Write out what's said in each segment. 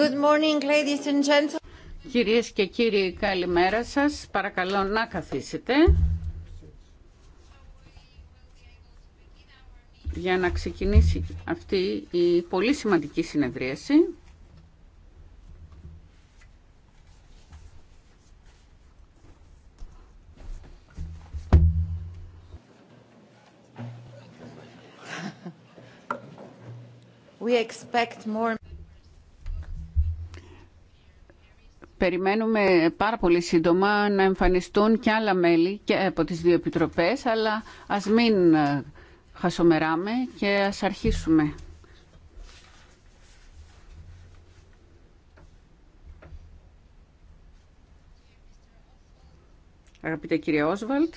Good morning, ladies and gentlemen. Κυρίες και κύριοι, καλημέρα σας. Παρακαλώ να καθίσετε. Για να ξεκινήσει αυτή η πολύ σημαντική συνεδρίαση. We expect more... Περιμένουμε πάρα πολύ σύντομα να εμφανιστούν και άλλα μέλη και από τις δύο επιτροπές, αλλά ας μην ε, χασομεράμε και ας αρχίσουμε. Αγαπητέ κύριε Όσβαλτ,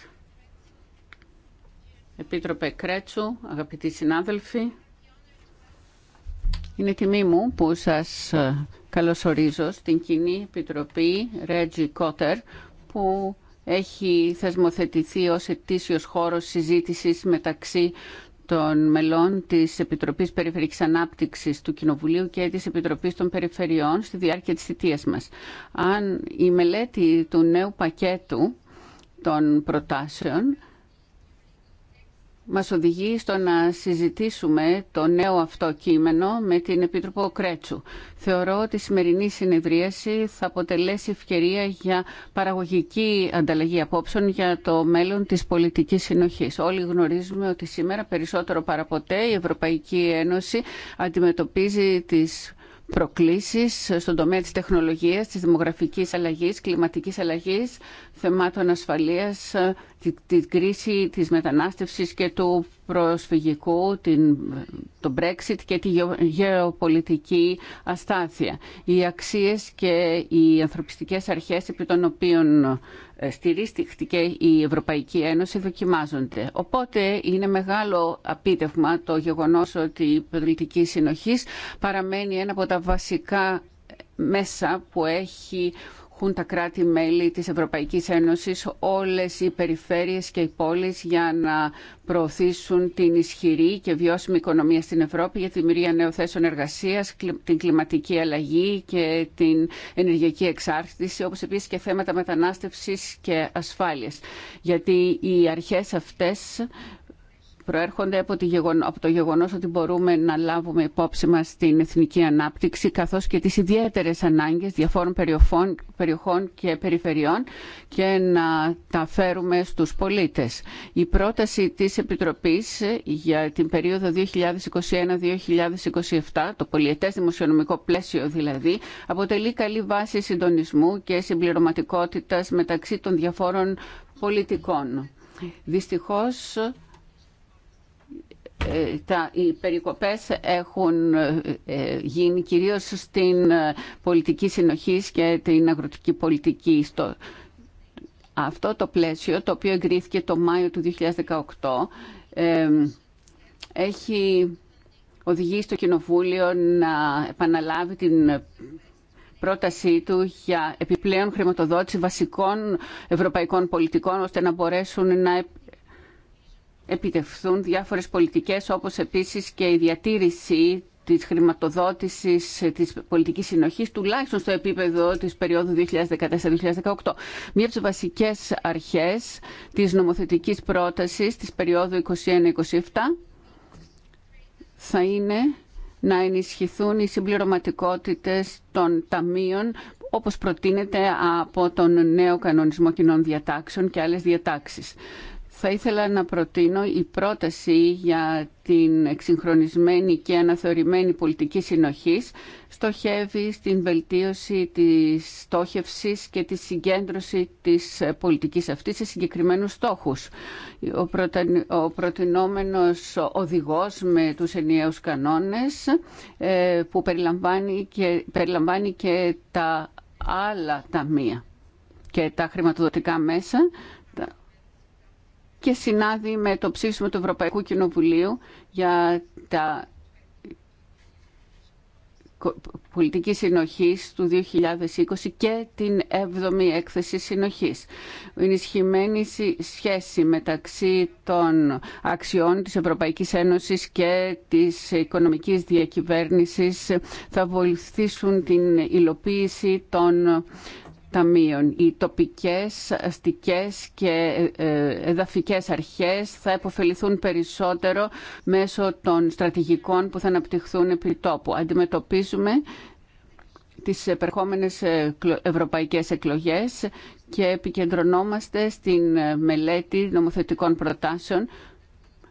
Επίτροπε Κρέτσου, αγαπητοί συνάδελφοι, είναι τιμή μου που σας ε, καλωσορίζω στην Κοινή Επιτροπή Reggie Cotter που έχει θεσμοθετηθεί ως ετήσιος χώρος συζήτησης μεταξύ των μελών της Επιτροπής Περιφερειακής Ανάπτυξης του Κοινοβουλίου και της Επιτροπής των Περιφερειών στη διάρκεια της θητείας μας. Αν η μελέτη του νέου πακέτου των προτάσεων μας οδηγεί στο να συζητήσουμε το νέο αυτό κείμενο με την Επίτροπο Κρέτσου. Θεωρώ ότι η σημερινή συνεδρίαση θα αποτελέσει ευκαιρία για παραγωγική ανταλλαγή απόψεων για το μέλλον της πολιτικής συνοχής. Όλοι γνωρίζουμε ότι σήμερα περισσότερο παραποτέ η Ευρωπαϊκή Ένωση αντιμετωπίζει τις προκλήσεις στον τομέα της τεχνολογίας, της δημογραφικής αλλαγής, κλιματικής αλλαγής, θεμάτων ασφαλείας, την κρίση της μετανάστευσης και του προσφυγικού, την, το Brexit και τη γεωπολιτική αστάθεια. Οι αξίες και οι ανθρωπιστικές αρχές επί των οποίων ε, στηρίστηκε η Ευρωπαϊκή Ένωση δοκιμάζονται. Οπότε είναι μεγάλο απίτευμα το γεγονός ότι η πολιτική συνοχής παραμένει ένα από τα βασικά μέσα που έχει έχουν τα κράτη-μέλη της Ευρωπαϊκής Ένωσης, όλες οι περιφέρειες και οι πόλεις για να προωθήσουν την ισχυρή και βιώσιμη οικονομία στην Ευρώπη για τη μυρία νέων θέσεων εργασίας, την κλιματική αλλαγή και την ενεργειακή εξάρτηση, όπως επίσης και θέματα μετανάστευσης και ασφάλειας. Γιατί οι αρχές αυτές προέρχονται από, το γεγονός ότι μπορούμε να λάβουμε υπόψη μας την εθνική ανάπτυξη καθώς και τις ιδιαίτερες ανάγκες διαφόρων περιοχών και περιφερειών και να τα φέρουμε στους πολίτες. Η πρόταση της Επιτροπής για την περίοδο 2021-2027, το πολιετές δημοσιονομικό πλαίσιο δηλαδή, αποτελεί καλή βάση συντονισμού και συμπληρωματικότητας μεταξύ των διαφόρων πολιτικών. Δυστυχώς ε, τα, οι περικοπές έχουν ε, γίνει κυρίως στην ε, πολιτική συνοχής και την αγροτική πολιτική. Στο, αυτό το πλαίσιο, το οποίο εγκρίθηκε το Μάιο του 2018, έχει οδηγήσει το Κοινοβούλιο να επαναλάβει την πρότασή του για επιπλέον χρηματοδότηση βασικών ευρωπαϊκών πολιτικών ώστε να μπορέσουν να επιτευχθούν διάφορες πολιτικές όπως επίσης και η διατήρηση της χρηματοδότησης της πολιτικής συνοχής τουλάχιστον στο επίπεδο της περίοδου 2014-2018. Μία από τις βασικές αρχές της νομοθετικής πρότασης της περίοδου 2021-2027 θα είναι να ενισχυθούν οι συμπληρωματικότητες των ταμείων όπως προτείνεται από τον νέο κανονισμό κοινών διατάξεων και άλλες διατάξεις θα ήθελα να προτείνω η πρόταση για την εξυγχρονισμένη και αναθεωρημένη πολιτική συνοχής στοχεύει στην βελτίωση της στόχευσης και τη συγκέντρωση της πολιτικής αυτής σε συγκεκριμένους στόχους. Ο, προτε... ο οδηγός με τους ενιαίους κανόνες ε, που περιλαμβάνει και, περιλαμβάνει και τα άλλα ταμεία και τα χρηματοδοτικά μέσα και συνάδει με το ψήφισμα του Ευρωπαϊκού Κοινοβουλίου για τα πολιτική συνοχής του 2020 και την 7η έκθεση συνοχής. Ενισχυμένη σχέση μεταξύ των αξιών της Ευρωπαϊκής Ένωσης και της οικονομικής διακυβέρνησης θα βοηθήσουν την υλοποίηση των ταμείων. Οι τοπικές, αστικές και ε, εδαφικές αρχές θα υποφεληθούν περισσότερο μέσω των στρατηγικών που θα αναπτυχθούν επί τόπου. Αντιμετωπίζουμε τις επερχόμενες ε, ευρωπαϊκές εκλογές και επικεντρωνόμαστε στην ε, μελέτη νομοθετικών προτάσεων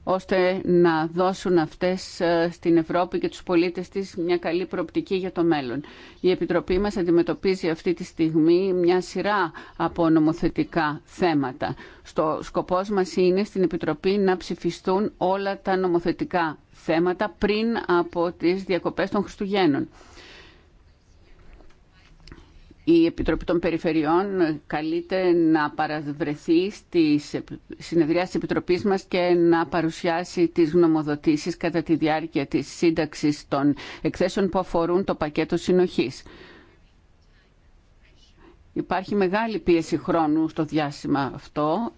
ώστε να δώσουν αυτές ε, στην Ευρώπη και τους πολίτες της μια καλή προοπτική για το μέλλον. Η Επιτροπή μας αντιμετωπίζει αυτή τη στιγμή μια σειρά από νομοθετικά θέματα. Στο σκοπός μας είναι στην Επιτροπή να ψηφιστούν όλα τα νομοθετικά θέματα πριν από τις διακοπές των Χριστουγέννων η Επιτροπή των Περιφερειών καλείται να παραβρεθεί στη συνεδρία της Επιτροπής μας και να παρουσιάσει τις γνωμοδοτήσεις κατά τη διάρκεια της σύνταξης των εκθέσεων που αφορούν το πακέτο συνοχής. Υπάρχει μεγάλη πίεση χρόνου στο διάστημα αυτό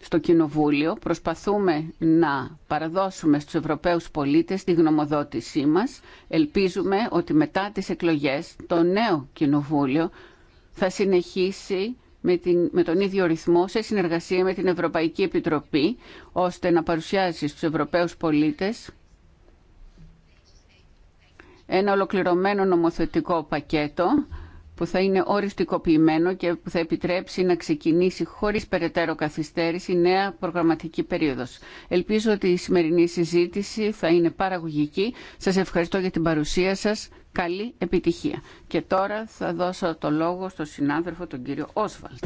στο Κοινοβούλιο προσπαθούμε να παραδώσουμε στους Ευρωπαίους πολίτες τη γνωμοδότησή μας. Ελπίζουμε ότι μετά τις εκλογές το νέο Κοινοβούλιο θα συνεχίσει με, την, με τον ίδιο ρυθμό σε συνεργασία με την Ευρωπαϊκή Επιτροπή ώστε να παρουσιάσει στους Ευρωπαίους πολίτες ένα ολοκληρωμένο νομοθετικό πακέτο που θα είναι οριστικοποιημένο και που θα επιτρέψει να ξεκινήσει χωρίς περαιτέρω καθυστέρηση νέα προγραμματική περίοδος. Ελπίζω ότι η σημερινή συζήτηση θα είναι παραγωγική. Σας ευχαριστώ για την παρουσία σας. Καλή επιτυχία. Και τώρα θα δώσω το λόγο στον συνάδελφο τον κύριο Όσβαλτ.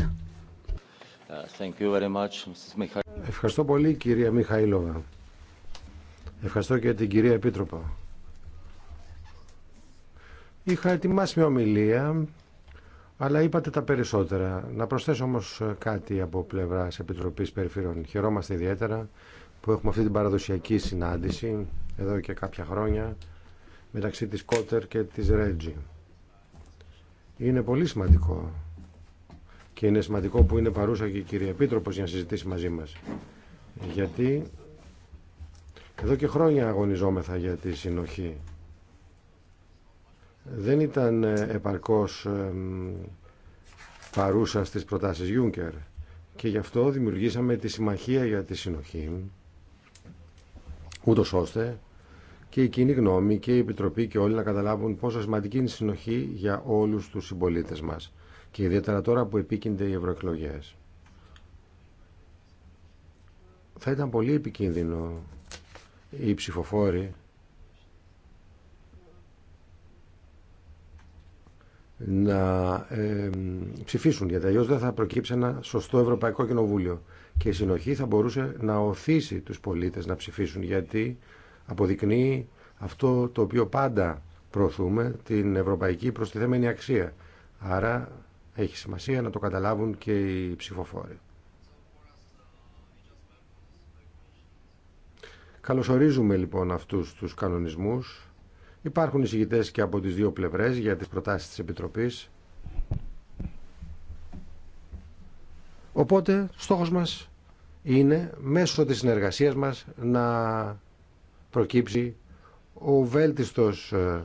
Ευχαριστώ πολύ κυρία Μιχαήλοβα. Ευχαριστώ και την κυρία Επίτροπο. Είχα ετοιμάσει μια ομιλία αλλά είπατε τα περισσότερα. Να προσθέσω όμως κάτι από πλευράς Επιτροπής Περιφυρών. Χαιρόμαστε ιδιαίτερα που έχουμε αυτή την παραδοσιακή συνάντηση εδώ και κάποια χρόνια μεταξύ της Κότερ και της Ρέτζι. Είναι πολύ σημαντικό και είναι σημαντικό που είναι παρούσα και η κυρία Επίτροπος για να συζητήσει μαζί μας. Γιατί εδώ και χρόνια αγωνιζόμεθα για τη συνοχή δεν ήταν ε, επαρκώς παρούσα στις προτάσεις Γιούνκερ και γι' αυτό δημιουργήσαμε τη Συμμαχία για τη Συνοχή ούτως ώστε και η κοινή γνώμη και η Επιτροπή και όλοι να καταλάβουν πόσο σημαντική είναι η συνοχή για όλους τους συμπολίτε μας και ιδιαίτερα τώρα που επίκυνται οι ευρωεκλογέ. Θα ήταν πολύ επικίνδυνο οι ψηφοφόροι να ψηφίσουν γιατί αλλιώ δεν θα προκύψει ένα σωστό Ευρωπαϊκό Κοινοβούλιο και η συνοχή θα μπορούσε να οθήσει τους πολίτες να ψηφίσουν γιατί αποδεικνύει αυτό το οποίο πάντα προωθούμε την ευρωπαϊκή προστιθέμενη αξία άρα έχει σημασία να το καταλάβουν και οι ψηφοφόροι Καλωσορίζουμε λοιπόν αυτούς τους κανονισμούς Υπάρχουν εισηγητέ και από τις δύο πλευρές για τις προτάσεις τη Επιτροπής. Οπότε, στόχος μας είναι μέσω της συνεργασίας μας να προκύψει ο βέλτιστος ε,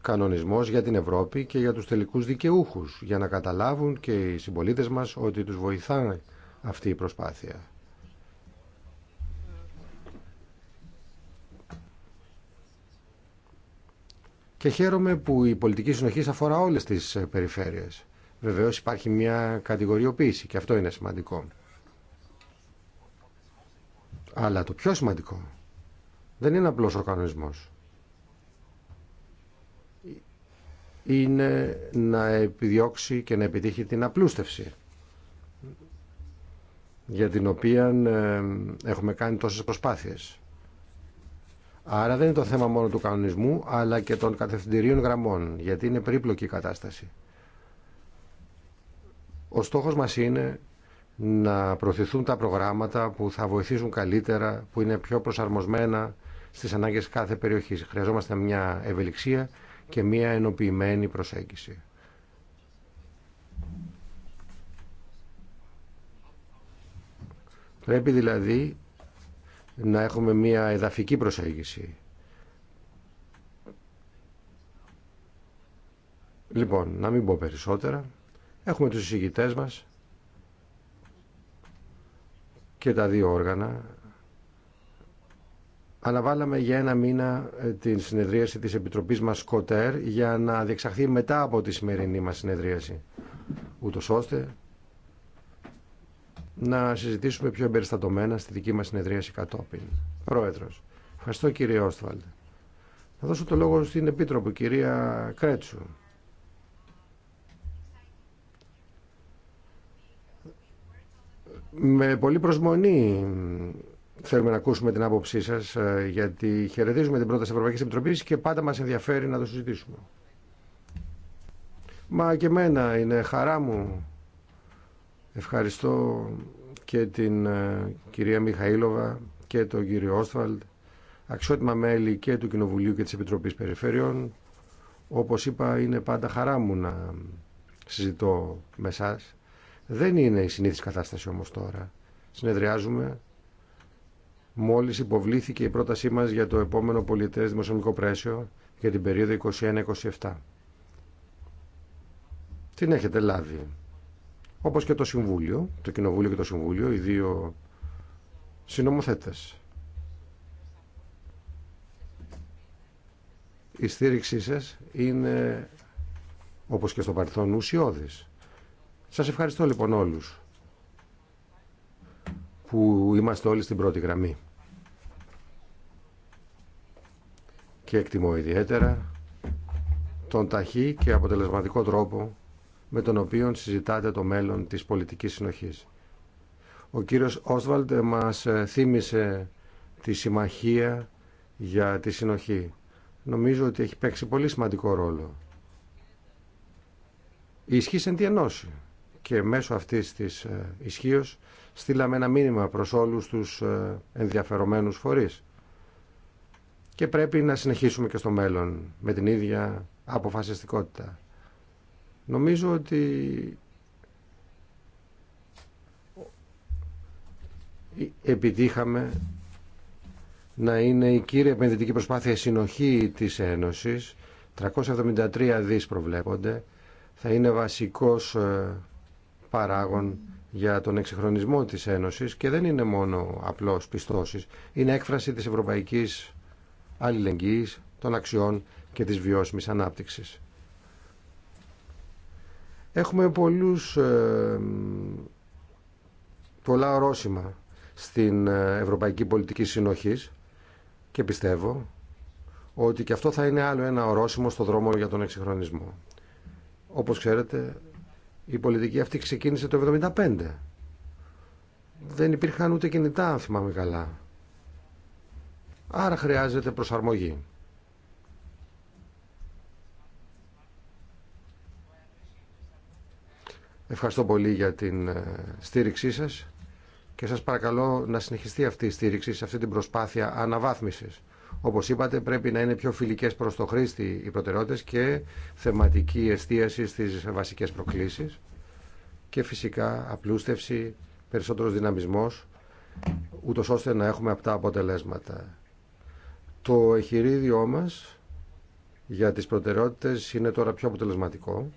κανονισμός για την Ευρώπη και για τους τελικούς δικαιούχους για να καταλάβουν και οι συμπολίτες μας ότι τους βοηθάνε αυτή η προσπάθεια. και χαίρομαι που η πολιτική συνοχή αφορά όλες τις ε, περιφέρειες. Βεβαίω υπάρχει μια κατηγοριοποίηση και αυτό είναι σημαντικό. Αλλά το πιο σημαντικό δεν είναι απλώς ο κανονισμός. Είναι να επιδιώξει και να επιτύχει την απλούστευση για την οποία ε, έχουμε κάνει τόσες προσπάθειες. Άρα δεν είναι το θέμα μόνο του κανονισμού, αλλά και των κατευθυντηρίων γραμμών, γιατί είναι περίπλοκη η κατάσταση. Ο στόχος μας είναι να προωθηθούν τα προγράμματα που θα βοηθήσουν καλύτερα, που είναι πιο προσαρμοσμένα στις ανάγκες κάθε περιοχής. Χρειαζόμαστε μια ευελιξία και μια ενοποιημένη προσέγγιση. Πρέπει δηλαδή να έχουμε μια εδαφική προσέγγιση. Λοιπόν, να μην πω περισσότερα. Έχουμε τους εισηγητές μας και τα δύο όργανα. Αναβάλαμε για ένα μήνα ε, την συνεδρίαση της Επιτροπής μας ΚΟΤΕΡ για να διεξαχθεί μετά από τη σημερινή μας συνεδρίαση. Ούτως ώστε να συζητήσουμε πιο εμπεριστατωμένα στη δική μας συνεδρίαση κατόπιν. Πρόεδρος. Ευχαριστώ κύριε Όστβαλντ. Θα δώσω το λόγο στην Επίτροπο, κυρία Κρέτσου. Με πολύ προσμονή θέλουμε να ακούσουμε την άποψή σας, ε, γιατί χαιρετίζουμε την πρόταση Ευρωπαϊκή Επιτροπή και πάντα μας ενδιαφέρει να το συζητήσουμε. Μα και εμένα είναι χαρά μου Ευχαριστώ και την ε, κυρία Μιχαήλοβα και τον κύριο Όσφαλτ, αξιότιμα μέλη και του Κοινοβουλίου και της Επιτροπής Περιφέρειων. Όπως είπα, είναι πάντα χαρά μου να συζητώ με εσά. Δεν είναι η συνήθις κατάσταση όμως τώρα. Συνεδριάζουμε μόλις υποβλήθηκε η πρότασή μας για το επόμενο πολιτές δημοσιονομικό πρέσιο για την περίοδο 21-27. Την έχετε λάβει. Όπω και το Συμβούλιο, το Κοινοβούλιο και το Συμβούλιο, οι δύο συνομοθέτες. Η στήριξή σας είναι, όπως και στο παρελθόν, ουσιώδης. Σας ευχαριστώ λοιπόν όλους που είμαστε όλοι στην πρώτη γραμμή. Και εκτιμώ ιδιαίτερα τον ταχύ και αποτελεσματικό τρόπο με τον οποίο συζητάτε το μέλλον της πολιτικής συνοχής. Ο κύριος Όσβαλντ μας ε, θύμισε τη συμμαχία για τη συνοχή. Νομίζω ότι έχει παίξει πολύ σημαντικό ρόλο. Η ισχύ εν ενώση και μέσω αυτής της ε, ισχύω στείλαμε ένα μήνυμα προς όλους τους ε, ενδιαφερομένους φορείς. Και πρέπει να συνεχίσουμε και στο μέλλον με την ίδια αποφασιστικότητα. Νομίζω ότι επιτύχαμε να είναι η κύρια επενδυτική προσπάθεια συνοχή της Ένωσης. 373 δις προβλέπονται. Θα είναι βασικός ε, παράγων για τον εξυγχρονισμό της Ένωσης και δεν είναι μόνο απλώς πιστώσεις. Είναι έκφραση της ευρωπαϊκής αλληλεγγύης, των αξιών και της βιώσιμης ανάπτυξης. Έχουμε πολλούς, ε, πολλά ορόσημα στην ε, Ευρωπαϊκή Πολιτική Συνοχής και πιστεύω ότι και αυτό θα είναι άλλο ένα ορόσημο στο δρόμο για τον εξυγχρονισμό. Όπως ξέρετε, η πολιτική αυτή ξεκίνησε το 1975. Δεν υπήρχαν ούτε κινητά, αν θυμάμαι καλά. Άρα χρειάζεται προσαρμογή. Ευχαριστώ πολύ για την ε, στήριξή σας και σας παρακαλώ να συνεχιστεί αυτή η στήριξη σε αυτή την προσπάθεια αναβάθμισης. Όπως είπατε πρέπει να είναι πιο φιλικές προς το χρήστη οι προτεραιότητες και θεματική εστίαση στις βασικές προκλήσεις και φυσικά απλούστευση, περισσότερος δυναμισμός, ούτως ώστε να έχουμε αυτά αποτελέσματα. Το εχειρίδιό μας για τις προτεραιότητες είναι τώρα πιο αποτελεσματικό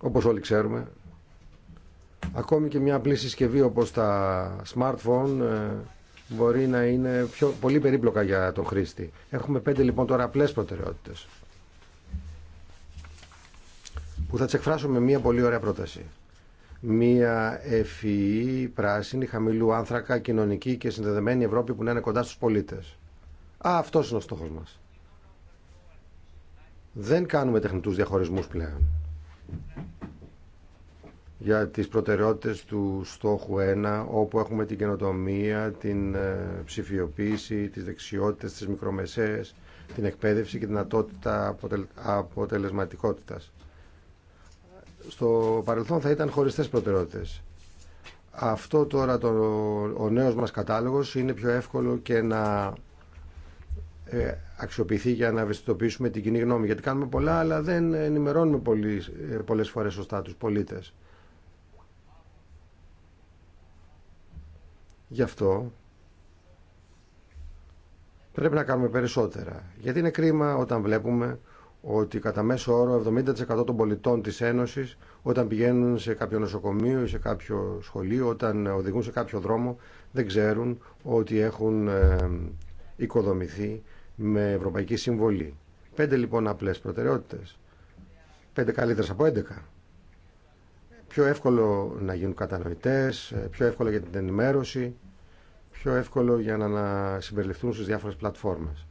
όπως όλοι ξέρουμε ακόμη και μια απλή συσκευή όπως τα smartphone ε, μπορεί να είναι πιο, πολύ περίπλοκα για τον χρήστη. Έχουμε πέντε λοιπόν τώρα απλές προτεραιότητες που θα τις εκφράσω με μια πολύ ωραία πρόταση. Μια ευφυή, πράσινη, χαμηλού άνθρακα, κοινωνική και συνδεδεμένη Ευρώπη που να είναι κοντά στους πολίτες. Α, αυτός είναι ο στόχος μας. Δεν κάνουμε τεχνητούς διαχωρισμούς πλέον για τις προτεραιότητες του στόχου 1 όπου έχουμε την καινοτομία, την ε, ψηφιοποίηση, τις δεξιότητες, τις μικρομεσαίες, την εκπαίδευση και την δυνατότητα αποτελεσματικότητας. Στο παρελθόν θα ήταν χωριστές προτεραιότητες. Αυτό τώρα το, ο νέος μας κατάλογος είναι πιο εύκολο και να ε, αξιοποιηθεί για να ευαισθητοποιήσουμε την κοινή γνώμη. Γιατί κάνουμε πολλά, αλλά δεν ενημερώνουμε ε, πολλές, φορέ φορές σωστά τους πολίτες. Γι' αυτό πρέπει να κάνουμε περισσότερα. Γιατί είναι κρίμα όταν βλέπουμε ότι κατά μέσο όρο 70% των πολιτών της Ένωσης όταν πηγαίνουν σε κάποιο νοσοκομείο ή σε κάποιο σχολείο, όταν οδηγούν σε κάποιο δρόμο, δεν ξέρουν ότι έχουν ε, οικοδομηθεί με ευρωπαϊκή συμβολή. Πέντε λοιπόν απλέ προτεραιότητες. Πέντε καλύτερε από έντεκα. Πιο εύκολο να γίνουν κατανοητέ, ε, πιο εύκολο για την ενημέρωση, πιο εύκολο για να συμπεριληφθούν στι διάφορες πλατφόρμες.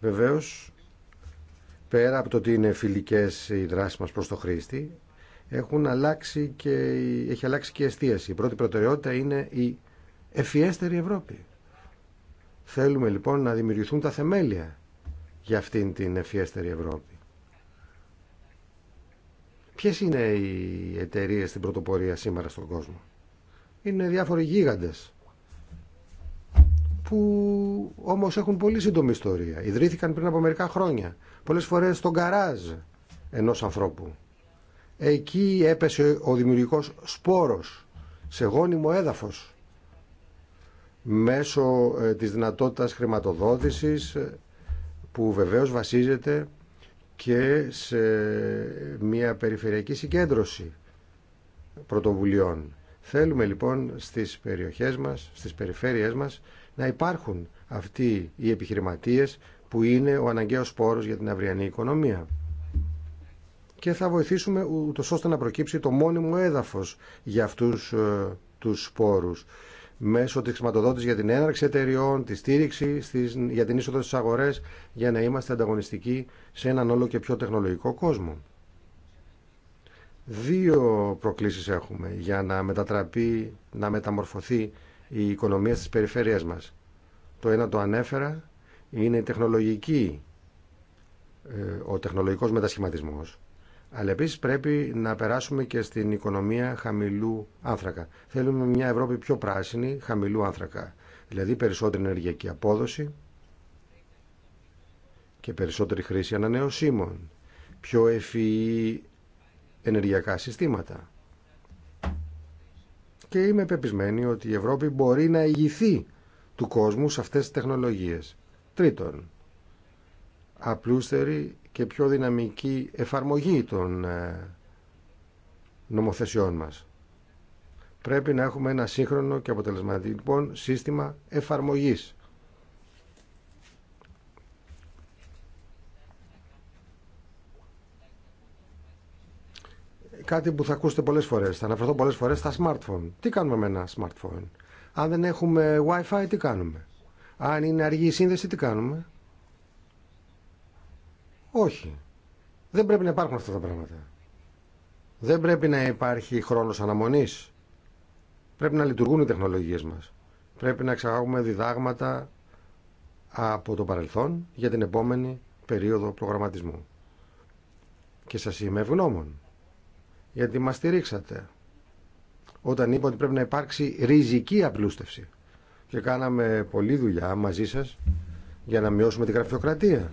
Βεβαίως, πέρα από το ότι είναι φιλικές οι δράσει μα προς το χρήστη, έχουν αλλάξει και, έχει αλλάξει και η Η πρώτη προτεραιότητα είναι η ευφιέστερη Ευρώπη. Θέλουμε λοιπόν να δημιουργηθούν τα θεμέλια για αυτήν την ευφιέστερη Ευρώπη. Ποιες είναι οι εταιρείε στην πρωτοπορία σήμερα στον κόσμο. Είναι διάφοροι γίγαντες που όμως έχουν πολύ σύντομη ιστορία. Ιδρύθηκαν πριν από μερικά χρόνια. Πολλές φορές στον καράζ ενός ανθρώπου. Εκεί έπεσε ο δημιουργικός σπόρος σε γόνιμο έδαφος μέσω ε, της δυνατότητας χρηματοδότησης ε, που βεβαίως βασίζεται και σε μια περιφερειακή συγκέντρωση πρωτοβουλειών. Θέλουμε λοιπόν στις περιοχές μας, στις περιφέρειές μας να υπάρχουν αυτοί οι επιχειρηματίες που είναι ο αναγκαίος σπόρος για την αυριανή οικονομία. Και θα βοηθήσουμε ούτως ώστε να προκύψει το μόνιμο έδαφος για αυτούς ε, τους σπόρους μέσω της χρηματοδότηση για την έναρξη εταιριών, τη στήριξη στις, για την είσοδο στι αγορές για να είμαστε ανταγωνιστικοί σε έναν όλο και πιο τεχνολογικό κόσμο. Δύο προκλήσεις έχουμε για να μετατραπεί, να μεταμορφωθεί η οικονομία στις περιφέρειές μας. Το ένα το ανέφερα, είναι η τεχνολογική, ε, ο τεχνολογικός μετασχηματισμός αλλά επίση πρέπει να περάσουμε και στην οικονομία χαμηλού άνθρακα. Θέλουμε μια Ευρώπη πιο πράσινη, χαμηλού άνθρακα. Δηλαδή περισσότερη ενεργειακή απόδοση και περισσότερη χρήση ανανεωσίμων. Πιο ευφυή ενεργειακά συστήματα. Και είμαι πεπισμένη ότι η Ευρώπη μπορεί να ηγηθεί του κόσμου σε αυτές τις τεχνολογίες. Τρίτον, απλούστερη και πιο δυναμική εφαρμογή των ε, νομοθεσιών μας. Πρέπει να έχουμε ένα σύγχρονο και αποτελεσματικό λοιπόν, σύστημα εφαρμογής. Κάτι που θα ακούσετε πολλές φορές, θα αναφερθώ πολλές φορές στα smartphone. Τι κάνουμε με ένα smartphone. Αν δεν έχουμε wifi τι κάνουμε. Αν είναι αργή η σύνδεση τι κάνουμε. Όχι. Δεν πρέπει να υπάρχουν αυτά τα πράγματα. Δεν πρέπει να υπάρχει χρόνος αναμονής. Πρέπει να λειτουργούν οι τεχνολογίες μας. Πρέπει να εξαγάγουμε διδάγματα από το παρελθόν για την επόμενη περίοδο προγραμματισμού. Και σας είμαι ευγνώμων, γιατί μας στηρίξατε όταν είπα ότι πρέπει να υπάρξει ριζική απλούστευση. Και κάναμε πολλή δουλειά μαζί σας για να μειώσουμε την γραφειοκρατία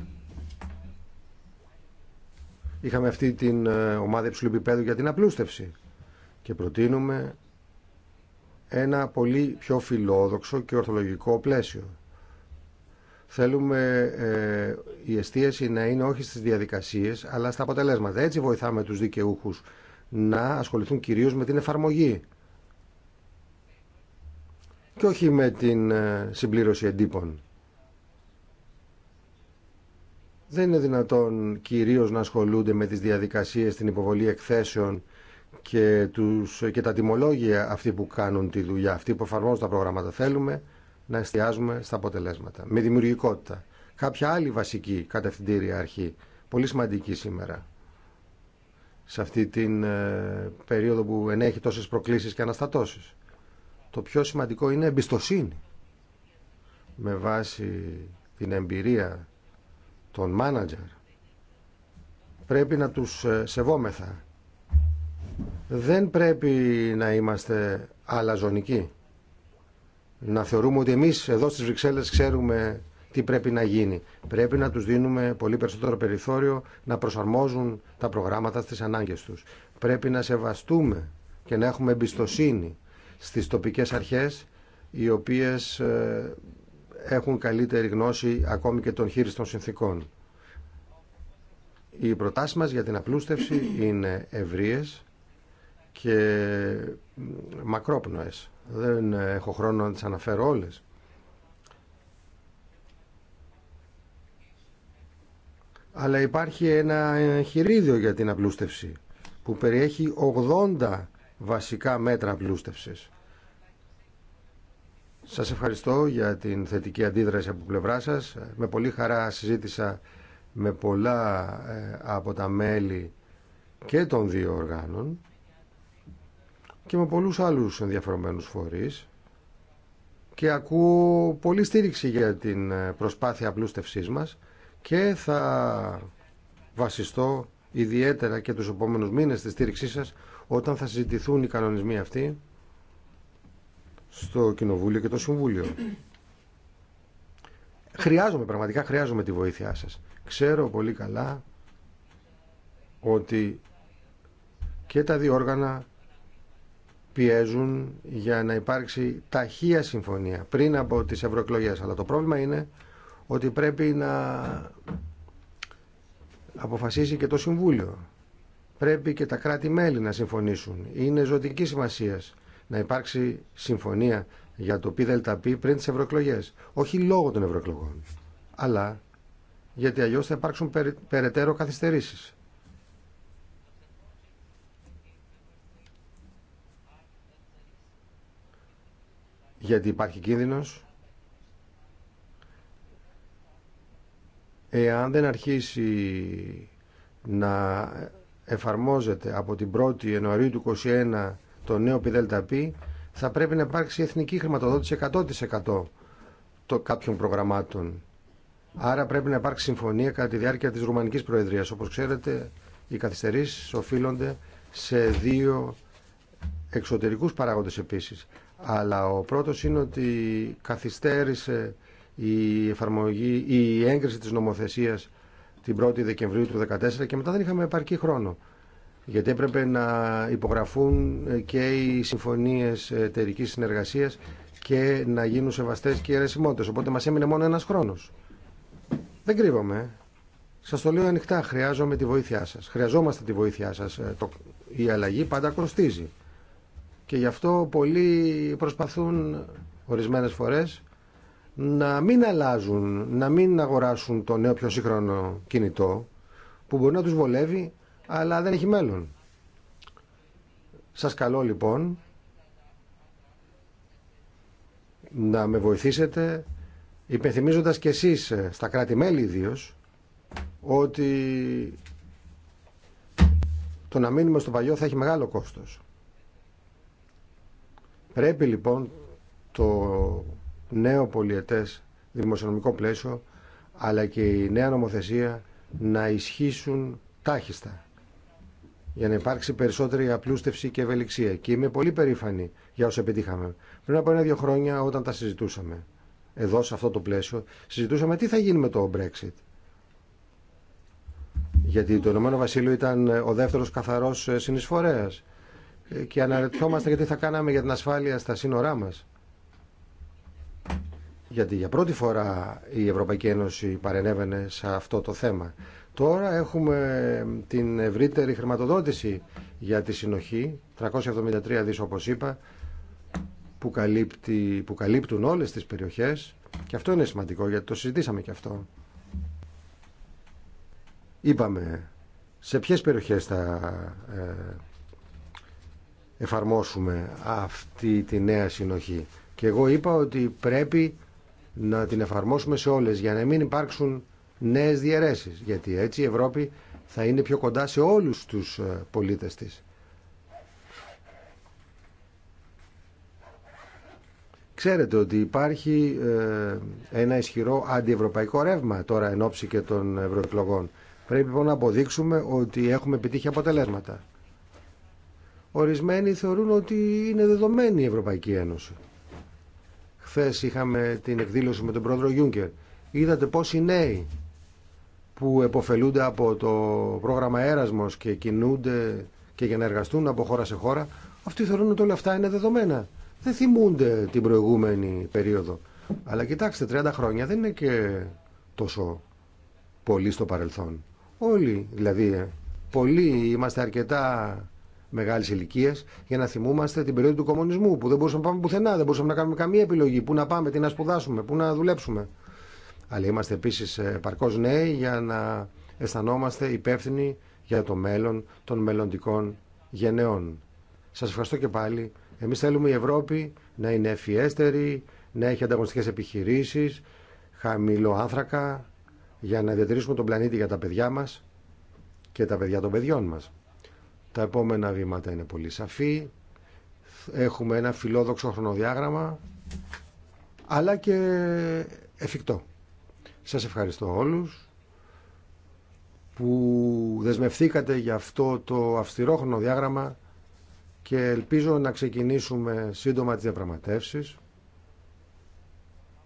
Είχαμε αυτή την ε, ομάδα υψηλού επίπεδου για την απλούστευση και προτείνουμε ένα πολύ πιο φιλόδοξο και ορθολογικό πλαίσιο. Θέλουμε ε, η εστίαση να είναι όχι στις διαδικασίες αλλά στα αποτελέσματα. Έτσι βοηθάμε τους δικαιούχους να ασχοληθούν κυρίως με την εφαρμογή και όχι με την ε, συμπλήρωση εντύπων. Δεν είναι δυνατόν κυρίως να ασχολούνται με τις διαδικασίες, την υποβολή εκθέσεων και, τους, και τα τιμολόγια αυτοί που κάνουν τη δουλειά, αυτοί που εφαρμόζουν τα προγράμματα. Θέλουμε να εστιάζουμε στα αποτελέσματα, με δημιουργικότητα. Κάποια άλλη βασική κατευθυντήρια αρχή, πολύ σημαντική σήμερα, σε αυτή την ε, περίοδο που ενέχει τόσες προκλήσεις και αναστατώσεις. Το πιο σημαντικό είναι εμπιστοσύνη. Με βάση την εμπειρία τον μάνατζερ πρέπει να τους ε, σεβόμεθα δεν πρέπει να είμαστε αλαζονικοί να θεωρούμε ότι εμείς εδώ στις Βρυξέλλες ξέρουμε τι πρέπει να γίνει. Πρέπει να τους δίνουμε πολύ περισσότερο περιθώριο να προσαρμόζουν τα προγράμματα στις ανάγκες τους. Πρέπει να σεβαστούμε και να έχουμε εμπιστοσύνη στις τοπικές αρχές οι οποίες ε, έχουν καλύτερη γνώση ακόμη και των χείριστων συνθήκων. Οι προτάσεις μας για την απλούστευση είναι ευρείες και μακρόπνοες. Δεν έχω χρόνο να τις αναφέρω όλες. Αλλά υπάρχει ένα χειρίδιο για την απλούστευση που περιέχει 80 βασικά μέτρα απλούστευσης. Σας ευχαριστώ για την θετική αντίδραση από πλευρά σας. Με πολύ χαρά συζήτησα με πολλά ε, από τα μέλη και των δύο οργάνων και με πολλούς άλλους ενδιαφερομένους φορείς και ακούω πολύ στήριξη για την ε, προσπάθεια απλούστευσής μας και θα βασιστώ ιδιαίτερα και τους επόμενους μήνες στη στήριξή σας όταν θα συζητηθούν οι κανονισμοί αυτοί στο Κοινοβούλιο και το Συμβούλιο. Χρειάζομαι, πραγματικά χρειάζομαι τη βοήθειά σας. Ξέρω πολύ καλά ότι και τα δύο όργανα πιέζουν για να υπάρξει ταχεία συμφωνία πριν από τις ευρωεκλογέ. Αλλά το πρόβλημα είναι ότι πρέπει να αποφασίσει και το Συμβούλιο. Πρέπει και τα κράτη-μέλη να συμφωνήσουν. Είναι ζωτική σημασία να υπάρξει συμφωνία για το ΠΔΠ πριν τι ευρωεκλογέ. Όχι λόγω των ευρωεκλογών, αλλά γιατί αλλιώ θα υπάρξουν περαιτέρω καθυστερήσεις. Γιατί υπάρχει κίνδυνος εάν δεν αρχίσει να εφαρμόζεται από την 1η Ιανουαρίου του 2021 το νέο ΠΔΠ θα πρέπει να υπάρξει εθνική χρηματοδότηση 100% των κάποιων προγραμμάτων. Άρα πρέπει να υπάρξει συμφωνία κατά τη διάρκεια της Ρουμανικής Προεδρίας. Όπως ξέρετε, οι καθυστερήσεις οφείλονται σε δύο εξωτερικούς παράγοντες επίσης. Αλλά ο πρώτος είναι ότι καθυστέρησε η, εφαρμογή, η έγκριση της νομοθεσίας την 1η Δεκεμβρίου του 2014 και μετά δεν είχαμε επαρκή χρόνο γιατί έπρεπε να υπογραφούν ε, και οι συμφωνίες εταιρική συνεργασίας και να γίνουν σεβαστές και οι Οπότε μας έμεινε μόνο ένας χρόνος. Δεν κρύβομαι. Σας το λέω ανοιχτά. Χρειάζομαι τη βοήθειά σας. Χρειαζόμαστε τη βοήθειά σας. Ε, η αλλαγή πάντα κοστίζει. Και γι' αυτό πολλοί προσπαθούν ορισμένες φορές να μην αλλάζουν, να μην αγοράσουν το νέο πιο σύγχρονο κινητό που μπορεί να τους βολεύει αλλά δεν έχει μέλλον. Σας καλώ λοιπόν να με βοηθήσετε υπενθυμίζοντας και εσείς ε, στα κράτη-μέλη ιδίω ότι το να μείνουμε στο παλιό θα έχει μεγάλο κόστος. Πρέπει λοιπόν το νέο πολιετές δημοσιονομικό πλαίσιο αλλά και η νέα νομοθεσία να ισχύσουν τάχιστα για να υπάρξει περισσότερη απλούστευση και ευελιξία. Και είμαι πολύ περήφανη για όσα επιτύχαμε. Πριν από ένα-δύο χρόνια, όταν τα συζητούσαμε, εδώ σε αυτό το πλαίσιο, συζητούσαμε τι θα γίνει με το Brexit. Γιατί το Ηνωμένο Βασίλειο ήταν ε, ο δεύτερο καθαρό ε, συνεισφορέα. Ε, και αναρωτιόμαστε γιατί θα κάναμε για την ασφάλεια στα σύνορά μα. Γιατί για πρώτη φορά η Ευρωπαϊκή Ένωση παρενέβαινε σε αυτό το θέμα. Τώρα έχουμε την ευρύτερη χρηματοδότηση για τη συνοχή, 373 δις όπως είπα, που, καλύπτει, που καλύπτουν όλες τις περιοχές και αυτό είναι σημαντικό γιατί το συζητήσαμε και αυτό. Είπαμε σε ποιες περιοχές θα ε, εφαρμόσουμε αυτή τη νέα συνοχή. Και εγώ είπα ότι πρέπει να την εφαρμόσουμε σε όλες για να μην υπάρξουν Νέε διαιρέσει. γιατί έτσι η Ευρώπη θα είναι πιο κοντά σε όλους τους ε, πολίτες της. Ξέρετε ότι υπάρχει ε, ένα ισχυρό αντιευρωπαϊκό ρεύμα τώρα εν ώψη και των ευρωεκλογών. Πρέπει λοιπόν να αποδείξουμε ότι έχουμε επιτύχει αποτελέσματα. Ορισμένοι θεωρούν ότι είναι δεδομένη η Ευρωπαϊκή Ένωση. Χθες είχαμε την εκδήλωση με τον πρόεδρο Γιούγκερ. Είδατε πόσοι νέοι που εποφελούνται από το πρόγραμμα Έρασμος και κινούνται και για να εργαστούν από χώρα σε χώρα, αυτοί θεωρούν ότι όλα αυτά είναι δεδομένα. Δεν θυμούνται την προηγούμενη περίοδο. Αλλά κοιτάξτε, 30 χρόνια δεν είναι και τόσο πολύ στο παρελθόν. Όλοι, δηλαδή, ε, πολλοί είμαστε αρκετά μεγάλη ηλικία για να θυμούμαστε την περίοδο του κομμουνισμού που δεν μπορούσαμε να πάμε πουθενά, δεν μπορούσαμε να κάνουμε καμία επιλογή. Πού να πάμε, τι να σπουδάσουμε, πού να δουλέψουμε. Αλλά είμαστε επίσης ε, παρκώς νέοι για να αισθανόμαστε υπεύθυνοι για το μέλλον των μελλοντικών γενεών. Σας ευχαριστώ και πάλι. Εμείς θέλουμε η Ευρώπη να είναι ευφιέστερη, να έχει ανταγωνιστικές επιχειρήσεις, χαμηλό άνθρακα, για να διατηρήσουμε τον πλανήτη για τα παιδιά μας και τα παιδιά των παιδιών μας. Τα επόμενα βήματα είναι πολύ σαφή. Έχουμε ένα φιλόδοξο χρονοδιάγραμμα, αλλά και εφικτό. Σας ευχαριστώ όλους που δεσμευθήκατε για αυτό το αυστηρό χρονοδιάγραμμα και ελπίζω να ξεκινήσουμε σύντομα τις διαπραγματεύσεις.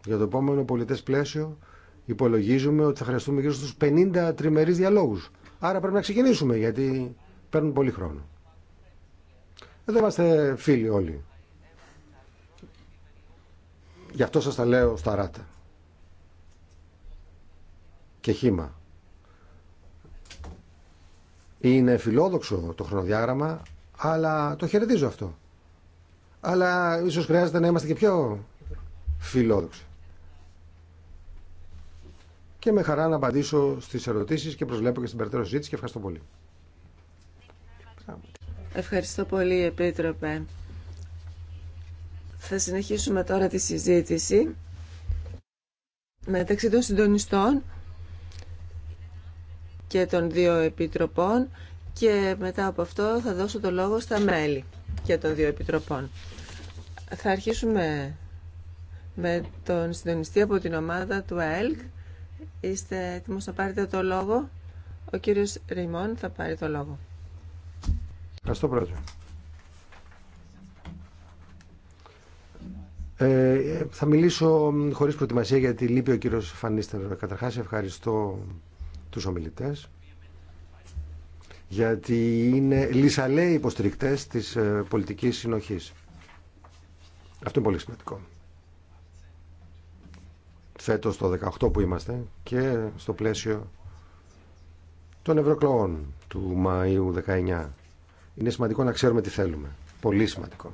Για το επόμενο πολιτές πλαίσιο υπολογίζουμε ότι θα χρειαστούμε γύρω στους 50 τριμερείς διαλόγους. Άρα πρέπει να ξεκινήσουμε γιατί παίρνουν πολύ χρόνο. Εδώ είμαστε φίλοι όλοι. Γι' αυτό σας τα λέω στα ράτα και χήμα. Είναι φιλόδοξο το χρονοδιάγραμμα, αλλά το χαιρετίζω αυτό. Αλλά ίσως χρειάζεται να είμαστε και πιο φιλόδοξοι. Και με χαρά να απαντήσω στις ερωτήσεις και προσβλέπω και στην περαιτέρω συζήτηση και ευχαριστώ πολύ. Ευχαριστώ πολύ, Επίτροπε. Θα συνεχίσουμε τώρα τη συζήτηση μεταξύ των συντονιστών και των δύο επιτροπών και μετά από αυτό θα δώσω το λόγο στα μέλη και των δύο επιτροπών. Θα αρχίσουμε με τον συντονιστή από την ομάδα του ΑΕΛΚ. Είστε έτοιμος να πάρετε το λόγο. Ο κύριος Ρημών θα πάρει το λόγο. Ευχαριστώ πρόεδρε. Ε, θα μιλήσω χωρίς προετοιμασία γιατί λείπει ο κύριος Φανίστερ. Καταρχάς ευχαριστώ τους ομιλητές γιατί είναι λυσαλέοι υποστηρικτές της ε, πολιτικής συνοχής. Αυτό είναι πολύ σημαντικό. Φέτος το 18 που είμαστε και στο πλαίσιο των ευρωκλογών του Μαΐου 19. Είναι σημαντικό να ξέρουμε τι θέλουμε. Πολύ σημαντικό.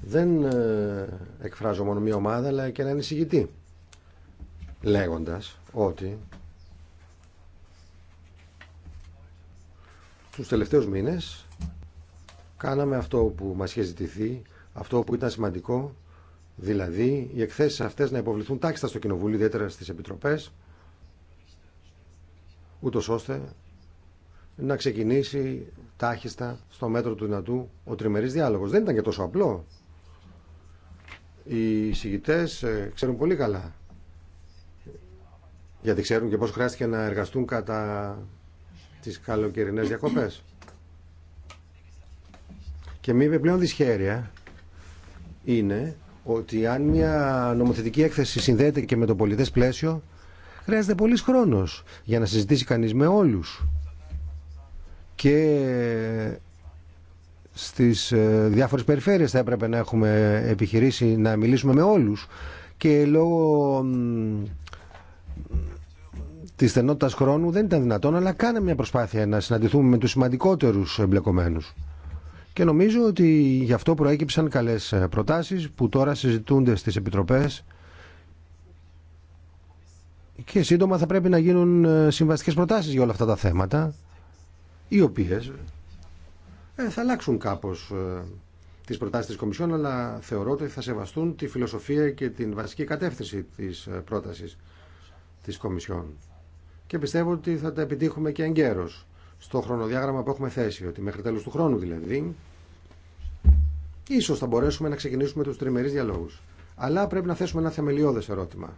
Δεν ε, εκφράζω μόνο μία ομάδα αλλά και έναν εισηγητή λέγοντας ότι τους τελευταίους μήνες κάναμε αυτό που μας είχε ζητηθεί, αυτό που ήταν σημαντικό, δηλαδή οι εκθέσεις αυτές να υποβληθούν τάξιστα στο Κοινοβούλιο, ιδιαίτερα στις Επιτροπές, ούτω ώστε να ξεκινήσει τάχιστα στο μέτρο του δυνατού ο τριμερής διάλογος. Δεν ήταν και τόσο απλό. Οι συγητές ε, ξέρουν πολύ καλά γιατί ξέρουν και πώς χρειάστηκε να εργαστούν κατά τις καλοκαιρινές διακοπές. Και μη πλέον δυσχέρεια είναι ότι αν μια νομοθετική έκθεση συνδέεται και με το πολιτές πλαίσιο, χρειάζεται πολύ χρόνος για να συζητήσει κανείς με όλους. Και στις ε, διάφορες περιφέρειες θα έπρεπε να έχουμε επιχειρήσει να μιλήσουμε με όλους και λόγω τη στενότητα χρόνου δεν ήταν δυνατόν, αλλά κάναμε μια προσπάθεια να συναντηθούμε με του σημαντικότερου εμπλεκομένου. Και νομίζω ότι γι' αυτό προέκυψαν καλέ προτάσει που τώρα συζητούνται στι επιτροπέ και σύντομα θα πρέπει να γίνουν ε, συμβαστικέ προτάσει για όλα αυτά τα θέματα οι οποίε ε, θα αλλάξουν κάπω ε, τις προτάσεις της Κομισιόν αλλά θεωρώ ότι θα σεβαστούν τη φιλοσοφία και την βασική κατεύθυνση της ε, πρόταση της Κομισιόν και πιστεύω ότι θα τα επιτύχουμε και εγκαίρως στο χρονοδιάγραμμα που έχουμε θέσει, ότι μέχρι τέλος του χρόνου δηλαδή, ίσως θα μπορέσουμε να ξεκινήσουμε τους τριμερείς διαλόγους. Αλλά πρέπει να θέσουμε ένα θεμελιώδες ερώτημα.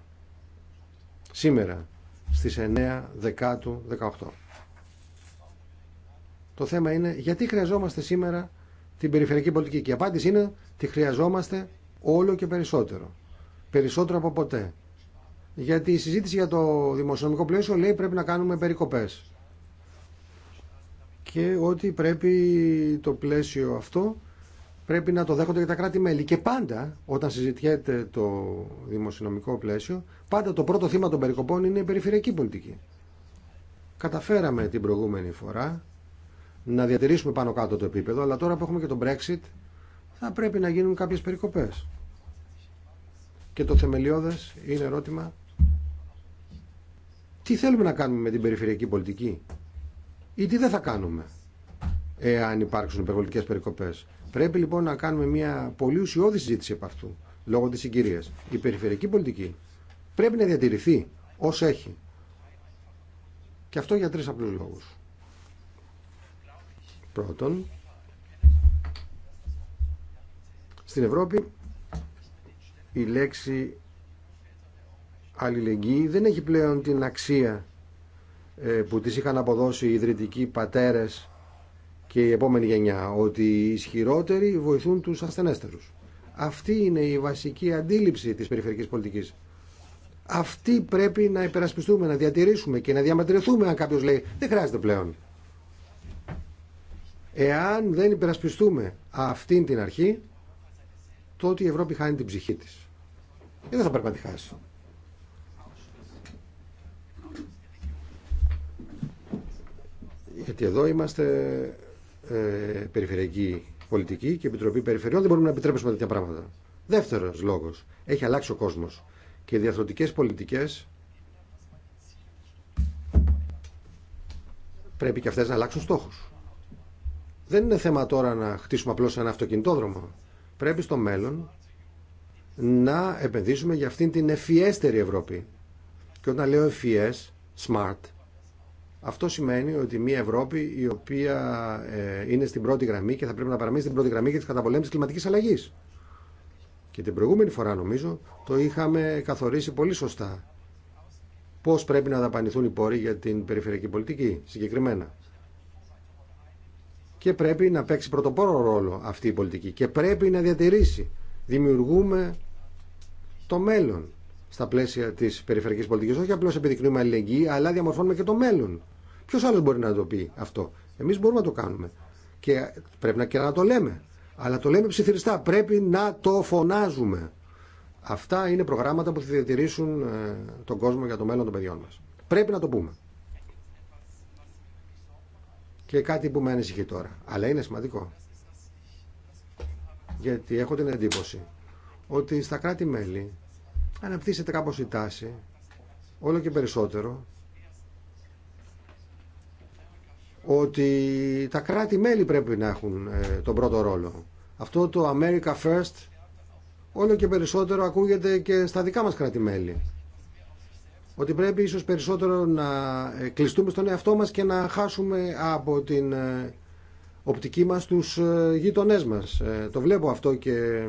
Σήμερα, στις 9 Δεκάτου 18. Το θέμα είναι γιατί χρειαζόμαστε σήμερα την περιφερειακή πολιτική. Και η απάντηση είναι ότι χρειαζόμαστε όλο και περισσότερο. Περισσότερο από ποτέ. Γιατί η συζήτηση για το δημοσιονομικό πλαίσιο λέει πρέπει να κάνουμε περικοπές. Και ότι πρέπει το πλαίσιο αυτό πρέπει να το δέχονται και τα κράτη-μέλη. Και πάντα, όταν συζητιέται το δημοσιονομικό πλαίσιο, πάντα το πρώτο θύμα των περικοπών είναι η περιφερειακή πολιτική. Καταφέραμε την προηγούμενη φορά να διατηρήσουμε πάνω κάτω το επίπεδο, αλλά τώρα που έχουμε και το Brexit, θα πρέπει να γίνουν κάποιες περικοπές. Και το θεμελιώδες είναι ερώτημα τι θέλουμε να κάνουμε με την περιφερειακή πολιτική ή τι δεν θα κάνουμε εάν υπάρξουν υπερβολικέ περικοπέ. Πρέπει λοιπόν να κάνουμε μια πολύ ουσιώδη συζήτηση από αυτού λόγω τη συγκυρία. Η περιφερειακή πολιτική πρέπει να διατηρηθεί ω έχει. Και αυτό για τρει απλού λόγου. Πρώτον, στην Ευρώπη η λέξη αλληλεγγύη δεν έχει πλέον την αξία ε, που τις είχαν αποδώσει οι ιδρυτικοί πατέρες και η επόμενη γενιά, ότι οι ισχυρότεροι βοηθούν τους ασθενέστερους. Αυτή είναι η βασική αντίληψη της περιφερειακής πολιτικής. Αυτή πρέπει να υπερασπιστούμε, να διατηρήσουμε και να διαμετρηθούμε αν κάποιος λέει δεν χρειάζεται πλέον. Εάν δεν υπερασπιστούμε αυτήν την αρχή, τότε η Ευρώπη χάνει την ψυχή της. Και δεν θα πρέπει να τη Γιατί εδώ είμαστε ε, περιφερειακή πολιτική και Επιτροπή Περιφερειών δεν μπορούμε να επιτρέψουμε τέτοια πράγματα. Δεύτερο λόγο. Έχει αλλάξει ο κόσμο. Και οι διαθροτικέ πολιτικέ πρέπει και αυτέ να αλλάξουν στόχου. Δεν είναι θέμα τώρα να χτίσουμε απλώ ένα αυτοκινητόδρομο. Πρέπει στο μέλλον να επενδύσουμε για αυτήν την ευφιέστερη Ευρώπη. Και όταν λέω ευφιές, smart, αυτό σημαίνει ότι μια Ευρώπη η οποία ε, είναι στην πρώτη γραμμή και θα πρέπει να παραμείνει στην πρώτη γραμμή για τι καταπολέμηση κλιματική αλλαγή. Και την προηγούμενη φορά νομίζω το είχαμε καθορίσει πολύ σωστά. Πώ πρέπει να δαπανηθούν οι πόροι για την περιφερειακή πολιτική συγκεκριμένα. Και πρέπει να παίξει πρωτοπόρο ρόλο αυτή η πολιτική και πρέπει να διατηρήσει. Δημιουργούμε το μέλλον στα πλαίσια τη περιφερειακή πολιτική. Όχι απλώ επιδεικνύουμε αλληλεγγύη, αλλά διαμορφώνουμε και το μέλλον. Ποιο άλλο μπορεί να το πει αυτό. Εμεί μπορούμε να το κάνουμε. Και πρέπει να, και να το λέμε. Αλλά το λέμε ψιθυριστά. Πρέπει να το φωνάζουμε. Αυτά είναι προγράμματα που θα διατηρήσουν ε, τον κόσμο για το μέλλον των παιδιών μα. Πρέπει να το πούμε. Και κάτι που με ανησυχεί τώρα. Αλλά είναι σημαντικό. Γιατί έχω την εντύπωση ότι στα κράτη-μέλη αναπτύσσεται κάπως η τάση όλο και περισσότερο ότι τα κράτη-μέλη πρέπει να έχουν ε, τον πρώτο ρόλο. Αυτό το America First όλο και περισσότερο ακούγεται και στα δικά μας κράτη-μέλη. Ότι πρέπει ίσως περισσότερο να ε, κλειστούμε στον εαυτό μας και να χάσουμε από την ε, οπτική μας τους γείτονές μας. Το βλέπω αυτό και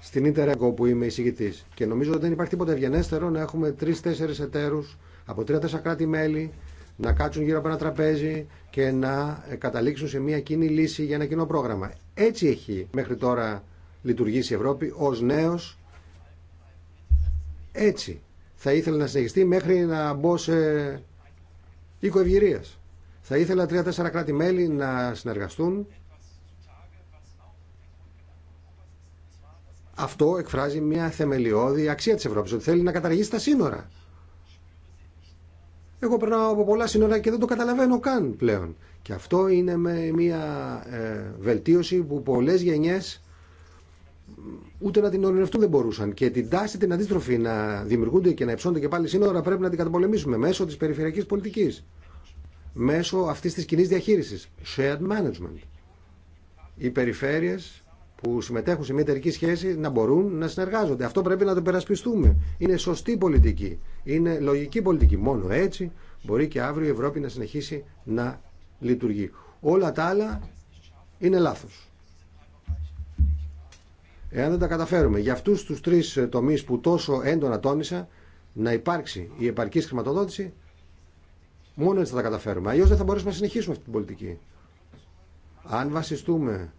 στην Ιντερέγκο που είμαι εισηγητή. Και νομίζω ότι δεν υπάρχει τίποτα ευγενέστερο να έχουμε τρει-τέσσερι εταίρου από τρία-τέσσερα κράτη-μέλη να κάτσουν γύρω από ένα τραπέζι και να ε, καταλήξουν σε μια κοινή λύση για ένα κοινό πρόγραμμα. Έτσι έχει μέχρι τώρα λειτουργήσει η Ευρώπη ως νέος. Έτσι θα ήθελα να συνεχιστεί μέχρι να μπω σε οίκο ευγυρία. Θα ήθελα τρία-τέσσερα κράτη-μέλη να συνεργαστούν. Αυτό εκφράζει μια θεμελιώδη αξία της Ευρώπης, ότι θέλει να καταργήσει τα σύνορα. Εγώ περνάω από πολλά σύνορα και δεν το καταλαβαίνω καν πλέον. Και αυτό είναι με μια ε, βελτίωση που πολλές γενιές ούτε να την ορεινευτούν δεν μπορούσαν. Και την τάση την αντίστροφη να δημιουργούνται και να υψώνται και πάλι σύνορα πρέπει να την καταπολεμήσουμε μέσω της περιφερειακής πολιτικής. Μέσω αυτής της κοινή διαχείρισης. Shared management. Οι περιφέρειες που συμμετέχουν σε μια εταιρική σχέση να μπορούν να συνεργάζονται. Αυτό πρέπει να το περασπιστούμε. Είναι σωστή πολιτική. Είναι λογική πολιτική. Μόνο έτσι μπορεί και αύριο η Ευρώπη να συνεχίσει να λειτουργεί. Όλα τα άλλα είναι λάθος. Εάν δεν τα καταφέρουμε για αυτούς τους τρεις τομείς που τόσο έντονα τόνισα να υπάρξει η επαρκή χρηματοδότηση μόνο έτσι θα τα καταφέρουμε. Αλλιώς δεν θα μπορέσουμε να συνεχίσουμε αυτή την πολιτική. Αν βασιστούμε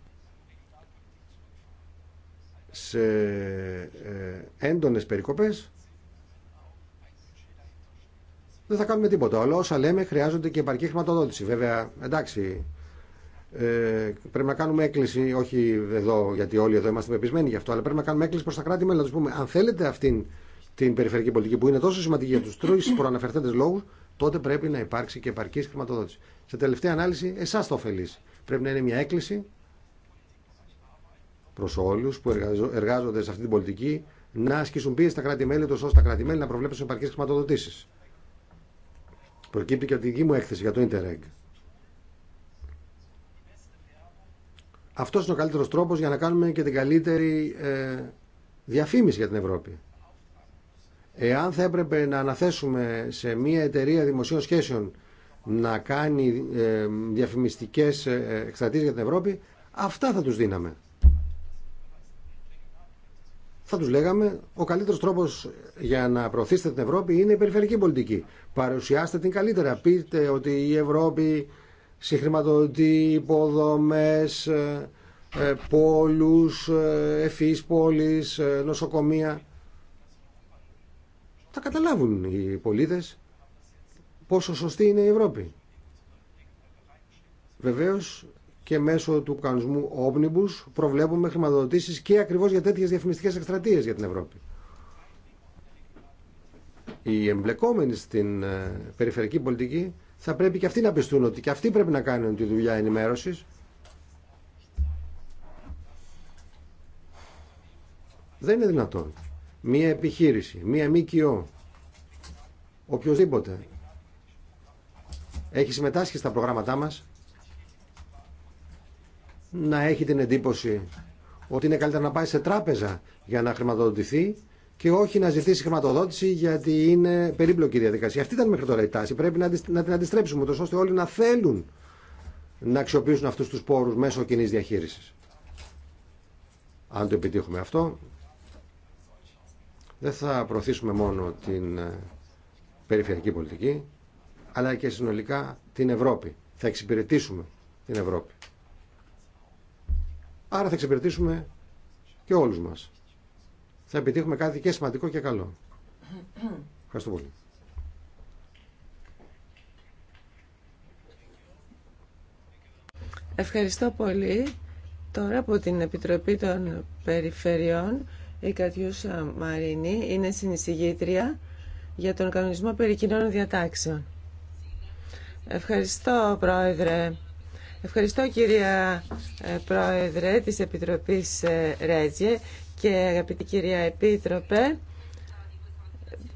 σε ε, έντονες περικοπές δεν θα κάνουμε τίποτα. Αλλά όσα λέμε χρειάζονται και επαρκή χρηματοδότηση. Βέβαια, εντάξει, ε, πρέπει να κάνουμε έκκληση, όχι εδώ, γιατί όλοι εδώ είμαστε πεπισμένοι γι' αυτό, αλλά πρέπει να κάνουμε έκκληση προ τα κράτη-μέλη. Να του πούμε, αν θέλετε αυτήν την περιφερειακή πολιτική που είναι τόσο σημαντική για του τρει προαναφερθέντε λόγου, τότε πρέπει να υπάρξει και επαρκή χρηματοδότηση. Σε τελευταία ανάλυση, εσά το ωφελεί. Πρέπει να είναι μια έκκληση προ όλου που εργάζονται σε αυτή την πολιτική να ασκήσουν πίεση στα κράτη-μέλη, ώστε τα κράτη-μέλη να προβλέψουν επαρκεί χρηματοδοτήσει. Προκύπτει και από τη δική μου έκθεση για το Interreg. Αυτό είναι ο καλύτερο τρόπο για να κάνουμε και την καλύτερη ε, διαφήμιση για την Ευρώπη. Εάν θα έπρεπε να αναθέσουμε σε μια εταιρεία δημοσίων σχέσεων να κάνει ε, διαφημιστικές ε, εκστρατείες για την Ευρώπη, αυτά θα τους δίναμε θα του λέγαμε ο καλύτερος τρόπος για να προωθήσετε την Ευρώπη είναι η περιφερειακή πολιτική. Παρουσιάστε την καλύτερα. Πείτε ότι η Ευρώπη συγχρηματοδοτεί υποδομές, ε, ε, πόλου, ευφυείς πόλεις, ε, νοσοκομεία. Θα καταλάβουν οι πολίτες πόσο σωστή είναι η Ευρώπη. Βεβαίως και μέσω του κανονισμού Omnibus προβλέπουμε χρηματοδοτήσεις και ακριβώς για τέτοιες διαφημιστικές εκστρατείες για την Ευρώπη. Οι εμπλεκόμενοι στην ε, περιφερική πολιτική θα πρέπει και αυτοί να πιστούν ότι και αυτοί πρέπει να κάνουν τη δουλειά ενημέρωσης. Δεν είναι δυνατόν. Μία επιχείρηση, μία ΜΚΟ, οποιοδήποτε έχει συμμετάσχει στα προγράμματά μας να έχει την εντύπωση ότι είναι καλύτερα να πάει σε τράπεζα για να χρηματοδοτηθεί και όχι να ζητήσει χρηματοδότηση γιατί είναι περίπλοκη η διαδικασία. Αυτή ήταν μέχρι τώρα η τάση. Πρέπει να την αντιστρέψουμε τόσο ώστε όλοι να θέλουν να αξιοποιήσουν αυτούς τους πόρους μέσω κοινή διαχείρισης. Αν το επιτύχουμε αυτό, δεν θα προωθήσουμε μόνο την ε, περιφερειακή πολιτική, αλλά και συνολικά την Ευρώπη. Θα εξυπηρετήσουμε την Ευρώπη. Άρα θα εξυπηρετήσουμε και όλους μας. Θα επιτύχουμε κάτι και σημαντικό και καλό. Ευχαριστώ πολύ. Ευχαριστώ πολύ. Τώρα από την Επιτροπή των Περιφερειών, η Κατιούσα Μαρίνη είναι συνεισηγήτρια για τον κανονισμό περί διατάξεων. Ευχαριστώ, Πρόεδρε. Ευχαριστώ κυρία ε, Πρόεδρε της Επιτροπής ε, Ρέτζιε και αγαπητή κυρία Επίτροπε.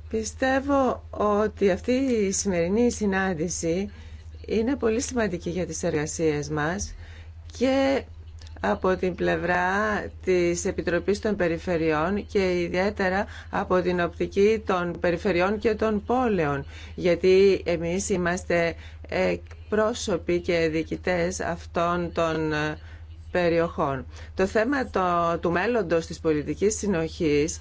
Πιστεύω ότι αυτή η σημερινή συνάντηση είναι πολύ σημαντική για τις εργασίες μας και από την πλευρά της Επιτροπής των Περιφερειών και ιδιαίτερα από την οπτική των περιφερειών και των πόλεων γιατί εμείς είμαστε πρόσωποι και διοικητές αυτών των ε, περιοχών. Το θέμα το, του μέλλοντος της πολιτικής συνοχής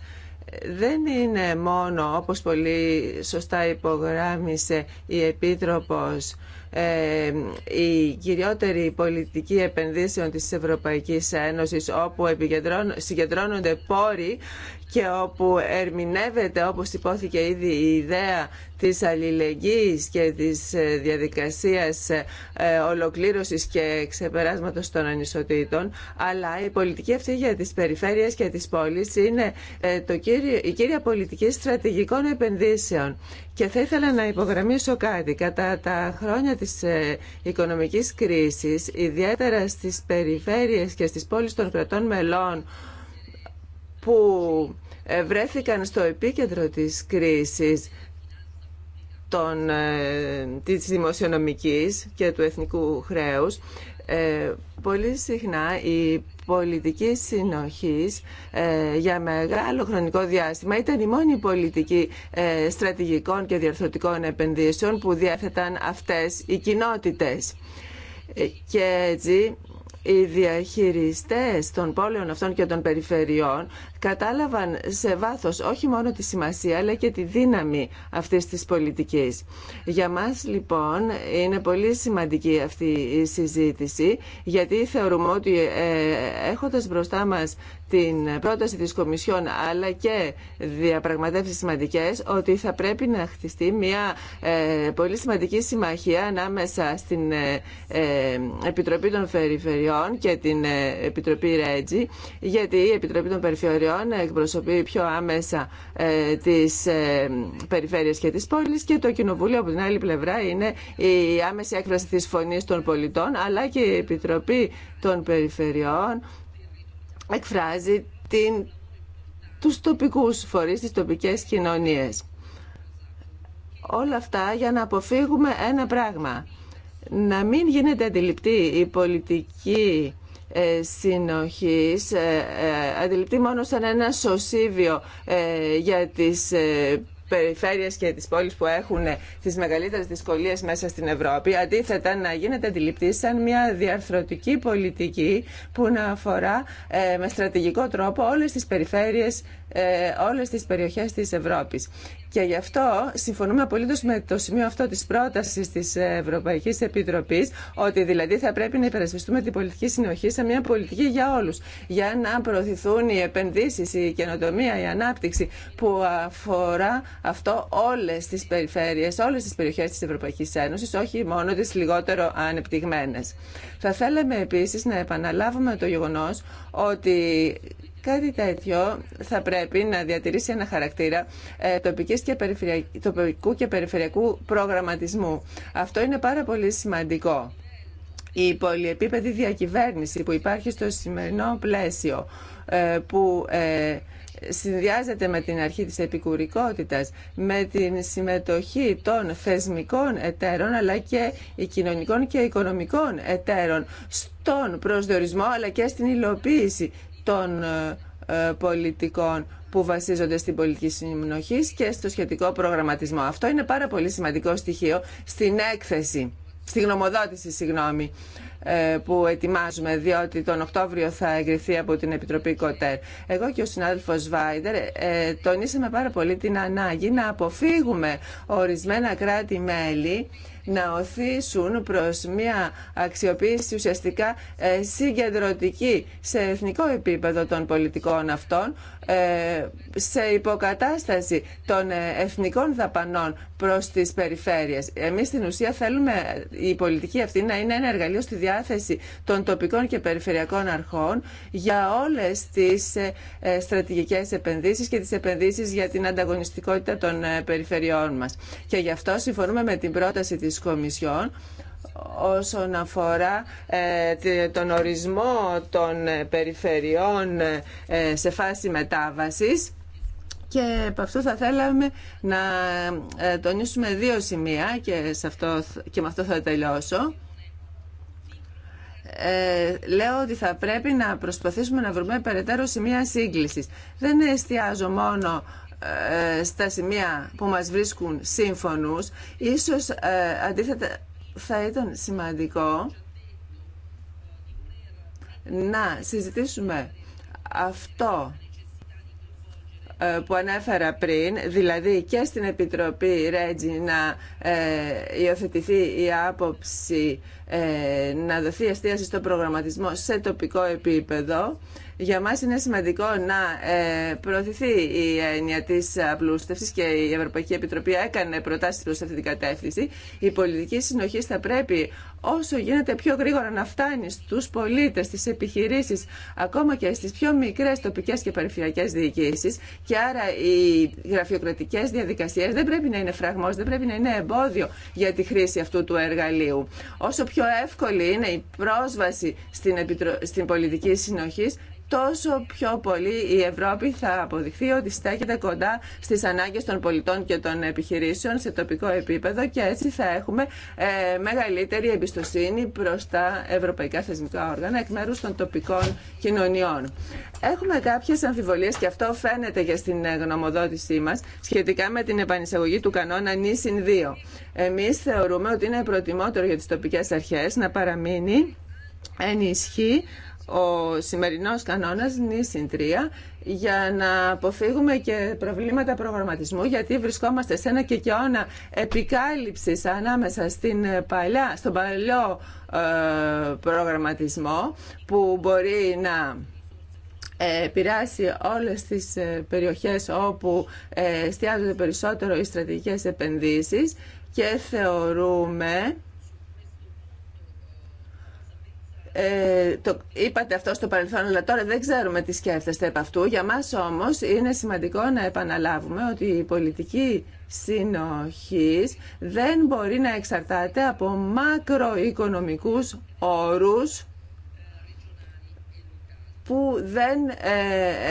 ε, δεν είναι μόνο, όπως πολύ σωστά υπογράμμισε η Επίτροπος, ε, η κυριότερη πολιτική επενδύσεων της Ευρωπαϊκής Ένωσης όπου συγκεντρώνονται πόροι και όπου ερμηνεύεται όπως υπόθηκε ήδη η ιδέα της αλληλεγγύης και της ε, διαδικασίας ε, ολοκλήρωσης και ξεπεράσματος των ανισοτήτων αλλά η πολιτική αυτή για τις περιφέρειες και τις πόλεις είναι ε, το κύριο, η κύρια πολιτική στρατηγικών επενδύσεων και θα ήθελα να υπογραμμίσω κάτι. Κατά τα χρόνια της οικονομικής κρίσης, ιδιαίτερα στις περιφέρειες και στις πόλεις των κρατών μελών, που ε, βρέθηκαν στο επίκεντρο της κρίσης των, ε, της δημοσιονομικής και του εθνικού χρέους, ε, πολύ συχνά η πολιτική συνοχής για μεγάλο χρονικό διάστημα ήταν η μόνη πολιτική στρατηγικών και διαρθρωτικών επενδύσεων που διέθεταν αυτές οι κοινότητες. Και έτσι οι διαχειριστές των πόλεων αυτών και των περιφερειών κατάλαβαν σε βάθος όχι μόνο τη σημασία αλλά και τη δύναμη αυτής της πολιτικής. Για μας λοιπόν είναι πολύ σημαντική αυτή η συζήτηση γιατί θεωρούμε ότι ε, έχοντας μπροστά μας την πρόταση της Κομισιόν αλλά και διαπραγματεύσεις σημαντικές ότι θα πρέπει να χτιστεί μια ε, πολύ σημαντική συμμαχία ανάμεσα στην ε, ε, Επιτροπή των Περιφερειών και την Επιτροπή Ρέτζη γιατί η Επιτροπή των Περιφερειών εκπροσωπεί πιο άμεσα ε, τις ε, περιφέρειες και τις πόλεις και το Κοινοβούλιο από την άλλη πλευρά είναι η άμεση έκφραση της φωνής των πολιτών αλλά και η Επιτροπή των Περιφερειών εκφράζει την, τους τοπικούς φορείς, τις τοπικές κοινωνίες. Όλα αυτά για να αποφύγουμε ένα πράγμα. Να μην γίνεται αντιληπτή η πολιτική ε, συνοχής ε, ε, αντιληπτή μόνο σαν ένα σωσίβιο για τις περιφέρειες και τις πόλεις που έχουν τις μεγαλύτερες δυσκολίες μέσα στην Ευρώπη, αντίθετα να γίνεται αντιληπτή σαν μια διαρθρωτική πολιτική που να αφορά με στρατηγικό τρόπο όλες τις περιφέρειες, όλες τις περιοχές της Ευρώπης. Και γι' αυτό συμφωνούμε απολύτω με το σημείο αυτό τη πρόταση τη Ευρωπαϊκή Επιτροπή, ότι δηλαδή θα πρέπει να υπερασπιστούμε την πολιτική συνοχή σε μια πολιτική για όλου. Για να προωθηθούν οι επενδύσει, η καινοτομία, η ανάπτυξη που αφορά αυτό όλε τι περιφέρειε, όλε τι περιοχέ τη Ευρωπαϊκή Ένωση, όχι μόνο τι λιγότερο ανεπτυγμένε. Θα θέλαμε επίση να επαναλάβουμε το γεγονό ότι Κάτι τέτοιο θα πρέπει να διατηρήσει ένα χαρακτήρα ε, τοπικής και τοπικού και περιφερειακού προγραμματισμού. Αυτό είναι πάρα πολύ σημαντικό. Η πολυεπίπεδη διακυβέρνηση που υπάρχει στο σημερινό πλαίσιο ε, που ε, συνδυάζεται με την αρχή της επικουρικότητας, με την συμμετοχή των θεσμικών εταίρων αλλά και κοινωνικών και οικονομικών εταίρων στον προσδιορισμό αλλά και στην υλοποίηση των ε, ε, πολιτικών που βασίζονται στην πολιτική συνομνοχή και στο σχετικό προγραμματισμό. Αυτό είναι πάρα πολύ σημαντικό στοιχείο στην έκθεση, στη γνωμοδότηση, συγγνώμη, ε, που ετοιμάζουμε, διότι τον Οκτώβριο θα εγκριθεί από την Επιτροπή Κοτέρ. Εγώ και ο Συνάδελφο Βάιντερ τονίσαμε πάρα πολύ την ανάγκη να αποφύγουμε ορισμένα κράτη-μέλη να οθήσουν προς μια αξιοποίηση ουσιαστικά ε, συγκεντρωτική σε εθνικό επίπεδο των πολιτικών αυτών ε, σε υποκατάσταση των ε, εθνικών δαπανών προς τις περιφέρειες. Εμείς στην ουσία θέλουμε η πολιτική αυτή να είναι ένα εργαλείο στη διάθεση των τοπικών και περιφερειακών αρχών για όλες τις στρατηγικές επενδύσεις και τις επενδύσεις για την ανταγωνιστικότητα των περιφερειών μας. Και γι' αυτό συμφωνούμε με την πρόταση της Κομισιόν όσον αφορά ε, τον ορισμό των περιφερειών ε, σε φάση μετάβασης και από αυτό θα θέλαμε να ε, τονίσουμε δύο σημεία και, σε με αυτό θα τελειώσω. Ε, λέω ότι θα πρέπει να προσπαθήσουμε να βρούμε περαιτέρω σημεία σύγκλησης. Δεν εστιάζω μόνο ε, στα σημεία που μας βρίσκουν σύμφωνους, ίσως ε, αντίθετα θα ήταν σημαντικό να συζητήσουμε αυτό ε, που ανέφερα πριν, δηλαδή και στην Επιτροπή Ρέτζι να ε, υιοθετηθεί η άποψη να δοθεί εστίαση στο προγραμματισμό σε τοπικό επίπεδο για μας είναι σημαντικό να ε, προωθηθεί η έννοια τη απλούστευσης και η Ευρωπαϊκή Επιτροπή έκανε προτάσεις προς αυτή την κατεύθυνση. Η πολιτική συνοχή θα πρέπει όσο γίνεται πιο γρήγορα να φτάνει στου πολίτε, στις επιχειρήσει, ακόμα και στι πιο μικρέ τοπικέ και περιφερειακές διοικησει. και άρα οι γραφειοκρατικέ διαδικασίε δεν πρέπει να είναι φραγμός, δεν πρέπει να είναι εμπόδιο για τη χρήση αυτού του εργαλείου. Όσο πιο εύκολη είναι η πρόσβαση στην, στην πολιτική συνοχή, τόσο πιο πολύ η Ευρώπη θα αποδειχθεί ότι στέκεται κοντά στις ανάγκες των πολιτών και των επιχειρήσεων σε τοπικό επίπεδο και έτσι θα έχουμε ε, μεγαλύτερη εμπιστοσύνη προς τα ευρωπαϊκά θεσμικά όργανα εκ μέρους των τοπικών κοινωνιών. Έχουμε κάποιες αμφιβολίες και αυτό φαίνεται και στην ε, γνωμοδότησή μας σχετικά με την επανεισαγωγή του κανόνα νησιν 2. Εμείς θεωρούμε ότι είναι προτιμότερο για τις τοπικές αρχές να παραμείνει ενισχύει ο σημερινός κανόνας νησιν συντρία για να αποφύγουμε και προβλήματα προγραμματισμού γιατί βρισκόμαστε σε ένα και κεκαιώνα επικάλυψης ανάμεσα στην παλιά, στον παλιό ε, προγραμματισμό που μπορεί να ε, πειράσει όλες τις ε, περιοχές όπου εστιάζονται περισσότερο οι στρατηγικές επενδύσεις και θεωρούμε ε, το είπατε αυτό στο παρελθόν, αλλά τώρα δεν ξέρουμε τι σκέφτεστε από αυτού. Για μας όμως είναι σημαντικό να επαναλάβουμε ότι η πολιτική συνοχής δεν μπορεί να εξαρτάται από μακροοικονομικούς όρους που δεν ε,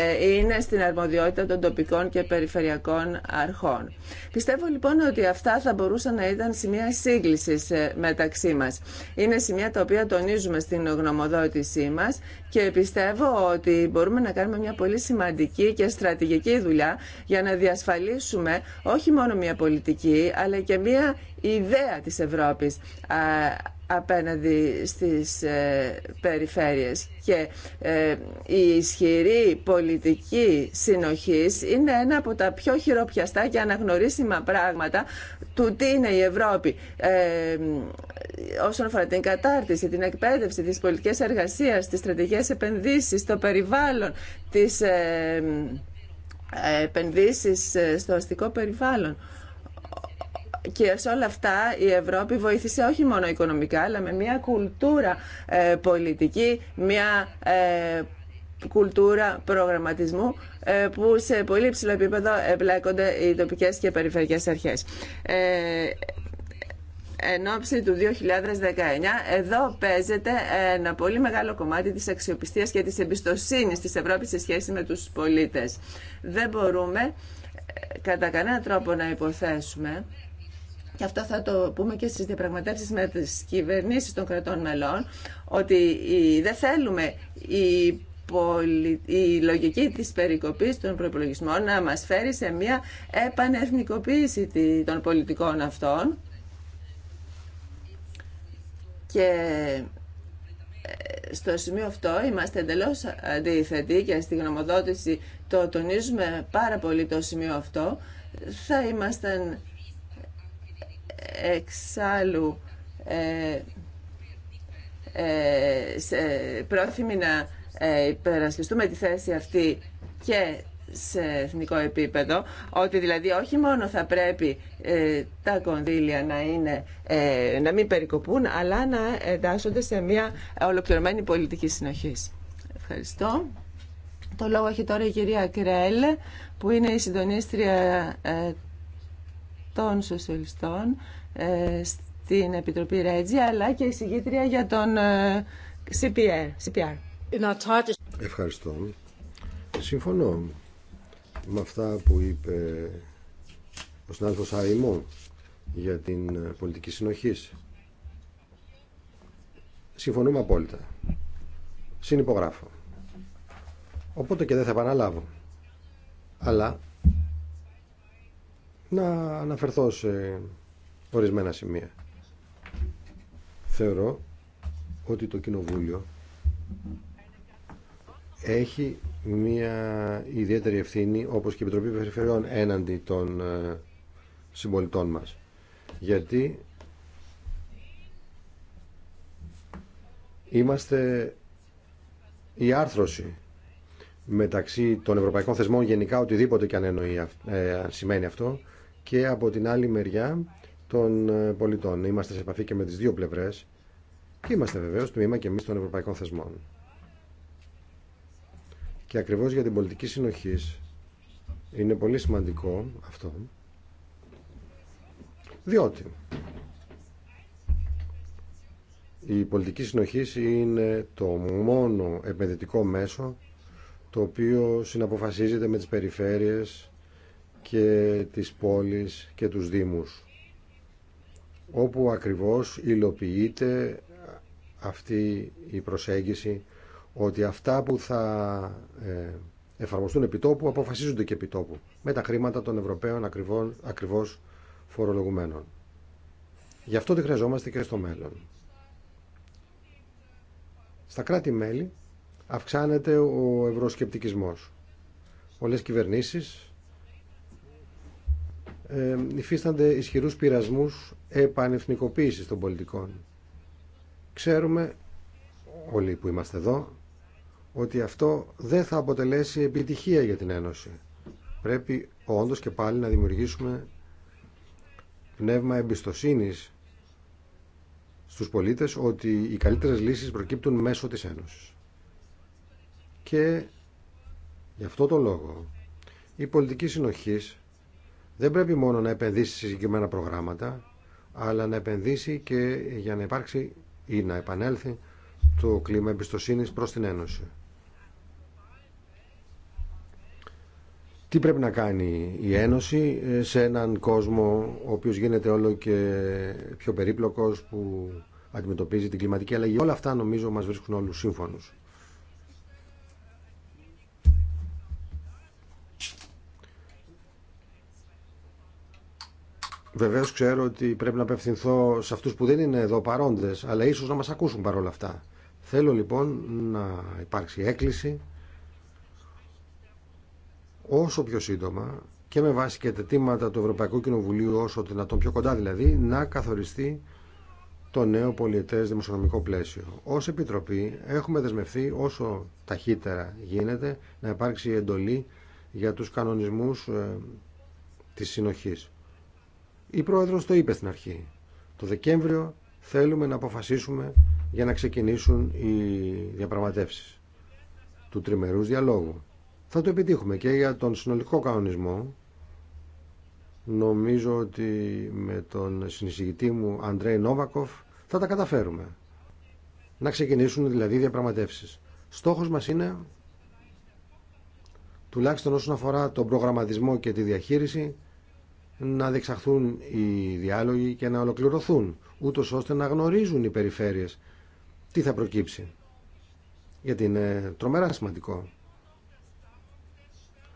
ε, είναι στην αρμοδιότητα των τοπικών και περιφερειακών αρχών. Πιστεύω λοιπόν ότι αυτά θα μπορούσαν να ήταν σημεία σύγκληση ε, μεταξύ μα. Είναι σημεία τα οποία τονίζουμε στην γνωμοδότησή μα και πιστεύω ότι μπορούμε να κάνουμε μια πολύ σημαντική και στρατηγική δουλειά για να διασφαλίσουμε όχι μόνο μια πολιτική αλλά και μια ιδέα της Ευρώπης απέναντι στις ε, περιφέρειες και ε, η ισχυρή πολιτική συνοχής είναι ένα από τα πιο χειροπιαστά και αναγνωρίσιμα πράγματα του τι είναι η Ευρώπη ε, όσον αφορά την κατάρτιση, την εκπαίδευση, τις πολιτικές εργασίες, τις στρατηγικές επενδύσεις, το περιβάλλον, τις ε, ε, επενδύσεις στο αστικό περιβάλλον και σε όλα αυτά η Ευρώπη βοήθησε όχι μόνο οικονομικά, αλλά με μια κουλτούρα ε, πολιτική, μια ε, κουλτούρα προγραμματισμού ε, που σε πολύ υψηλό επίπεδο εμπλέκονται οι τοπικές και περιφερειακές αρχές. Εν ώψη του 2019 εδώ παίζεται ένα πολύ μεγάλο κομμάτι της αξιοπιστίας και της εμπιστοσύνης της Ευρώπης σε σχέση με τους πολίτες. Δεν μπορούμε κατά κανένα τρόπο να υποθέσουμε και αυτό θα το πούμε και στις διαπραγματεύσεις με τις κυβερνήσεις των κρατών μελών, ότι δεν θέλουμε η η λογική της περικοπής των προπολογισμών να μας φέρει σε μια επανεθνικοποίηση των πολιτικών αυτών και ε, στο σημείο αυτό είμαστε εντελώ αντίθετοι και στη γνωμοδότηση το τονίζουμε πάρα πολύ το σημείο αυτό θα ήμασταν εξάλλου ε, ε πρόθυμοι να ε, υπερασπιστούμε τη θέση αυτή και σε εθνικό επίπεδο, ότι δηλαδή όχι μόνο θα πρέπει ε, τα κονδύλια να, είναι, ε, να μην περικοπούν, αλλά να εντάσσονται σε μια ολοκληρωμένη πολιτική συνοχή. Ευχαριστώ. Το λόγο έχει τώρα η κυρία Κρέλ, που είναι η συντονίστρια των σοσιαλιστών. Ε, στην Επιτροπή Ρέτζη, αλλά και η εισηγήτρια για τον ε, CPR. CPR. Ευχαριστώ. Συμφωνώ με αυτά που είπε ο συνάδελφος Αϊμού για την πολιτική συνοχή. Συμφωνούμε απόλυτα. Συνυπογράφω. Οπότε και δεν θα επαναλάβω. Αλλά να αναφερθώ σε ορισμένα σημεία. Θεωρώ ότι το Κοινοβούλιο έχει μια ιδιαίτερη ευθύνη όπως και η Επιτροπή Περιφερειών έναντι των ε, συμπολιτών μας. Γιατί είμαστε η άρθρωση μεταξύ των ευρωπαϊκών θεσμών γενικά οτιδήποτε και αν ε, σημαίνει αυτό και από την άλλη μεριά των ε, πολιτών. Είμαστε σε επαφή και με τις δύο πλευρές και είμαστε βεβαίως τμήμα και εμείς των ευρωπαϊκών θεσμών. Και ακριβώς για την πολιτική συνοχή είναι πολύ σημαντικό αυτό, διότι η πολιτική συνοχή είναι το μόνο επενδυτικό μέσο το οποίο συναποφασίζεται με τις περιφέρειες και τις πόλεις και τους δήμους όπου ακριβώς υλοποιείται αυτή η προσέγγιση ότι αυτά που θα ε, εφαρμοστούν επιτόπου αποφασίζονται και επιτόπου με τα χρήματα των Ευρωπαίων ακριβώς, ακριβώς φορολογουμένων. Γι' αυτό τη χρειαζόμαστε και στο μέλλον. Στα κράτη-μέλη αυξάνεται ο ευρωσκεπτικισμός. Πολλές κυβερνήσεις ε, υφίστανται ισχυρούς πειρασμούς επανεθνικοποίησης των πολιτικών. Ξέρουμε, όλοι που είμαστε εδώ, ότι αυτό δεν θα αποτελέσει επιτυχία για την Ένωση. Πρέπει όντως και πάλι να δημιουργήσουμε πνεύμα εμπιστοσύνης στους πολίτες ότι οι καλύτερες λύσεις προκύπτουν μέσω της Ένωσης. Και γι' αυτό τον λόγο η πολιτική συνοχής δεν πρέπει μόνο να επενδύσει σε συγκεκριμένα προγράμματα, αλλά να επενδύσει και για να υπάρξει ή να επανέλθει το κλίμα εμπιστοσύνης προς την Ένωση. Τι πρέπει να κάνει η Ένωση ε, σε έναν κόσμο ο οποίος γίνεται όλο και πιο περίπλοκος που αντιμετωπίζει την κλιματική αλλαγή. Όλα αυτά νομίζω μας βρίσκουν όλους σύμφωνους. Βεβαίω ξέρω ότι πρέπει να απευθυνθώ σε αυτού που δεν είναι εδώ παρόντε, αλλά ίσω να μα ακούσουν παρόλα αυτά. Θέλω λοιπόν να υπάρξει έκκληση όσο πιο σύντομα και με βάση και τα του Ευρωπαϊκού Κοινοβουλίου, όσο δυνατόν πιο κοντά δηλαδή, να καθοριστεί το νέο πολιετέ δημοσιονομικό πλαίσιο. Ω Επιτροπή έχουμε δεσμευθεί όσο ταχύτερα γίνεται να υπάρξει εντολή για τους κανονισμούς ε, της η πρόεδρος το είπε στην αρχή. Το Δεκέμβριο θέλουμε να αποφασίσουμε για να ξεκινήσουν οι διαπραγματεύσεις του τριμερούς διαλόγου. Θα το επιτύχουμε και για τον συνολικό κανονισμό. Νομίζω ότι με τον συνεισηγητή μου Αντρέι Νόβακοφ θα τα καταφέρουμε. Να ξεκινήσουν δηλαδή οι διαπραγματεύσεις. Στόχος μας είναι, τουλάχιστον όσον αφορά τον προγραμματισμό και τη διαχείριση, να διεξαχθούν οι διάλογοι και να ολοκληρωθούν, ούτω ώστε να γνωρίζουν οι περιφέρειες τι θα προκύψει. Γιατί είναι τρομερά σημαντικό.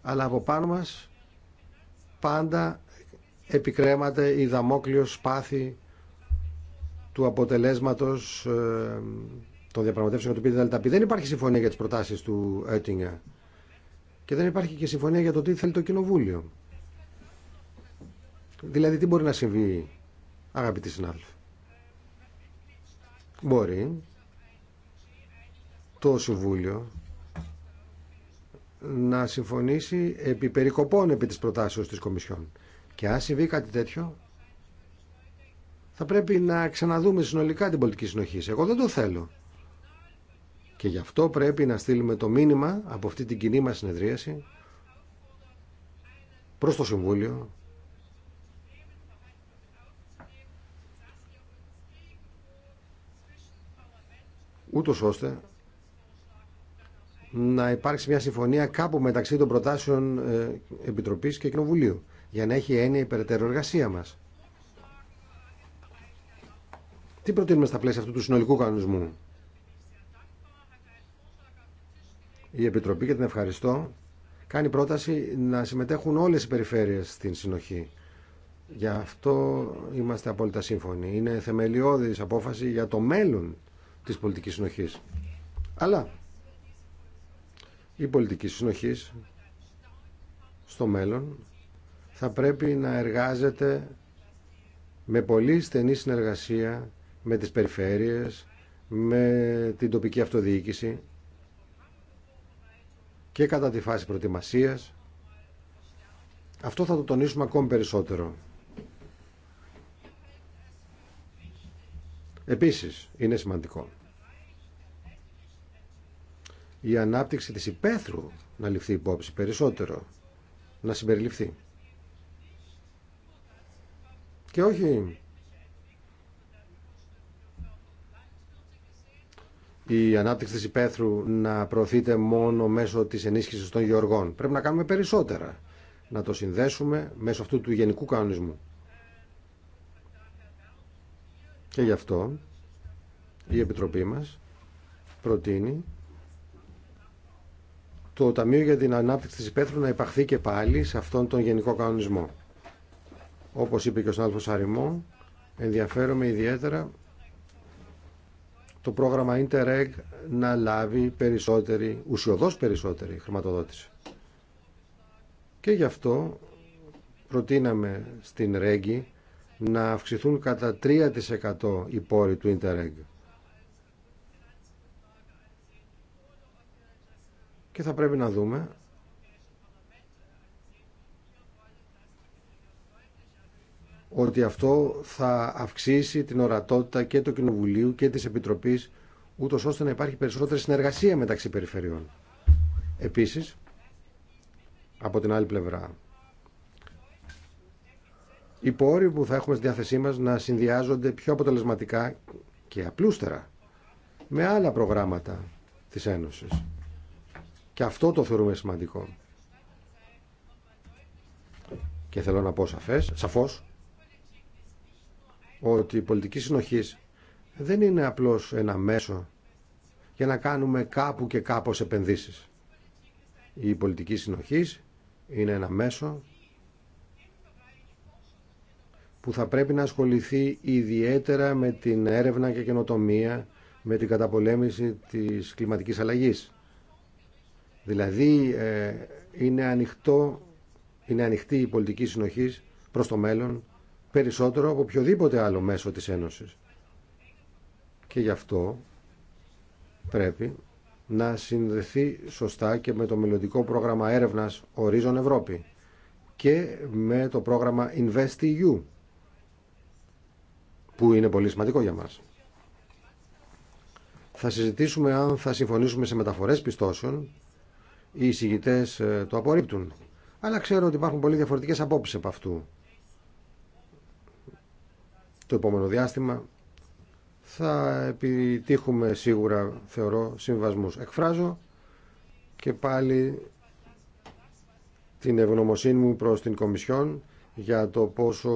Αλλά από πάνω μας πάντα επικρέμαται η δαμόκλειος σπάθη του αποτελέσματος ε, των διαπραγματεύσεων του ΠΔΛΤΑΠ. Δεν υπάρχει συμφωνία για τις προτάσεις του Έτινγκα και δεν υπάρχει και συμφωνία για το τι θέλει το Κοινοβούλιο. Δηλαδή τι μπορεί να συμβεί αγαπητοί συνάδελφοι. Μπορεί το Συμβούλιο να συμφωνήσει επί περικοπών επί της προτάσεως της Κομισιόν. Και αν συμβεί κάτι τέτοιο, θα πρέπει να ξαναδούμε συνολικά την πολιτική συνοχή. Εγώ δεν το θέλω. Και γι' αυτό πρέπει να στείλουμε το μήνυμα από αυτή την κοινή μας συνεδρίαση προς το Συμβούλιο ούτως ώστε να υπάρξει μια συμφωνία κάπου μεταξύ των προτάσεων ε, Επιτροπής και Κοινοβουλίου για να έχει έννοια η περαιτέρω εργασία μας. Τι προτείνουμε στα πλαίσια αυτού του συνολικού κανονισμού. Η Επιτροπή, και την ευχαριστώ, κάνει πρόταση να συμμετέχουν όλες οι περιφέρειες στην συνοχή. Γι' αυτό είμαστε απόλυτα σύμφωνοι. Είναι θεμελιώδης απόφαση για το μέλλον της πολιτικής συνοχής. Αλλά η πολιτική συνοχής στο μέλλον θα πρέπει να εργάζεται με πολύ στενή συνεργασία με τις περιφέρειες, με την τοπική αυτοδιοίκηση και κατά τη φάση προετοιμασίας. Αυτό θα το τονίσουμε ακόμη περισσότερο. Επίσης, είναι σημαντικό η ανάπτυξη της υπαίθρου να ληφθεί υπόψη περισσότερο, να συμπεριληφθεί. Και όχι η ανάπτυξη της υπαίθρου να προωθείται μόνο μέσω της ενίσχυσης των γεωργών. Πρέπει να κάνουμε περισσότερα, να το συνδέσουμε μέσω αυτού του γενικού κανονισμού. Και γι' αυτό η Επιτροπή μας προτείνει το Ταμείο για την Ανάπτυξη της Υπέθρου να υπαχθεί και πάλι σε αυτόν τον γενικό κανονισμό. Όπως είπε και ο συνάδελφος Αριμό, ενδιαφέρομαι ιδιαίτερα το πρόγραμμα Interreg να λάβει περισσότερη, ουσιοδός περισσότερη χρηματοδότηση. Και γι' αυτό προτείναμε στην Ρέγγι να αυξηθούν κατά 3% οι πόροι του Interreg. Και θα πρέπει να δούμε ότι αυτό θα αυξήσει την ορατότητα και του Κοινοβουλίου και της Επιτροπής ούτω ώστε να υπάρχει περισσότερη συνεργασία μεταξύ περιφερειών. Επίσης, από την άλλη πλευρά, οι πόροι που θα έχουμε στη διάθεσή μας να συνδυάζονται πιο αποτελεσματικά και απλούστερα με άλλα προγράμματα της Ένωσης. Και αυτό το θεωρούμε σημαντικό. Και θέλω να πω σαφές, σαφώς ότι η πολιτική συνοχής δεν είναι απλώς ένα μέσο για να κάνουμε κάπου και κάπως επενδύσεις. Η πολιτική συνοχής είναι ένα μέσο που θα πρέπει να ασχοληθεί ιδιαίτερα με την έρευνα και καινοτομία, με την καταπολέμηση της κλιματικής αλλαγής. Δηλαδή ε, είναι, ανοιχτό, είναι ανοιχτή η πολιτική συνοχής προς το μέλλον περισσότερο από οποιοδήποτε άλλο μέσο της Ένωσης. Και γι' αυτό πρέπει να συνδεθεί σωστά και με το μελλοντικό πρόγραμμα έρευνας Horizon Ευρώπη και με το πρόγραμμα InvestEU που είναι πολύ σημαντικό για μας. Θα συζητήσουμε αν θα συμφωνήσουμε σε μεταφορές πιστώσεων. Οι εισηγητές ε, το απορρίπτουν. Αλλά ξέρω ότι υπάρχουν πολύ διαφορετικές απόψεις από αυτού. Το επόμενο διάστημα θα επιτύχουμε σίγουρα, θεωρώ, συμβασμούς. Εκφράζω και πάλι την ευγνωμοσύνη μου προς την Κομισιόν για το πόσο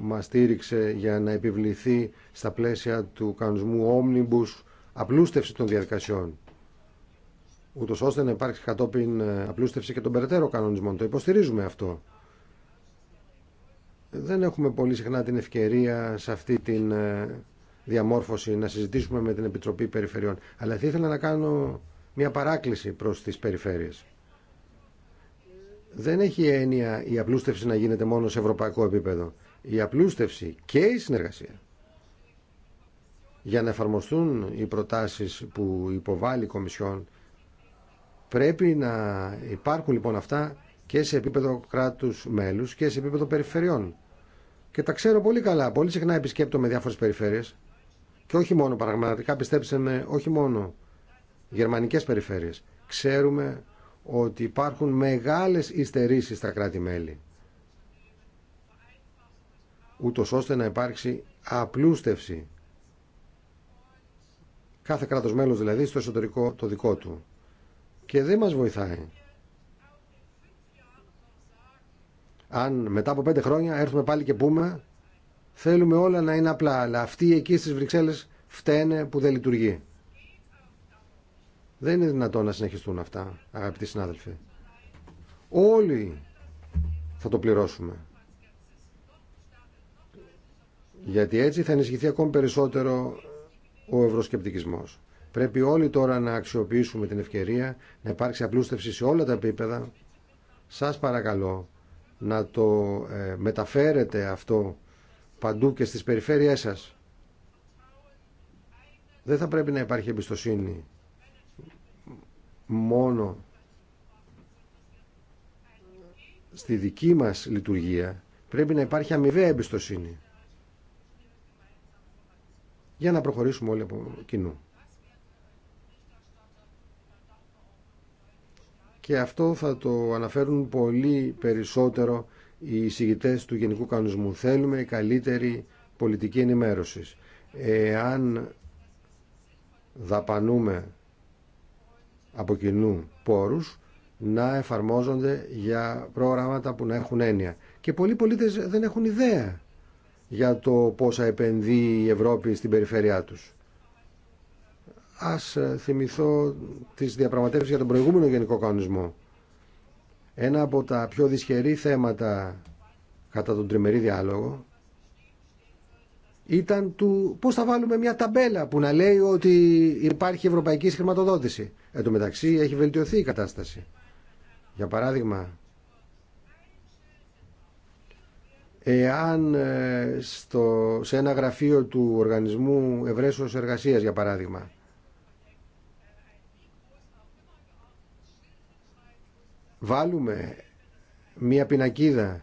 μα στήριξε για να επιβληθεί στα πλαίσια του κανονισμού Omnibus απλούστευση των διαδικασιών ούτω ώστε να υπάρξει κατόπιν ε, απλούστευση και των περαιτέρω κανονισμών. Το υποστηρίζουμε αυτό. Δεν έχουμε πολύ συχνά την ευκαιρία σε αυτή τη ε, διαμόρφωση να συζητήσουμε με την Επιτροπή Περιφερειών. Αλλά θα ήθελα να κάνω μια παράκληση προς τις περιφέρειες δεν έχει έννοια η απλούστευση να γίνεται μόνο σε ευρωπαϊκό επίπεδο. Η απλούστευση και η συνεργασία για να εφαρμοστούν οι προτάσεις που υποβάλλει η Κομισιόν πρέπει να υπάρχουν λοιπόν αυτά και σε επίπεδο κράτους μέλους και σε επίπεδο περιφερειών. Και τα ξέρω πολύ καλά. Πολύ συχνά επισκέπτομαι διάφορες περιφέρειες και όχι μόνο πραγματικά πιστέψτε με όχι μόνο γερμανικές περιφέρειες. Ξέρουμε ότι υπάρχουν μεγάλες ιστερήσεις στα κράτη-μέλη ούτως ώστε να υπάρξει απλούστευση κάθε κράτος μέλος δηλαδή στο εσωτερικό το δικό του και δεν μας βοηθάει αν μετά από πέντε χρόνια έρθουμε πάλι και πούμε θέλουμε όλα να είναι απλά αλλά αυτοί εκεί στις Βρυξέλλες φταίνε που δεν λειτουργεί δεν είναι δυνατόν να συνεχιστούν αυτά, αγαπητοί συνάδελφοι. Όλοι θα το πληρώσουμε. Γιατί έτσι θα ενισχυθεί ακόμη περισσότερο ο ευρωσκεπτικισμός. Πρέπει όλοι τώρα να αξιοποιήσουμε την ευκαιρία να υπάρξει απλούστευση σε όλα τα επίπεδα. Σας παρακαλώ να το ε, μεταφέρετε αυτό παντού και στις περιφέρειές σας. Δεν θα πρέπει να υπάρχει εμπιστοσύνη μόνο στη δική μας λειτουργία πρέπει να υπάρχει αμοιβαία εμπιστοσύνη για να προχωρήσουμε όλοι από κοινού. Και αυτό θα το αναφέρουν πολύ περισσότερο οι εισηγητές του Γενικού Κανονισμού. Θέλουμε καλύτερη πολιτική ενημέρωση. Εάν δαπανούμε από κοινού πόρους να εφαρμόζονται για προγράμματα που να έχουν έννοια. Και πολλοί πολίτε δεν έχουν ιδέα για το πόσα επενδύει η Ευρώπη στην περιφέρειά τους. Ας ε, θυμηθώ τις διαπραγματεύσεις για τον προηγούμενο γενικό κανονισμό. Ένα από τα πιο δυσχερή θέματα κατά τον τριμερή διάλογο ήταν του πώς θα βάλουμε μια ταμπέλα που να λέει ότι υπάρχει ευρωπαϊκή χρηματοδότηση. Εν τω μεταξύ έχει βελτιωθεί η κατάσταση. Για παράδειγμα, εάν ε, στο, σε ένα γραφείο του Οργανισμού Ευρέσεως Εργασίας, για παράδειγμα, βάλουμε μια πινακίδα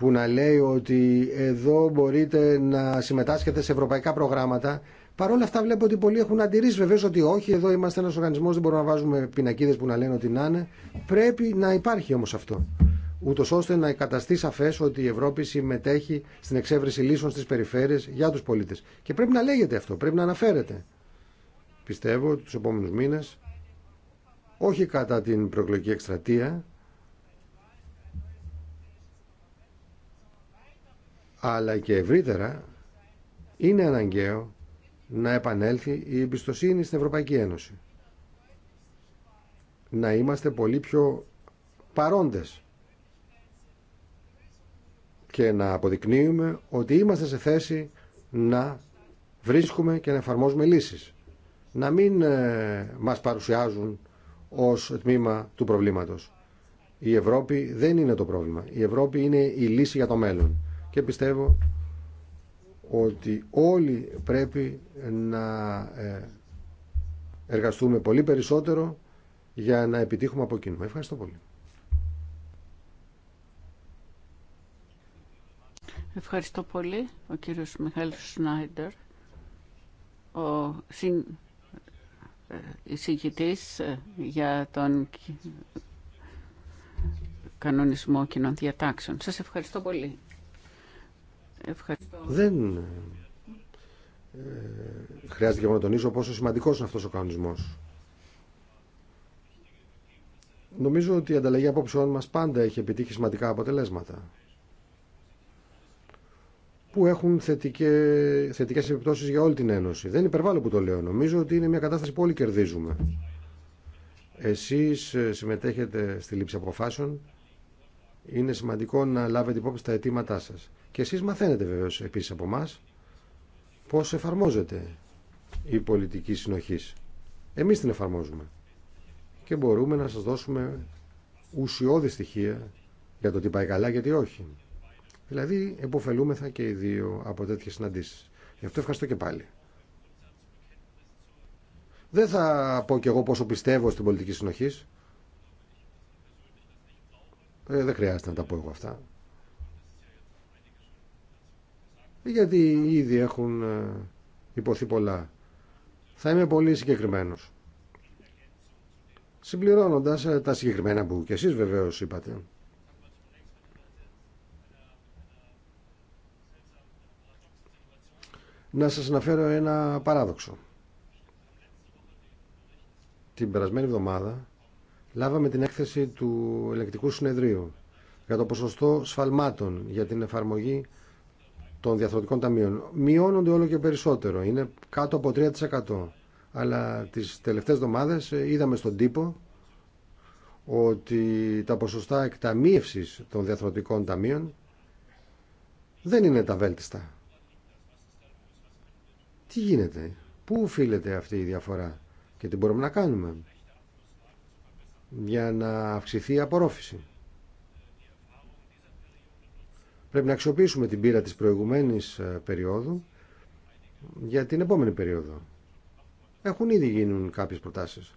που να λέει ότι εδώ μπορείτε να συμμετάσχετε σε ευρωπαϊκά προγράμματα. Παρ' όλα αυτά βλέπω ότι πολλοί έχουν αντιρρήσει βεβαίω ότι όχι, εδώ είμαστε ένα οργανισμό, δεν μπορούμε να βάζουμε πινακίδε που να λένε ότι να είναι. Πρέπει να υπάρχει όμω αυτό. Ούτω ώστε να εγκαταστεί σαφέ ότι η Ευρώπη συμμετέχει στην εξέβρεση λύσεων στι περιφέρειε για του πολίτε. Και πρέπει να λέγεται αυτό, πρέπει να αναφέρεται. Πιστεύω του επόμενου μήνε, όχι κατά την προεκλογική εκστρατεία, αλλά και ευρύτερα είναι αναγκαίο να επανέλθει η εμπιστοσύνη στην Ευρωπαϊκή Ένωση. Να είμαστε πολύ πιο παρόντες και να αποδεικνύουμε ότι είμαστε σε θέση να βρίσκουμε και να εφαρμόζουμε λύσεις. Να μην ε, μας παρουσιάζουν ως τμήμα του προβλήματος. Η Ευρώπη δεν είναι το πρόβλημα. Η Ευρώπη είναι η λύση για το μέλλον και πιστεύω ότι όλοι πρέπει να ε, εργαστούμε πολύ περισσότερο για να επιτύχουμε από κοινού. Ευχαριστώ πολύ. Ευχαριστώ πολύ ο κύριος Μιχάλης Σνάιντερ, ο συν, ε, ε, για τον κανονισμό κοινών διατάξεων. Σας ευχαριστώ πολύ. Δεν ε, χρειάζεται και να τονίσω πόσο σημαντικός είναι αυτός ο κανονισμός. Νομίζω ότι η ανταλλαγή απόψεών μας πάντα έχει επιτύχει σημαντικά αποτελέσματα που έχουν θετικέ θετικές επιπτώσεις για όλη την Ένωση. Δεν υπερβάλλω που το λέω. Νομίζω ότι είναι μια κατάσταση που όλοι κερδίζουμε. Εσείς ε, συμμετέχετε στη λήψη αποφάσεων είναι σημαντικό να λάβετε υπόψη τα αιτήματά σας. Και εσείς μαθαίνετε βεβαίω επίσης από εμά πώς εφαρμόζεται η πολιτική συνοχή. Εμείς την εφαρμόζουμε και μπορούμε να σας δώσουμε ουσιώδη στοιχεία για το τι πάει καλά και τι όχι. Δηλαδή, εποφελούμεθα και οι δύο από τέτοιε συναντήσεις. Γι' αυτό ευχαριστώ και πάλι. Δεν θα πω κι εγώ πόσο πιστεύω στην πολιτική συνοχή. Ε, δεν χρειάζεται να τα πω εγώ αυτά. Γιατί ήδη έχουν ε, υποθεί πολλά. Θα είμαι πολύ συγκεκριμένος. Συμπληρώνοντας ε, τα συγκεκριμένα που και εσείς βεβαίως είπατε. Να σας αναφέρω ένα παράδοξο. Την περασμένη εβδομάδα λάβαμε την έκθεση του ελεκτικού συνεδρίου για το ποσοστό σφαλμάτων για την εφαρμογή των διαθροτικών ταμείων. Μειώνονται όλο και περισσότερο. Είναι κάτω από 3%. Αλλά τις τελευταίες εβδομάδες ε, είδαμε στον τύπο ότι τα ποσοστά εκταμίευσης των διαθροτικών ταμείων δεν είναι τα βέλτιστα. Τι γίνεται, πού οφείλεται αυτή η διαφορά και τι μπορούμε να κάνουμε για να αυξηθεί η απορρόφηση. Πρέπει να αξιοποιήσουμε την πύρα της προηγουμένης ε, περίοδου για την επόμενη περίοδο. Έχουν ήδη γίνουν κάποιες προτάσεις.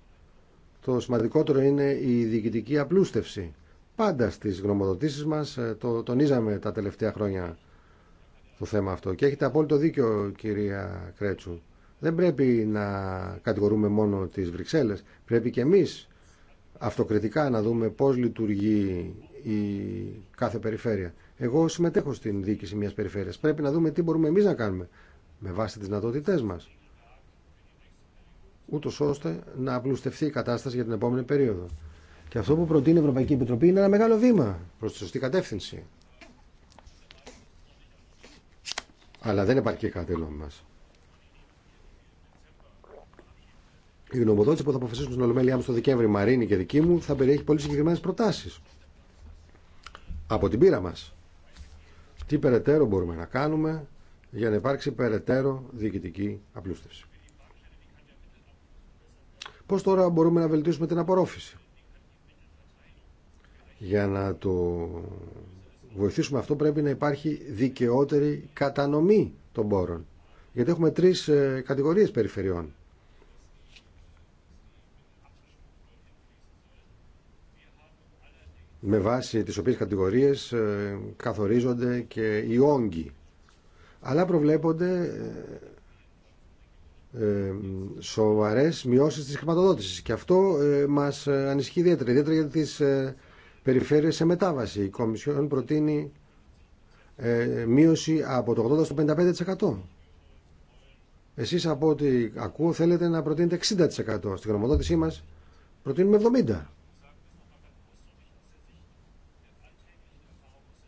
Το σημαντικότερο είναι η διοικητική απλούστευση. Πάντα στις γνωμοδοτήσεις μας ε, το τονίζαμε τα τελευταία χρόνια το θέμα αυτό. Και έχετε απόλυτο δίκιο κυρία Κρέτσου. Δεν πρέπει να κατηγορούμε μόνο τις Βρυξέλλες. Πρέπει και εμείς αυτοκριτικά να δούμε πώς λειτουργεί η κάθε περιφέρεια. Εγώ συμμετέχω στην διοίκηση μιας περιφέρειας. Πρέπει να δούμε τι μπορούμε εμείς να κάνουμε με βάση τις δυνατότητές μας. Ούτω ώστε να απλουστευτεί η κατάσταση για την επόμενη περίοδο. Και αυτό που προτείνει η Ευρωπαϊκή Επιτροπή είναι ένα μεγάλο βήμα προς τη σωστή κατεύθυνση. Αλλά δεν επαρκεί κάτι μας. Η γνωμοδότηση που θα αποφασίσουμε στην Ολομέλειά μου στο Δεκέμβρη, Μαρίνη και δική μου, θα περιέχει πολύ συγκεκριμένε προτάσει. Από την πείρα μα. Τι περαιτέρω μπορούμε να κάνουμε για να υπάρξει περαιτέρω διοικητική απλούστευση. Πώς τώρα μπορούμε να βελτίσουμε την απορρόφηση για να το βοηθήσουμε αυτό πρέπει να υπάρχει δικαιότερη κατανομή των πόρων. Γιατί έχουμε τρεις ε, κατηγορίες περιφερειών. με βάση τις οποίες κατηγορίες ε, καθορίζονται και οι όγκοι. Αλλά προβλέπονται ε, ε, σοβαρές μειώσεις της χρηματοδότησης και αυτό μας ανισχύει ιδιαίτερα, ιδιαίτερα για τις περιφέρειες σε μετάβαση. Η Κομισιόν προτείνει μείωση από το 80% στο 55%. Εσείς από ό,τι ακούω θέλετε να προτείνετε 60%. Στην χρηματοδότησή μας προτείνουμε 70%.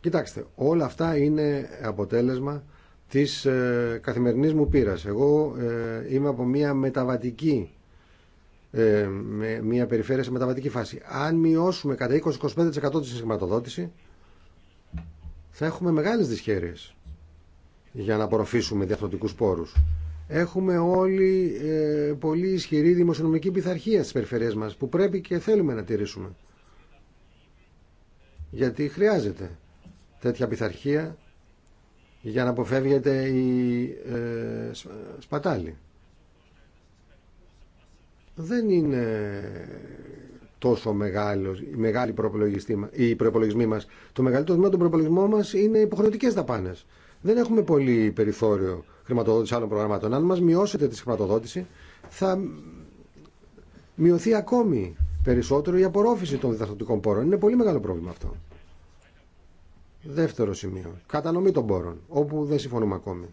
Κοιτάξτε, όλα αυτά είναι αποτέλεσμα της ε, καθημερινής μου πείρας. Εγώ ε, είμαι από μια μεταβατική ε, μια περιφέρεια σε μεταβατική φάση. Αν μειώσουμε κατά 20-25% τη συγχρηματοδότηση, θα έχουμε μεγάλες δυσχέρειες για να απορροφήσουμε διαφορετικούς πόρους. Έχουμε όλοι ε, πολύ ισχυρή δημοσιονομική πειθαρχία στις περιφερειές μας που πρέπει και θέλουμε να τηρήσουμε. Γιατί χρειάζεται τέτοια πειθαρχία για να αποφεύγεται η ε, σπατάλη. Δεν είναι τόσο μεγάλο, η μεγάλη Το μεγαλύτερο τμήμα των προπολογισμών μας είναι υποχρεωτικέ δαπάνε. Δεν έχουμε πολύ περιθώριο χρηματοδότηση άλλων προγραμμάτων. Αν μας μειώσετε τη χρηματοδότηση θα μειωθεί ακόμη περισσότερο η απορρόφηση των διδακτικών πόρων. Είναι πολύ μεγάλο πρόβλημα αυτό. Δεύτερο σημείο. Κατανομή των πόρων, όπου δεν συμφωνούμε ακόμη.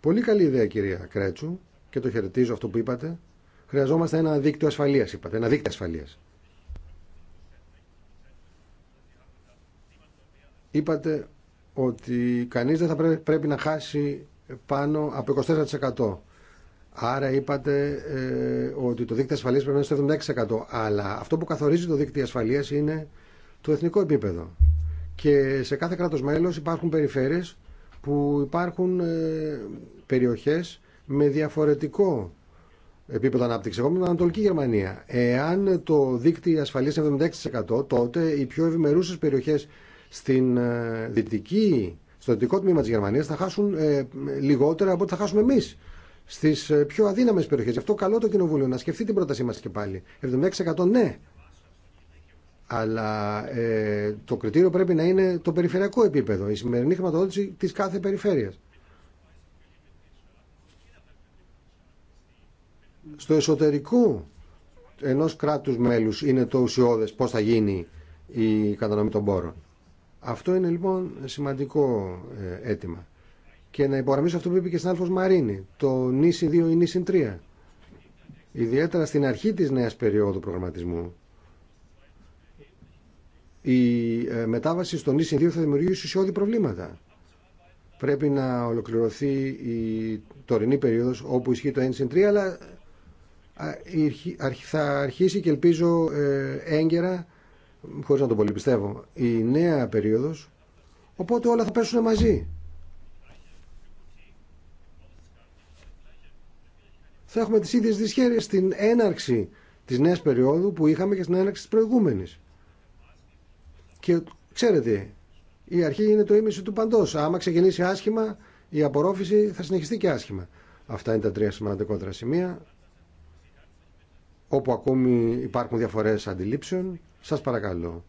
Πολύ καλή ιδέα, κυρία Κρέτσου, και το χαιρετίζω αυτό που είπατε. Χρειαζόμαστε ένα δίκτυο ασφαλείας, είπατε, ένα δίκτυο ασφαλείας. Είπατε ότι κανείς δεν θα πρέπει να χάσει πάνω από 24%. Άρα είπατε ε, ότι το δίκτυο ασφαλείας πρέπει να είναι στο 76%. Αλλά αυτό που καθορίζει το δίκτυο ασφαλείας είναι του εθνικό επίπεδο. Και σε κάθε κράτος μέλος υπάρχουν περιφέρειες που υπάρχουν ε, περιοχές με διαφορετικό επίπεδο ανάπτυξη. Εγώ είμαι την Ανατολική Γερμανία. Εάν το δίκτυο ασφαλείας είναι 76% τότε οι πιο ευημερούσε περιοχές στην ε, δυτική, στο δυτικό τμήμα της Γερμανίας θα χάσουν ε, λιγότερα από ό,τι θα χάσουμε εμείς στι πιο αδύναμε περιοχέ. Γι' αυτό καλό το Κοινοβούλιο να σκεφτεί την πρότασή μα και πάλι. 76% ναι, αλλά ε, το κριτήριο πρέπει να είναι το περιφερειακό επίπεδο, η σημερινή χρηματοδότηση της κάθε περιφέρειας. Στο εσωτερικό ενός κράτους μέλους είναι το ουσιώδες πώς θα γίνει η κατανομή των πόρων. Αυτό είναι λοιπόν σημαντικό ε, αίτημα. Και να υπογραμμίσω αυτό που είπε και συνάδελφος Μαρίνη, το νήσι 2 ή νήσι 3. Ιδιαίτερα στην αρχή της νέας περίοδου προγραμματισμού, η ε, μετάβαση στον ΙΣΙΝ 2 θα δημιουργήσει ουσιώδη προβλήματα. Πρέπει να ολοκληρωθεί η τωρινή περίοδος όπου ισχύει το ΙΣΙΝ αλλά θα αρχίσει και ελπίζω ε, έγκαιρα, χωρίς να το πολύ πιστεύω, η νέα περίοδος, οπότε όλα θα πέσουν μαζί. Θα έχουμε τις ίδιες δυσχέρειες στην έναρξη της νέας περίοδου που είχαμε και στην έναρξη της προηγούμενης. Και ξέρετε, η αρχή είναι το ίμιση του παντό. Άμα ξεκινήσει άσχημα, η απορρόφηση θα συνεχιστεί και άσχημα. Αυτά είναι τα τρία σημαντικότερα σημεία όπου ακόμη υπάρχουν διαφορέ αντιλήψεων, Σα παρακαλώ.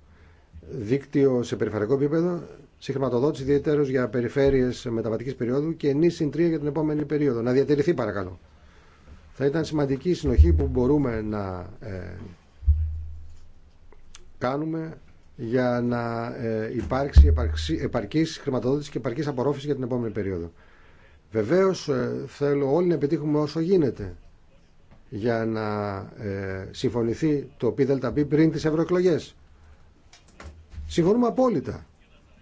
Δίκτυο σε περιφερειακό επίπεδο, συγχρηματοδότηση ιδιαίτερω για περιφέρειες μεταβατική περίοδου και συν 3 για την επόμενη περίοδο. Να διατηρηθεί παρακαλώ. Θα ήταν σημαντική η συνοχή που μπορούμε να ε, κάνουμε για να ε, υπάρξει επαρκής χρηματοδότηση και επαρκής απορρόφηση για την επόμενη περίοδο. Βεβαίως ε, θέλω όλοι να επιτύχουμε όσο γίνεται για να ε, συμφωνηθεί το ΠΔΠ πριν τις ευρωεκλογέ. Συμφωνούμε απόλυτα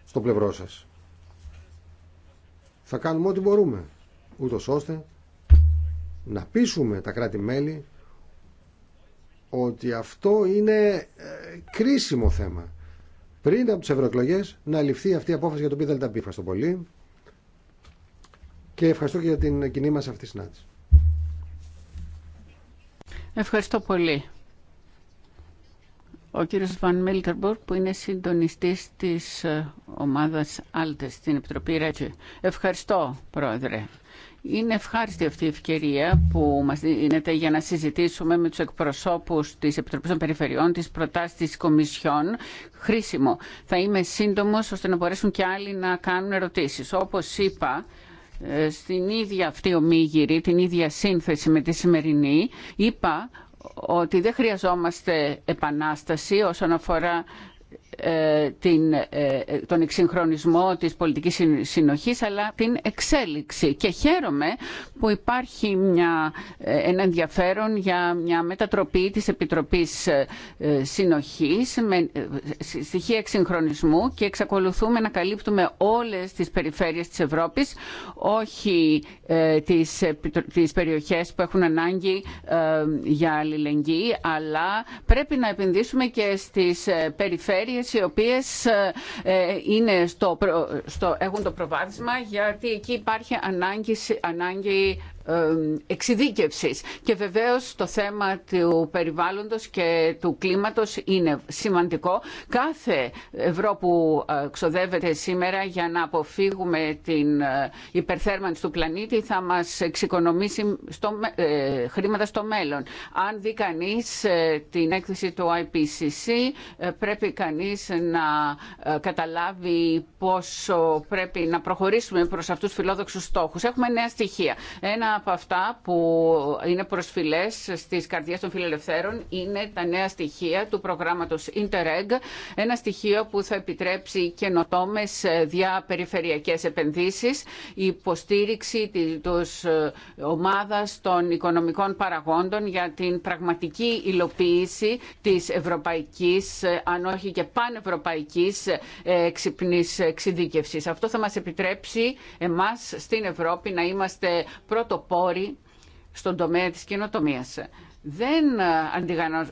στο πλευρό σας. Θα κάνουμε ό,τι μπορούμε, ούτω ώστε να πείσουμε τα κράτη-μέλη ότι αυτό είναι κρίσιμο θέμα πριν από τι ευρωεκλογέ να ληφθεί αυτή η απόφαση για τον ΠΔΛΤΑΠ. Ευχαριστώ πολύ. Και ευχαριστώ και για την κοινή μα αυτή συνάντηση. Ευχαριστώ πολύ. Ο κύριος Βαν Μίλτερμπορκ που είναι συντονιστής της ε, ομάδας Άλτες στην Επιτροπή Ρέτσι. Ευχαριστώ, Πρόεδρε. Είναι ευχάριστη αυτή η ευκαιρία που μα δίνεται για να συζητήσουμε με τους εκπροσώπους τη Επιτροπή των Περιφερειών της προτάσεις τη Κομισιόν. Χρήσιμο. Θα είμαι σύντομο ώστε να μπορέσουν και άλλοι να κάνουν ερωτήσεις. Όπως είπα, ε, στην ίδια αυτή ομίγυρη, την ίδια σύνθεση με τη σημερινή, είπα ότι δεν χρειαζόμαστε επανάσταση όσον αφορά ε, ε, τον εξυγχρονισμό της πολιτικής συνοχής αλλά την εξέλιξη και χαίρομαι που υπάρχει μια, ε, ένα ενδιαφέρον για μια μετατροπή της Επιτροπής Συνοχής με στοιχεία εξυγχρονισμού και εξακολουθούμε να καλύπτουμε όλες τις περιφέρειες της Ευρώπης όχι τις, τις περιοχές που έχουν ανάγκη για αλληλεγγύη αλλά πρέπει να επενδύσουμε και στις περιφέρειες οι οποίες ε, ε, είναι στο, στο, έχουν το προβάδισμα γιατί εκεί υπάρχει ανάγκη, ανάγκη εξειδίκευσης. Και βεβαίως το θέμα του περιβάλλοντος και του κλίματος είναι σημαντικό. Κάθε ευρώ που ε, ξοδεύεται σήμερα για να αποφύγουμε την ε, υπερθέρμανση του πλανήτη θα μας εξοικονομήσει στο, ε, χρήματα στο μέλλον. Αν δει κανείς την έκθεση του IPCC πρέπει κανείς να καταλάβει πόσο πρέπει να προχωρήσουμε προς αυτούς τους φιλόδοξους στόχους. Έχουμε νέα στοιχεία. Ένα από αυτά που είναι προσφυλές στις καρδιές των φιλελευθέρων είναι τα νέα στοιχεία του προγράμματος Interreg, ένα στοιχείο που θα επιτρέψει καινοτόμες διαπεριφερειακές επενδύσεις, η υποστήριξη της ομάδας των οικονομικών παραγόντων για την πραγματική υλοποίηση της ευρωπαϊκής, αν όχι και πανευρωπαϊκής ξυπνής εξειδίκευσης. Αυτό θα μας επιτρέψει εμάς στην Ευρώπη να είμαστε πρώτο πόροι στον τομέα της κοινοτομία. Δεν ε,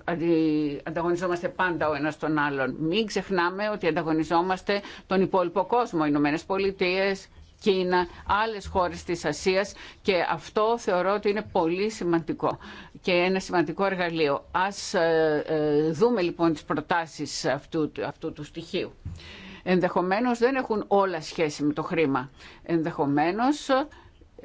ανταγωνιζόμαστε πάντα ο ένας τον άλλον. Μην ξεχνάμε ότι ανταγωνιζόμαστε τον υπόλοιπο κόσμο, Ηνωμένε Πολιτείε, Κίνα, άλλες χώρες της Ασίας και αυτό θεωρώ ότι είναι πολύ σημαντικό και ένα σημαντικό εργαλείο. Ας ε, ε, δούμε λοιπόν τις προτάσεις αυτού, του στοιχείου. Ενδεχομένως δεν έχουν όλα σχέση με το χρήμα. Ενδεχομένως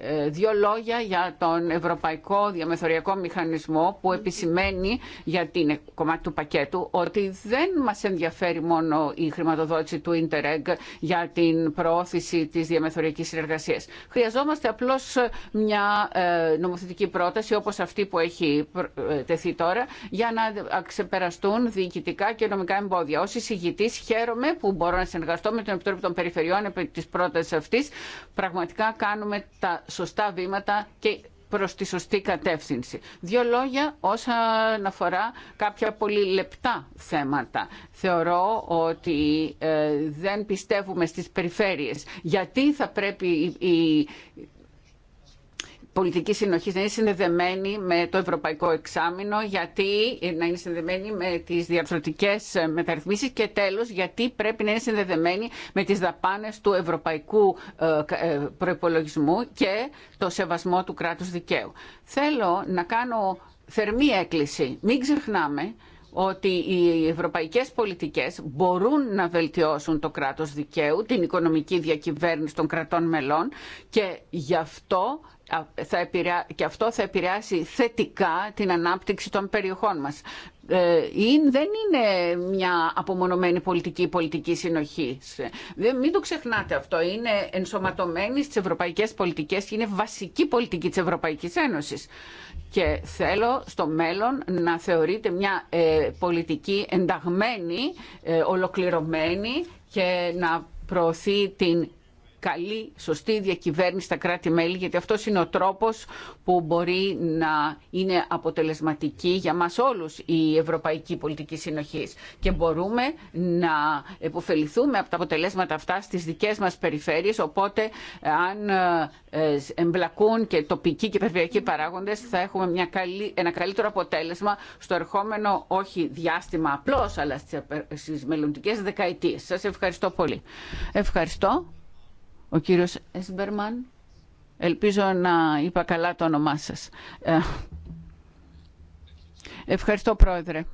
ε, δύο λόγια για τον Ευρωπαϊκό Διαμεθοριακό Μηχανισμό που επισημαίνει για την κομμάτι του πακέτου ότι δεν μας ενδιαφέρει μόνο η χρηματοδότηση του Ιντερεγ για την προώθηση της διαμεθοριακής συνεργασίας. Χρειαζόμαστε απλώς μια ε, νομοθετική πρόταση όπως αυτή που έχει ε, τεθεί τώρα για να ξεπεραστούν διοικητικά και νομικά εμπόδια. Ως εισηγητής χαίρομαι που μπορώ να συνεργαστώ με τον Επιτρόπο των Περιφερειών επί της πρότασης αυτής. Πραγματικά κάνουμε τα σωστά βήματα και προ τη σωστή κατεύθυνση. Δύο λόγια όσον αφορά κάποια πολύ λεπτά θέματα. Θεωρώ ότι ε, δεν πιστεύουμε στις περιφέρειες. Γιατί θα πρέπει η πολιτική συνοχή να είναι συνδεδεμένη με το ευρωπαϊκό εξάμεινο, γιατί να είναι συνδεδεμένη με τι διαρθρωτικέ μεταρρυθμίσει και τέλο, γιατί πρέπει να είναι συνδεδεμένη με τι δαπάνε του ευρωπαϊκού ε, ε, προπολογισμού και το σεβασμό του κράτου δικαίου. Θέλω να κάνω θερμή έκκληση. Μην ξεχνάμε ότι οι ευρωπαϊκές πολιτικές μπορούν να βελτιώσουν το κράτος δικαίου, την οικονομική διακυβέρνηση των κρατών μελών και γι' αυτό θα επηρεά... και αυτό θα επηρεάσει θετικά την ανάπτυξη των περιοχών μας. Ε, δεν είναι μια απομονωμένη πολιτική πολιτική συνοχή. μην το ξεχνάτε αυτό. Είναι ενσωματωμένη στις ευρωπαϊκές πολιτικές και είναι βασική πολιτική της Ευρωπαϊκής Ένωσης. Και θέλω στο μέλλον να θεωρείται μια ε, πολιτική ενταγμένη, ε, ολοκληρωμένη και να προωθεί την καλή, σωστή διακυβέρνηση στα κράτη-μέλη, γιατί αυτό είναι ο τρόπος που μπορεί να είναι αποτελεσματική για μα όλους η ευρωπαϊκή πολιτική συνοχή. Και μπορούμε να επωφεληθούμε από τα αποτελέσματα αυτά στις δικές μας περιφέρειες, οπότε αν ε, εμπλακούν και τοπικοί και περιφερειακοί παράγοντες θα έχουμε μια καλή, ένα καλύτερο αποτέλεσμα στο ερχόμενο όχι διάστημα απλώ αλλά στι μελλοντικέ δεκαετίε. Σα ευχαριστώ πολύ. Ευχαριστώ. Ο κύριος Εσμπερμαν, ελπίζω να είπα καλά το όνομά σας. Ε, ευχαριστώ πρόεδρε.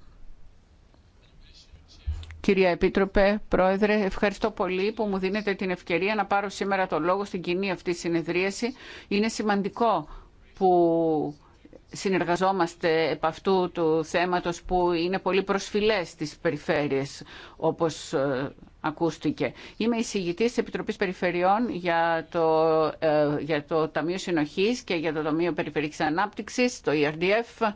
Κυρία Επίτροπε, Πρόεδρε, ευχαριστώ πολύ που μου δίνετε την ευκαιρία να πάρω σήμερα το λόγο στην κοινή αυτή συνεδρίαση. Είναι σημαντικό που συνεργαζόμαστε επ' αυτού του θέματος που είναι πολύ προσφυλές στις περιφέρειες όπως ε, ακούστηκε. Είμαι εισηγητής της Επιτροπής Περιφερειών για το, ε, για το Ταμείο Συνοχής και για το Ταμείο Περιφερειακής Ανάπτυξης, το ERDF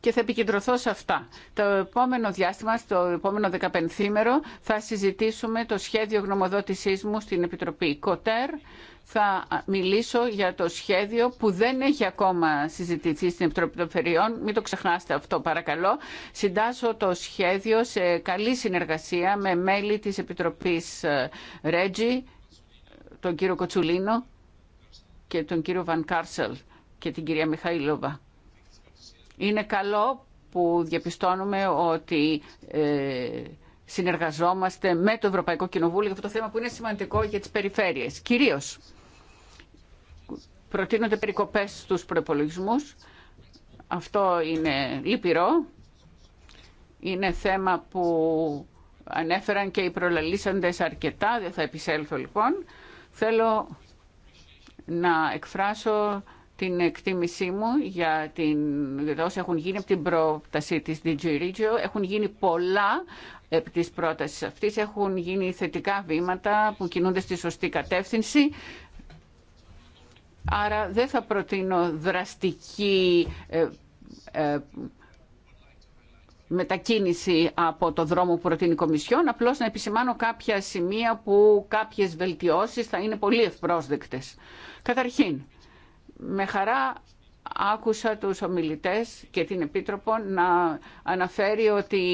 και θα επικεντρωθώ σε αυτά. Το επόμενο διάστημα, στο επόμενο δεκαπενθήμερο, θα συζητήσουμε το σχέδιο γνωμοδότησής μου στην Επιτροπή ΚΟΤΕΡ. Θα μιλήσω για το σχέδιο που δεν έχει ακόμα συζητηθεί στην Επιτροπή των Φεριών. Μην το ξεχνάστε αυτό, παρακαλώ. Συντάσσω το σχέδιο σε καλή συνεργασία με μέλη της Επιτροπής ε, Ρέτζι, τον κύριο Κοτσουλίνο και τον κύριο Βαν Κάρσελ και την κυρία Μιχαήλοβα. Είναι καλό που διαπιστώνουμε ότι ε, συνεργαζόμαστε με το Ευρωπαϊκό Κοινοβούλιο για αυτό το θέμα που είναι σημαντικό για τις περιφέρειες. Κυρίως προτείνονται περικοπές στους προϋπολογισμούς. Αυτό είναι λυπηρό. Είναι θέμα που ανέφεραν και οι προλαλήσαντες αρκετά, δεν θα επισέλθω λοιπόν. Θέλω να εκφράσω την εκτίμησή μου για, την, έχουν γίνει από την πρόταση της DG Regio. Έχουν γίνει πολλά από της πρότασης αυτής. Έχουν γίνει θετικά βήματα που κινούνται στη σωστή κατεύθυνση. Άρα δεν θα προτείνω δραστική ε, ε, μετακίνηση από το δρόμο που προτείνει η Κομισιόν, απλώς να επισημάνω κάποια σημεία που κάποιες βελτιώσεις θα είναι πολύ ευπρόσδεκτες. Καταρχήν, με χαρά άκουσα τους ομιλητές και την Επίτροπο να αναφέρει ότι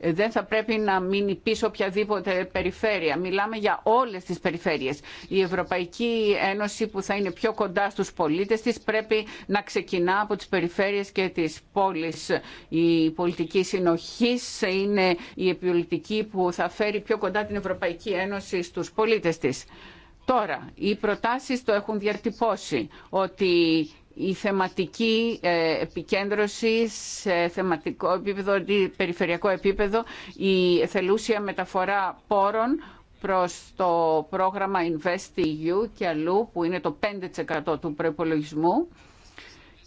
δεν θα πρέπει να μείνει πίσω οποιαδήποτε περιφέρεια. Μιλάμε για όλες τις περιφέρειες. Η Ευρωπαϊκή Ένωση που θα είναι πιο κοντά στους πολίτες της πρέπει να ξεκινά από τις περιφέρειες και τις πόλεις. Η πολιτική συνοχής είναι η πολιτική που θα φέρει πιο κοντά την Ευρωπαϊκή Ένωση στους πολίτες της. Τώρα, οι προτάσεις το έχουν διατυπώσει ότι η θεματική ε, επικέντρωση σε θεματικό επίπεδο, περιφερειακό επίπεδο, η θελούσια μεταφορά πόρων προς το πρόγραμμα InvestEU και αλλού που είναι το 5% του προϋπολογισμού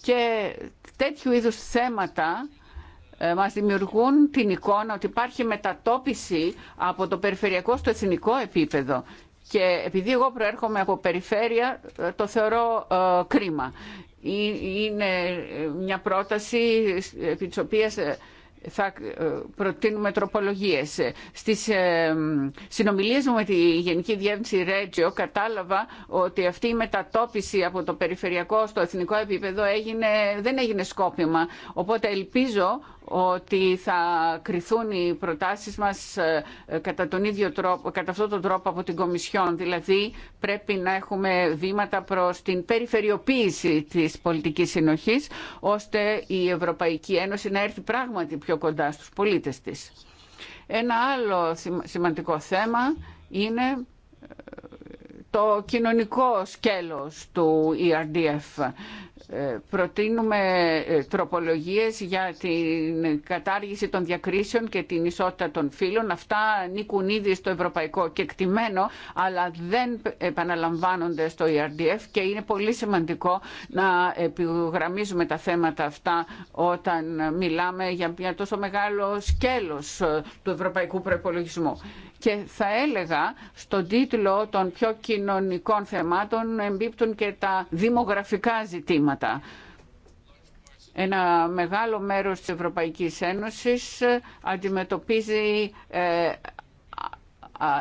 και τέτοιου είδους θέματα ε, μας δημιουργούν την εικόνα ότι υπάρχει μετατόπιση από το περιφερειακό στο εθνικό επίπεδο και επειδή εγώ προέρχομαι από περιφέρεια, ε, το θεωρώ ε, κρίμα. Είναι ε, μια πρόταση επί της οποίας θα προτείνουμε τροπολογίες. Στις συνομιλίες μου με τη Γενική Διεύθυνση Ρέτζιο κατάλαβα ότι αυτή η μετατόπιση από το περιφερειακό στο εθνικό επίπεδο έγινε, δεν έγινε σκόπιμα. Οπότε ελπίζω ότι θα κριθούν οι προτάσεις μας ε, κατά, τον ίδιο τρόπο, κατά αυτόν τον τρόπο από την Κομισιόν. Δηλαδή πρέπει να έχουμε βήματα προς την περιφερειοποίηση της πολιτικής συνοχής ώστε η Ευρωπαϊκή Ένωση να έρθει πράγματι πιο κοντά στους πολίτες της. Ένα άλλο σημαντικό θέμα είναι ε, το κοινωνικό σκέλος του ERDF. Ε, προτείνουμε ε, τροπολογίες για την κατάργηση των διακρίσεων και την ισότητα των φύλων. Αυτά νίκουν ήδη στο ευρωπαϊκό κεκτημένο, αλλά δεν επαναλαμβάνονται στο ERDF και είναι πολύ σημαντικό να επιγραμμίζουμε τα θέματα αυτά όταν μιλάμε για μια τόσο μεγάλο σκέλος ε, του ευρωπαϊκού προπολογισμού. Και θα έλεγα στον τίτλο των πιο κοινωνικών θεμάτων εμπίπτουν και τα δημογραφικά ζητήματα ένα μεγάλο μέρος της Ευρωπαϊκής Ένωσης αντιμετωπίζει ε,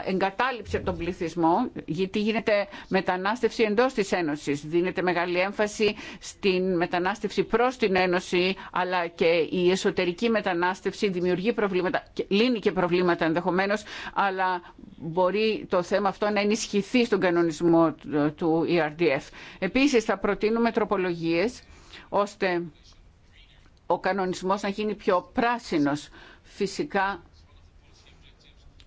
εγκατάλειψη τον πληθυσμό, γιατί γίνεται μετανάστευση εντός της Ένωσης. Δίνεται μεγάλη έμφαση στην μετανάστευση προς την Ένωση, αλλά και η εσωτερική μετανάστευση δημιουργεί προβλήματα, λύνει και προβλήματα ενδεχομένως, αλλά μπορεί το θέμα αυτό να ενισχυθεί στον κανονισμό του ERDF. Επίσης θα προτείνουμε τροπολογίες ώστε ο κανονισμός να γίνει πιο πράσινος. Φυσικά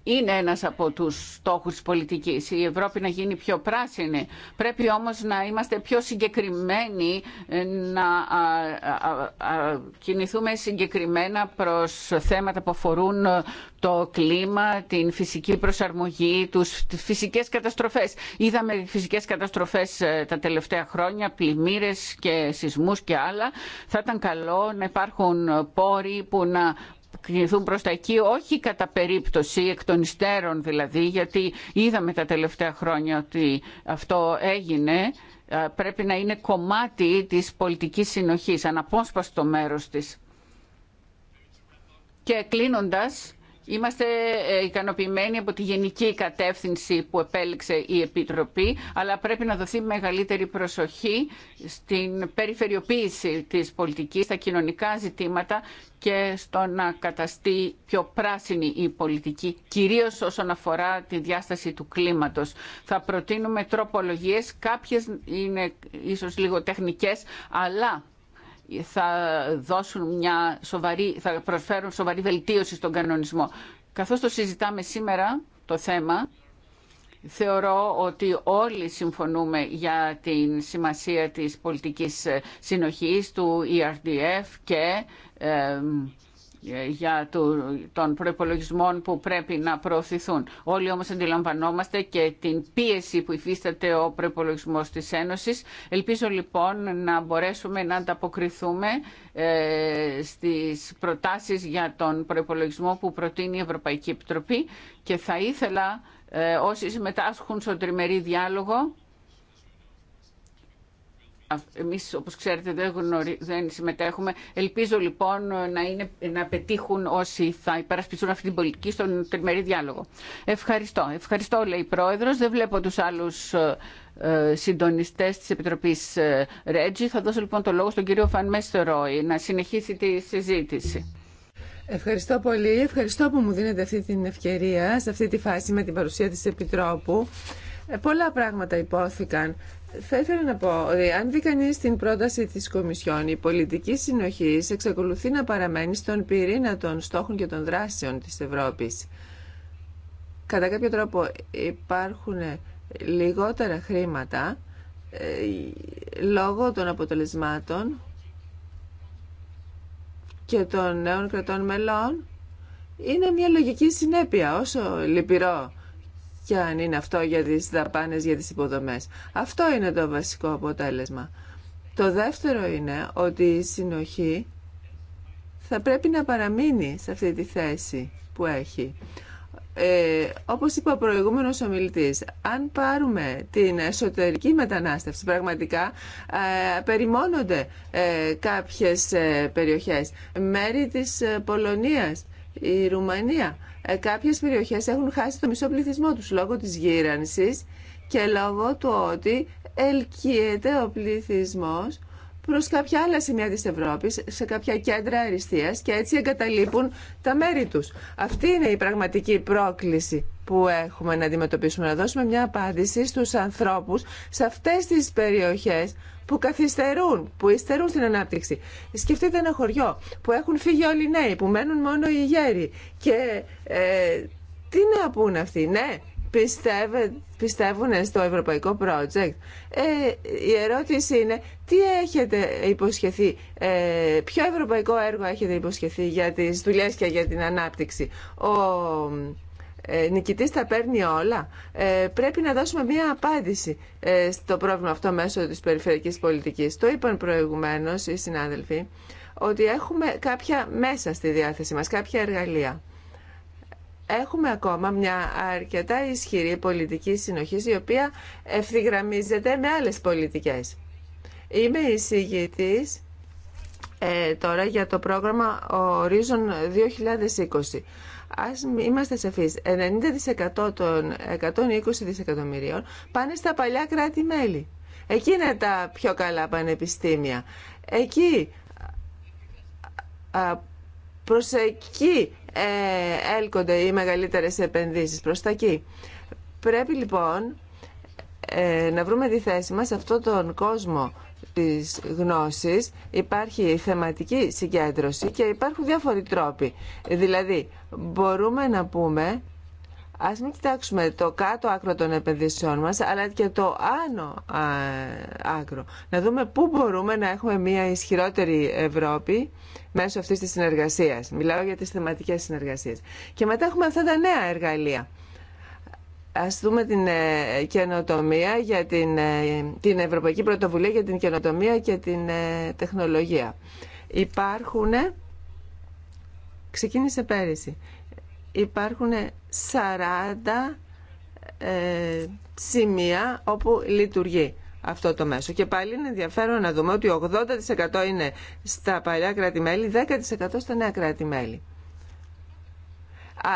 είναι ένας από τους στόχους της πολιτικής, η Ευρώπη να γίνει πιο πράσινη. Πρέπει όμως να είμαστε πιο συγκεκριμένοι, ε, να κινηθούμε συγκεκριμένα προς θέματα που αφορούν ε, το κλίμα, την φυσική προσαρμογή, τους, τις φυσικές καταστροφές. Είδαμε φυσικές καταστροφές ε, τα τελευταία χρόνια, πλημμύρες και σεισμούς και άλλα. Θα ήταν καλό να υπάρχουν πόροι που να κινηθούν προς τα εκεί, όχι κατά περίπτωση, εκ των υστέρων δηλαδή, γιατί είδαμε τα τελευταία χρόνια ότι αυτό έγινε, ε, πρέπει να είναι κομμάτι της πολιτικής συνοχής, αναπόσπαστο μέρος της. Και κλείνοντας, Είμαστε ε, ικανοποιημένοι από τη γενική κατεύθυνση που επέλεξε η Επιτροπή, αλλά πρέπει να δοθεί μεγαλύτερη προσοχή στην περιφερειοποίηση της πολιτικής, στα κοινωνικά ζητήματα και στο να καταστεί πιο πράσινη η πολιτική, κυρίως όσον αφορά τη διάσταση του κλίματος. Θα προτείνουμε τροπολογίες, κάποιες είναι ίσως λίγο τεχνικές, αλλά θα, δώσουν μια σοβαρή, θα προσφέρουν σοβαρή βελτίωση στον κανονισμό. Καθώς το συζητάμε σήμερα το θέμα, θεωρώ ότι όλοι συμφωνούμε για την σημασία της πολιτικής συνοχής του ERDF και για τον προπολογισμών που πρέπει να προωθηθούν. Όλοι όμως αντιλαμβανόμαστε και την πίεση που υφίσταται ο προπολογισμό της Ένωσης. Ελπίζω λοιπόν να μπορέσουμε να ανταποκριθούμε ε, στις προτάσεις για τον προπολογισμό που προτείνει η Ευρωπαϊκή Επιτροπή και θα ήθελα ε, όσοι συμμετάσχουν στον τριμερή διάλογο Εμεί, όπω ξέρετε, δεν, δεν συμμετέχουμε. Ελπίζω, λοιπόν, να, είναι... να πετύχουν όσοι θα υπερασπιστούν αυτή την πολιτική στον τριμερή διάλογο. Ευχαριστώ. Ευχαριστώ, λέει η πρόεδρο. Δεν βλέπω τους άλλους ε, ε, συντονιστές της Επιτροπής ε, Ρέτζι. Θα δώσω, λοιπόν, το λόγο στον κύριο Φαν Μέστερόι να συνεχίσει τη συζήτηση. Ευχαριστώ πολύ. Ευχαριστώ που μου δίνετε αυτή την ευκαιρία σε αυτή τη φάση με την παρουσία της Επιτρόπου. Πολλά πράγματα υπόθηκαν θα ήθελα να πω ότι αν δει κανεί την πρόταση τη Κομισιόν, η πολιτική συνοχή εξακολουθεί να παραμένει στον πυρήνα των στόχων και των δράσεων τη Ευρώπη. Κατά κάποιο τρόπο υπάρχουν λιγότερα χρήματα ε, λόγω των αποτελεσμάτων και των νέων κρατών μελών είναι μια λογική συνέπεια όσο λυπηρό και αν είναι αυτό για τις δαπάνες, για τις υποδομές. Αυτό είναι το βασικό αποτέλεσμα. Το δεύτερο είναι ότι η συνοχή θα πρέπει να παραμείνει σε αυτή τη θέση που έχει. Ε, όπως είπα προηγούμενος ομιλητής, αν πάρουμε την εσωτερική μετανάστευση, πραγματικά ε, περιμόνονται ε, κάποιες ε, περιοχές. Μέρη της ε, Πολωνίας, η Ρουμανία ε, Κάποιε περιοχές έχουν χάσει το μισό πληθυσμό του λόγω της γύρανση και λόγω του ότι ελκύεται ο πληθυσμός προς κάποια άλλα σημεία της Ευρώπη, σε κάποια κέντρα αριστεία και έτσι εγκαταλείπουν τα μέρη τους. Αυτή είναι η πραγματική πρόκληση που έχουμε να αντιμετωπίσουμε, να δώσουμε μια απάντηση στους ανθρώπους σε αυτές τις περιοχές που καθυστερούν, που υστερούν στην ανάπτυξη. Σκεφτείτε ένα χωριό που έχουν φύγει όλοι οι νέοι, που μένουν μόνο οι γέροι. Και ε, τι να πούν αυτοί, ναι, πιστεύε, πιστεύουν στο ευρωπαϊκό project. Ε, η ερώτηση είναι τι έχετε υποσχεθεί, ε, ποιο ευρωπαϊκό έργο έχετε υποσχεθεί για τις δουλειές και για την ανάπτυξη. Ο, ε, νικητής τα παίρνει όλα. Ε, πρέπει να δώσουμε μία απάντηση ε, στο πρόβλημα αυτό μέσω της περιφερειακής πολιτικής. Το είπαν προηγουμένως οι συνάδελφοι ότι έχουμε κάποια μέσα στη διάθεση μας, κάποια εργαλεία. Έχουμε ακόμα μια αρκετά ισχυρή πολιτική συνοχή η οποία ευθυγραμμίζεται με άλλες πολιτικές. Είμαι εισηγητής ε, τώρα για το πρόγραμμα Horizon 2020. Ας είμαστε σαφείς, 90% των 120 δισεκατομμυρίων πάνε στα παλιά κράτη-μέλη. Εκεί είναι τα πιο καλά πανεπιστήμια. Εκεί, προς εκεί ε, έλκονται οι μεγαλύτερες επενδύσεις, προς τα εκεί. Πρέπει λοιπόν ε, να βρούμε τη θέση μας σε αυτόν τον κόσμο της γνώσης υπάρχει θεματική συγκέντρωση και υπάρχουν διάφοροι τρόποι. Δηλαδή, μπορούμε να πούμε ας μην κοιτάξουμε το κάτω άκρο των επενδύσεών μας, αλλά και το άνω άκρο. Να δούμε πού μπορούμε να έχουμε μια ισχυρότερη Ευρώπη μέσω αυτής της συνεργασίας. Μιλάω για τις θεματικές συνεργασίες. Και μετά έχουμε αυτά τα νέα εργαλεία Ας δούμε την ε, καινοτομία για την, ε, την Ευρωπαϊκή Πρωτοβουλία για την καινοτομία και την ε, τεχνολογία. Υπάρχουν, ξεκίνησε πέρυσι, υπάρχουν 40 ε, σημεία όπου λειτουργεί αυτό το μέσο. Και πάλι είναι ενδιαφέρον να δούμε ότι 80% είναι στα παλιά κράτη-μέλη, 10% στα νέα κράτη-μέλη.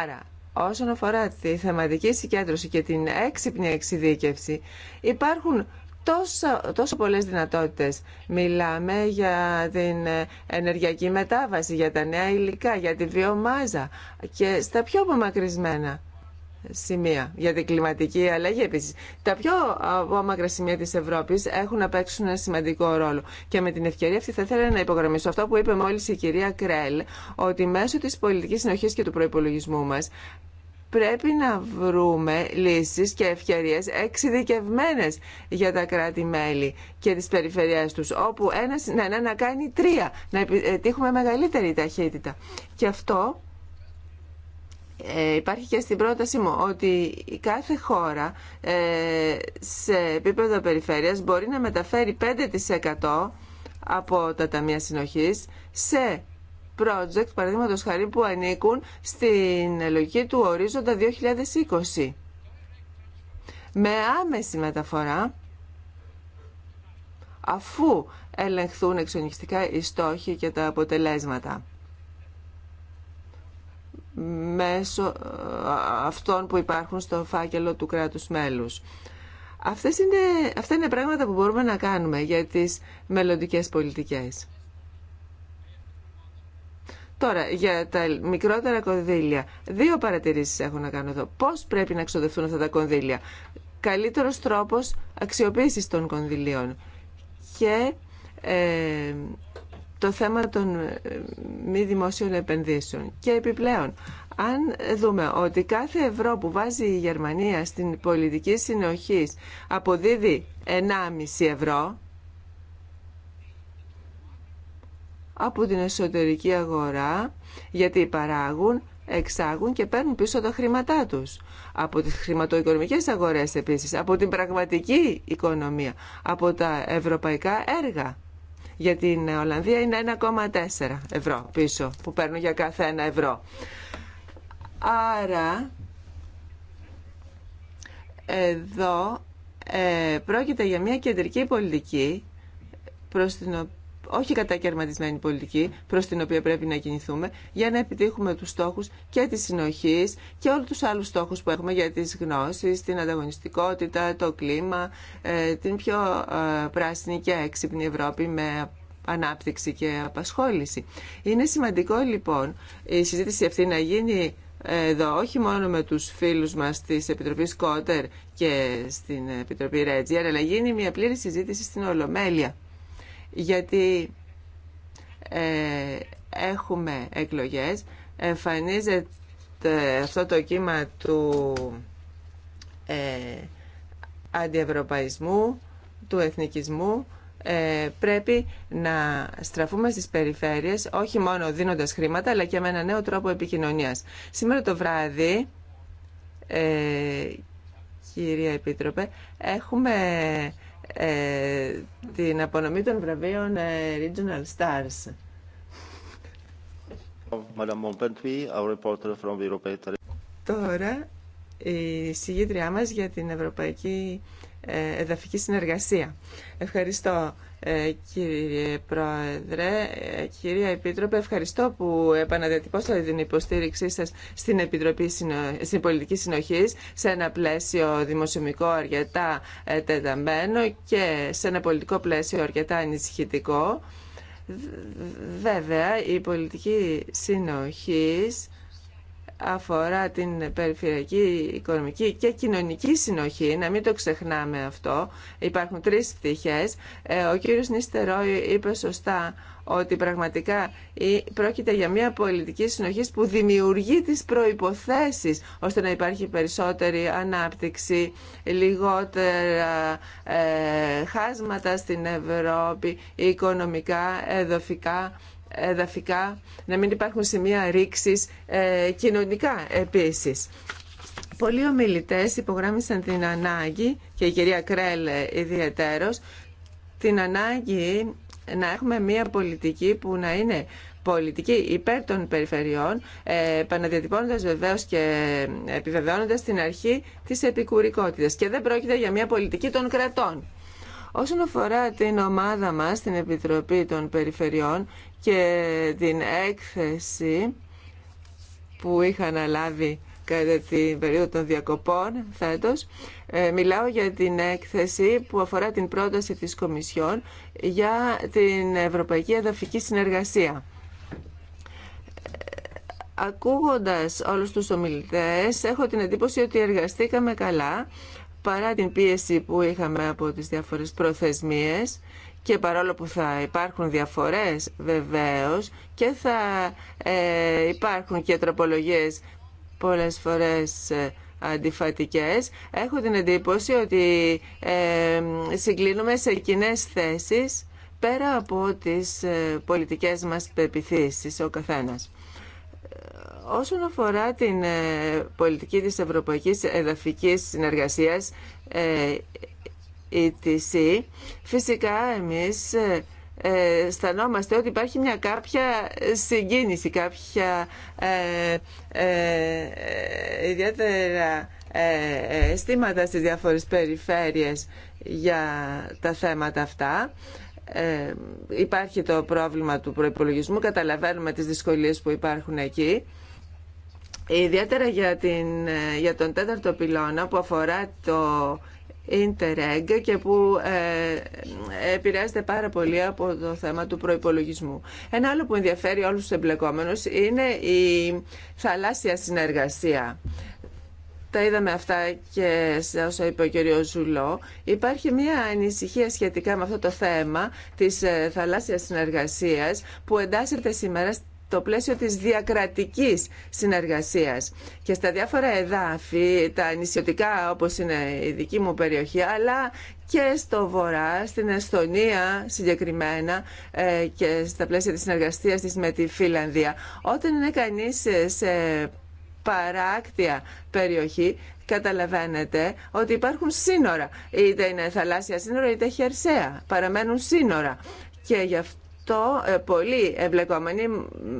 Άρα Όσον αφορά τη θεματική συγκέντρωση και την έξυπνη εξειδίκευση, υπάρχουν τόσο, τόσο πολλές δυνατότητες. Μιλάμε για την ενεργειακή μετάβαση, για τα νέα υλικά, για τη βιομάζα και στα πιο απομακρυσμένα σημεία για την κλιματική αλλαγή επίσης. Τα πιο απόμακρα σημεία της Ευρώπης έχουν να παίξουν ένα σημαντικό ρόλο. Και με την ευκαιρία αυτή θα ήθελα να υπογραμμίσω αυτό που είπε μόλις η κυρία Κρέλ, ότι μέσω της πολιτικής συνοχής και του προϋπολογισμού μας πρέπει να βρούμε λύσεις και ευκαιρίες εξειδικευμένες για τα κράτη-μέλη και τις περιφερειές τους, όπου ένας να, να, να κάνει τρία, να επιτύχουμε ε, μεγαλύτερη ταχύτητα. Και αυτό ε, υπάρχει και στην πρόταση μου ότι η κάθε χώρα ε, σε επίπεδο περιφέρειας μπορεί να μεταφέρει 5% από τα ταμεία συνοχής σε project, παραδείγματο χαρή, που ανήκουν στην λογική του ορίζοντα 2020. Με άμεση μεταφορά, αφού ελεγχθούν εξονυχιστικά οι στόχοι και τα αποτελέσματα μέσω ε, αυτών που υπάρχουν στο φάκελο του κράτους μέλους. Αυτές είναι, αυτά είναι πράγματα που μπορούμε να κάνουμε για τις μελλοντικές πολιτικές. Τώρα, για τα μικρότερα κονδύλια. Δύο παρατηρήσεις έχω να κάνω εδώ. Πώς πρέπει να εξοδευτούν αυτά τα κονδύλια. καλύτερο τρόπος αξιοποίηση των κονδυλίων. Και ε, το θέμα των ε, μη δημόσιων επενδύσεων. Και επιπλέον, αν δούμε ότι κάθε ευρώ που βάζει η Γερμανία στην πολιτική συνοχή αποδίδει 1,5 ευρώ, από την εσωτερική αγορά γιατί παράγουν, εξάγουν και παίρνουν πίσω τα χρήματά τους. Από τις χρηματοοικονομικές αγορές επίσης, από την πραγματική οικονομία, από τα ευρωπαϊκά έργα. Για την Ολλανδία είναι 1,4 ευρώ πίσω που παίρνουν για κάθε ένα ευρώ. Άρα εδώ ε, πρόκειται για μια κεντρική πολιτική προς την οποία όχι κατακαιρματισμένη πολιτική προς την οποία πρέπει να κινηθούμε για να επιτύχουμε τους στόχους και τη συνοχή και όλους τους άλλους στόχους που έχουμε για τις γνώσεις, την ανταγωνιστικότητα, το κλίμα, ε, την πιο ε, πράσινη και έξυπνη Ευρώπη με ανάπτυξη και απασχόληση. Είναι σημαντικό λοιπόν η συζήτηση αυτή να γίνει εδώ όχι μόνο με τους φίλους μας της Επιτροπής Κότερ και στην Επιτροπή Ρέτζιερ αλλά γίνει μια πλήρη συζήτηση στην Ολομέλεια γιατί ε, έχουμε εκλογές, εμφανίζεται αυτό το κύμα του ε, αντιευρωπαϊσμού, του εθνικισμού, ε, πρέπει να στραφούμε στις περιφέρειες, όχι μόνο δίνοντας χρήματα, αλλά και με ένα νέο τρόπο επικοινωνίας. Σήμερα το βράδυ, ε, κυρία Επίτροπε, έχουμε ε, την απονομή των βραβείων ε, Regional Stars. Τώρα η συγγήτριά μας για την Ευρωπαϊκή ε, Εδαφική Συνεργασία. Ευχαριστώ. Ε, κύριε Πρόεδρε, ε, κυρία Επίτροπε, ευχαριστώ που επαναδιατυπώσατε την υποστήριξή σας στην, Επιτροπή, στην Πολιτική Συνοχή σε ένα πλαίσιο δημοσιομικό αρκετά ε, τεταμένο και σε ένα πολιτικό πλαίσιο αρκετά ανησυχητικό. Βέβαια, η πολιτική συνοχής αφορά την περιφερειακή, οικονομική και κοινωνική συνοχή. Να μην το ξεχνάμε αυτό. Υπάρχουν τρεις πτυχές. Ε, ο κύριος Νίστερο είπε σωστά ότι πραγματικά πρόκειται για μια πολιτική συνοχή που δημιουργεί τις προϋποθέσεις ώστε να υπάρχει περισσότερη ανάπτυξη, λιγότερα ε, χάσματα στην Ευρώπη, οικονομικά, εδοφικά εδαφικά, να μην υπάρχουν σημεία ρήξης ε, κοινωνικά επίσης. Πολλοί ομιλητές υπογράμμισαν την ανάγκη, και η κυρία Κρέλ ιδιαιτέρως, την ανάγκη να έχουμε μια πολιτική που να είναι πολιτική υπέρ των περιφερειών, ε, επαναδιατυπώνοντα βεβαίω και επιβεβαιώνοντα την αρχή τη επικουρικότητα. Και δεν πρόκειται για μια πολιτική των κρατών. Όσον αφορά την ομάδα μας, την Επιτροπή των Περιφερειών και την έκθεση που είχα αναλάβει κατά την περίοδο των διακοπών φέτος, ε, μιλάω για την έκθεση που αφορά την πρόταση της Κομισιόν για την Ευρωπαϊκή Εδαφική Συνεργασία ε, ακούγοντας όλους τους ομιλητές έχω την εντύπωση ότι εργαστήκαμε καλά παρά την πίεση που είχαμε από τις διάφορες προθεσμίες και παρόλο που θα υπάρχουν διαφορές βεβαίως και θα ε, υπάρχουν και τροπολογίες πολλές φορές ε, αντιφατικές, έχω την εντύπωση ότι ε, συγκλίνουμε σε κοινέ θέσεις πέρα από τις ε, πολιτικές μας πεπιθήσεις ο καθένας. Όσον αφορά την ε, πολιτική της Ευρωπαϊκής Εδαφικής Συνεργασίας, ε, η φυσικά εμείς ε, αισθανόμαστε ότι υπάρχει μια κάποια συγκίνηση, κάποια ε, ε, ιδιαίτερα αισθήματα στις διάφορες περιφέρειες για τα θέματα αυτά. Ε, υπάρχει το πρόβλημα του προϋπολογισμού, καταλαβαίνουμε τις δυσκολίες που υπάρχουν εκεί. Ιδιαίτερα για, την, για τον τέταρτο πυλώνα που αφορά το Interreg και που ε, επηρεάζεται πάρα πολύ από το θέμα του προϋπολογισμού. Ένα άλλο που ενδιαφέρει όλους τους εμπλεκόμενους είναι η θαλάσσια συνεργασία τα είδαμε αυτά και σε όσα είπε ο κ. Ζουλό. Υπάρχει μια ανησυχία σχετικά με αυτό το θέμα της ε, θαλάσσιας συνεργασίας που εντάσσεται σήμερα το πλαίσιο της διακρατικής συνεργασίας και στα διάφορα εδάφη, τα νησιωτικά όπως είναι η δική μου περιοχή, αλλά και στο Βορρά, στην Εσθονία συγκεκριμένα ε, και στα πλαίσια της συνεργασίας της με τη Φιλανδία. Όταν είναι κανείς παράκτια περιοχή, καταλαβαίνετε ότι υπάρχουν σύνορα. Είτε είναι θαλάσσια σύνορα είτε χερσαία. Παραμένουν σύνορα. Και γι' αυτό ε, πολλοί εμπλεκόμενοι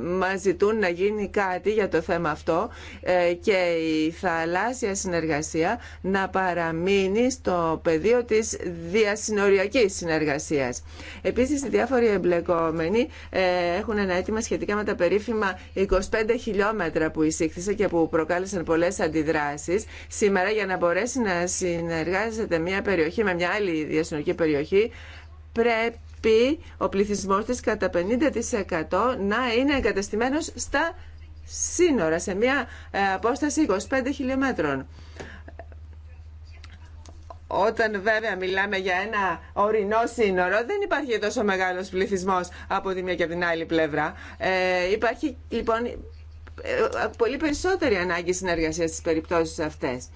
μα ζητούν να γίνει κάτι για το θέμα αυτό ε, και η θαλάσσια συνεργασία να παραμείνει στο πεδίο της διασυνοριακής συνεργασίας. Επίσης, οι διάφοροι εμπλεκόμενοι ε, έχουν ένα αίτημα σχετικά με τα περίφημα 25 χιλιόμετρα που εισήχθησε και που προκάλεσαν πολλές αντιδράσεις. Σήμερα, για να μπορέσει να συνεργάζεται μια περιοχή με μια άλλη διασυνορική περιοχή, πρέπει πει ο πληθυσμός της κατά 50% να είναι εγκαταστημένος στα σύνορα, σε μια ε, απόσταση 25 χιλιόμετρων. Όταν βέβαια μιλάμε για ένα ορεινό σύνορο, δεν υπάρχει τόσο μεγάλος πληθυσμός από τη μία και από την άλλη πλευρά. Ε, υπάρχει λοιπόν ε, πολύ περισσότερη ανάγκη συνεργασίας στις περιπτώσεις αυτές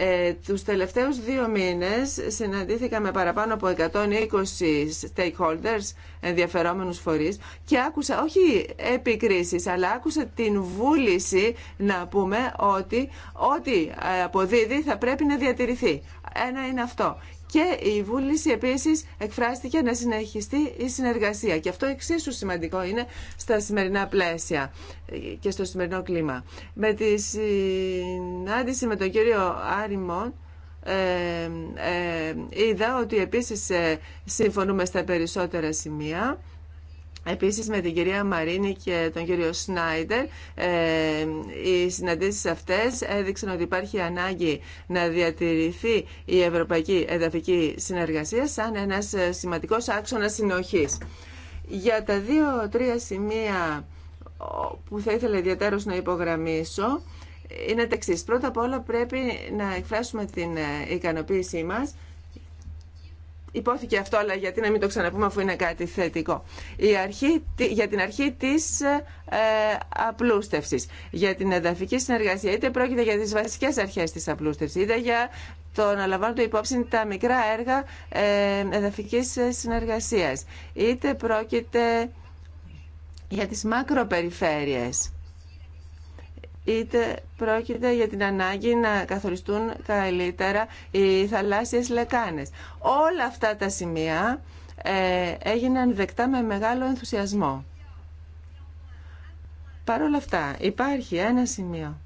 ε, τους τελευταίους δύο μήνες συναντήθηκα με παραπάνω από 120 stakeholders, ενδιαφερόμενους φορείς και άκουσα όχι επικρίσεις αλλά άκουσα την βούληση να πούμε ότι ό,τι ε, αποδίδει θα πρέπει να διατηρηθεί. Ένα είναι αυτό και η βούληση επίσης εκφράστηκε να συνεχιστεί η συνεργασία. Και αυτό εξίσου σημαντικό είναι στα σημερινά πλαίσια και στο σημερινό κλίμα. Με τη συνάντηση με τον κύριο Άρημον, ε, ε, είδα ότι επίσης ε, συμφωνούμε στα περισσότερα σημεία Επίσης με την κυρία Μαρίνη και τον κύριο Σνάιντερ, ε, οι συναντήσεις αυτές έδειξαν ότι υπάρχει ανάγκη να διατηρηθεί η Ευρωπαϊκή Εδαφική Συνεργασία σαν ένας σημαντικός άξονας συνοχής. Για τα δύο-τρία σημεία που θα ήθελα ιδιαίτερως να υπογραμμίσω, είναι τα εξής. Πρώτα απ' όλα πρέπει να εκφράσουμε την ε, ικανοποίησή μας Υπόθηκε αυτό, αλλά γιατί να μην το ξαναπούμε αφού είναι κάτι θετικό. Η αρχή, για την αρχή της ε, απλούστευσης, για την εδαφική συνεργασία, είτε πρόκειται για τις βασικές αρχές της απλούστευσης, είτε για το να το υπόψη τα μικρά έργα ε, εδαφικής συνεργασίας, είτε πρόκειται για τις μακροπεριφέρειες είτε πρόκειται για την ανάγκη να καθοριστούν καλύτερα οι θαλάσσιες λεκάνες. Όλα αυτά τα σημεία ε, έγιναν δεκτά με μεγάλο ενθουσιασμό. Παρ' όλα αυτά υπάρχει ένα σημείο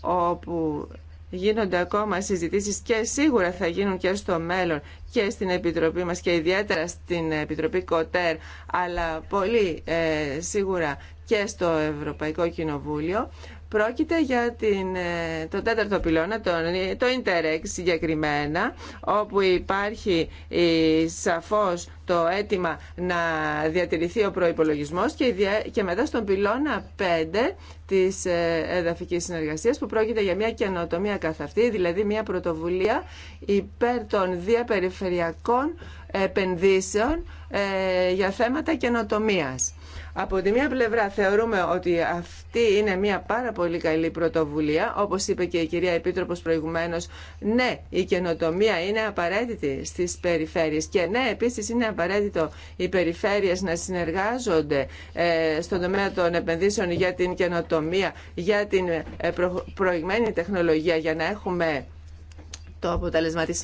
όπου γίνονται ακόμα συζητήσεις και σίγουρα θα γίνουν και στο μέλλον και στην Επιτροπή μας και ιδιαίτερα στην Επιτροπή Κοτέρ αλλά πολύ ε, σίγουρα και στο Ευρωπαϊκό Κοινοβούλιο. Πρόκειται για την, ε, το τέταρτο πυλώνα, το, το Interreg συγκεκριμένα, όπου υπάρχει η, ε, σαφώς το αίτημα να διατηρηθεί ο προϋπολογισμός και, μετά στον πυλώνα 5 της ε, εδαφικής συνεργασίας που πρόκειται για μια καινοτομία καθ' αυτή, δηλαδή μια πρωτοβουλία υπέρ των διαπεριφερειακών επενδύσεων για θέματα καινοτομίας. Από τη μία πλευρά θεωρούμε ότι αυτή είναι μια πάρα πολύ καλή πρωτοβουλία. Όπως είπε και η κυρία Επίτροπος προηγουμένως, ναι, η καινοτομία είναι απαραίτητη στις περιφέρειες και ναι, επίσης είναι απαραίτητο οι περιφέρειες να συνεργάζονται ε, στον τομέα των επενδύσεων για την καινοτομία, για την ε, προηγμένη τεχνολογία, για να έχουμε το αποτέλεσμα της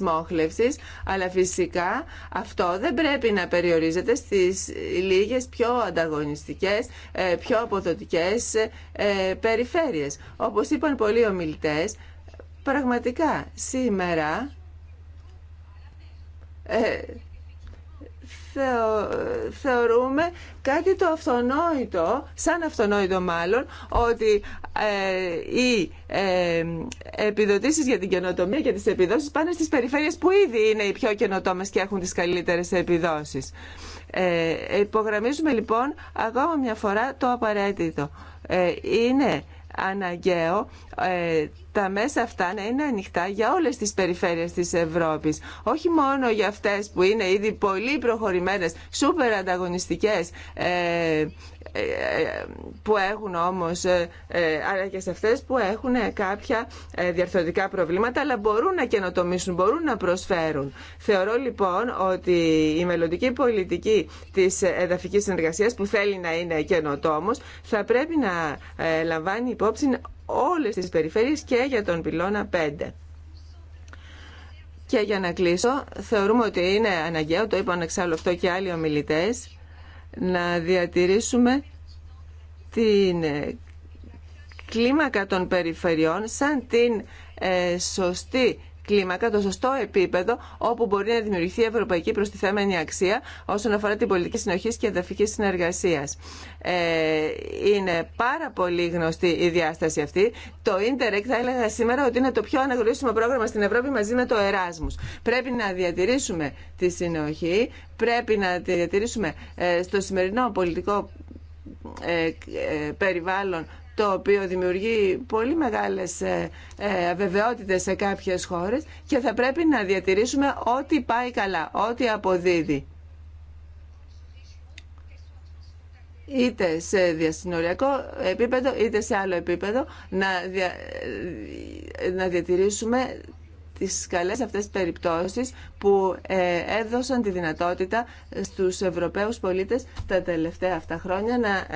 αλλά φυσικά αυτό δεν πρέπει να περιορίζεται στις λίγες πιο ανταγωνιστικές, ε, πιο αποδοτικές ε, περιφέρειες. Όπως είπαν πολλοί ομιλητές, πραγματικά σήμερα ε, θεωρούμε κάτι το αυτονόητο, σαν αυτονόητο μάλλον, ότι ε, οι ε, επιδοτήσεις για την καινοτομία και τις επιδόσεις πάνε στις περιφέρειες που ήδη είναι οι πιο καινοτόμες και έχουν τις καλύτερες επιδόσεις. Ε, υπογραμμίζουμε λοιπόν ακόμα μια φορά το απαραίτητο. Ε, είναι αναγκαίο ε, τα μέσα αυτά να είναι ανοιχτά για όλες τις περιφέρειες της Ευρώπης. Όχι μόνο για αυτές που είναι ήδη πολύ προχωρημένες, σούπερ ανταγωνιστικές, ε, ε, ε, που έχουν όμως ε, αλλά και σε αυτές που έχουν κάποια διαρθρωτικά προβλήματα αλλά μπορούν να καινοτομήσουν, μπορούν να προσφέρουν. Θεωρώ λοιπόν ότι η μελλοντική πολιτική της εδαφικής συνεργασίας που θέλει να είναι καινοτόμος θα πρέπει να λαμβάνει υπόψη όλες τις περιφέρειες και για τον πυλώνα 5. Και για να κλείσω, θεωρούμε ότι είναι αναγκαίο, το είπαν εξάλλου αυτό και άλλοι ομιλητές, να διατηρήσουμε την κλίμακα των περιφερειών σαν την ε, σωστή κλίμακα, το σωστό επίπεδο όπου μπορεί να δημιουργηθεί ευρωπαϊκή προστιθέμενη αξία όσον αφορά την πολιτική συνοχή και εδαφική συνεργασία. Ε, είναι πάρα πολύ γνωστή η διάσταση αυτή. Το Interreg θα έλεγα σήμερα ότι είναι το πιο αναγνωρίσιμο πρόγραμμα στην Ευρώπη μαζί με το Erasmus. Πρέπει να διατηρήσουμε τη συνοχή, πρέπει να τη διατηρήσουμε ε, στο σημερινό πολιτικό ε, ε, περιβάλλον το οποίο δημιουργεί πολύ μεγάλες ε, ε, αβεβαιότητες σε κάποιες χώρες και θα πρέπει να διατηρήσουμε ό,τι πάει καλά, ό,τι αποδίδει. είτε σε διασυνοριακό επίπεδο είτε σε άλλο επίπεδο να, ε, να διατηρήσουμε τις καλές αυτές περιπτώσεις που έδωσαν τη δυνατότητα στους Ευρωπαίους πολίτες τα τελευταία αυτά χρόνια να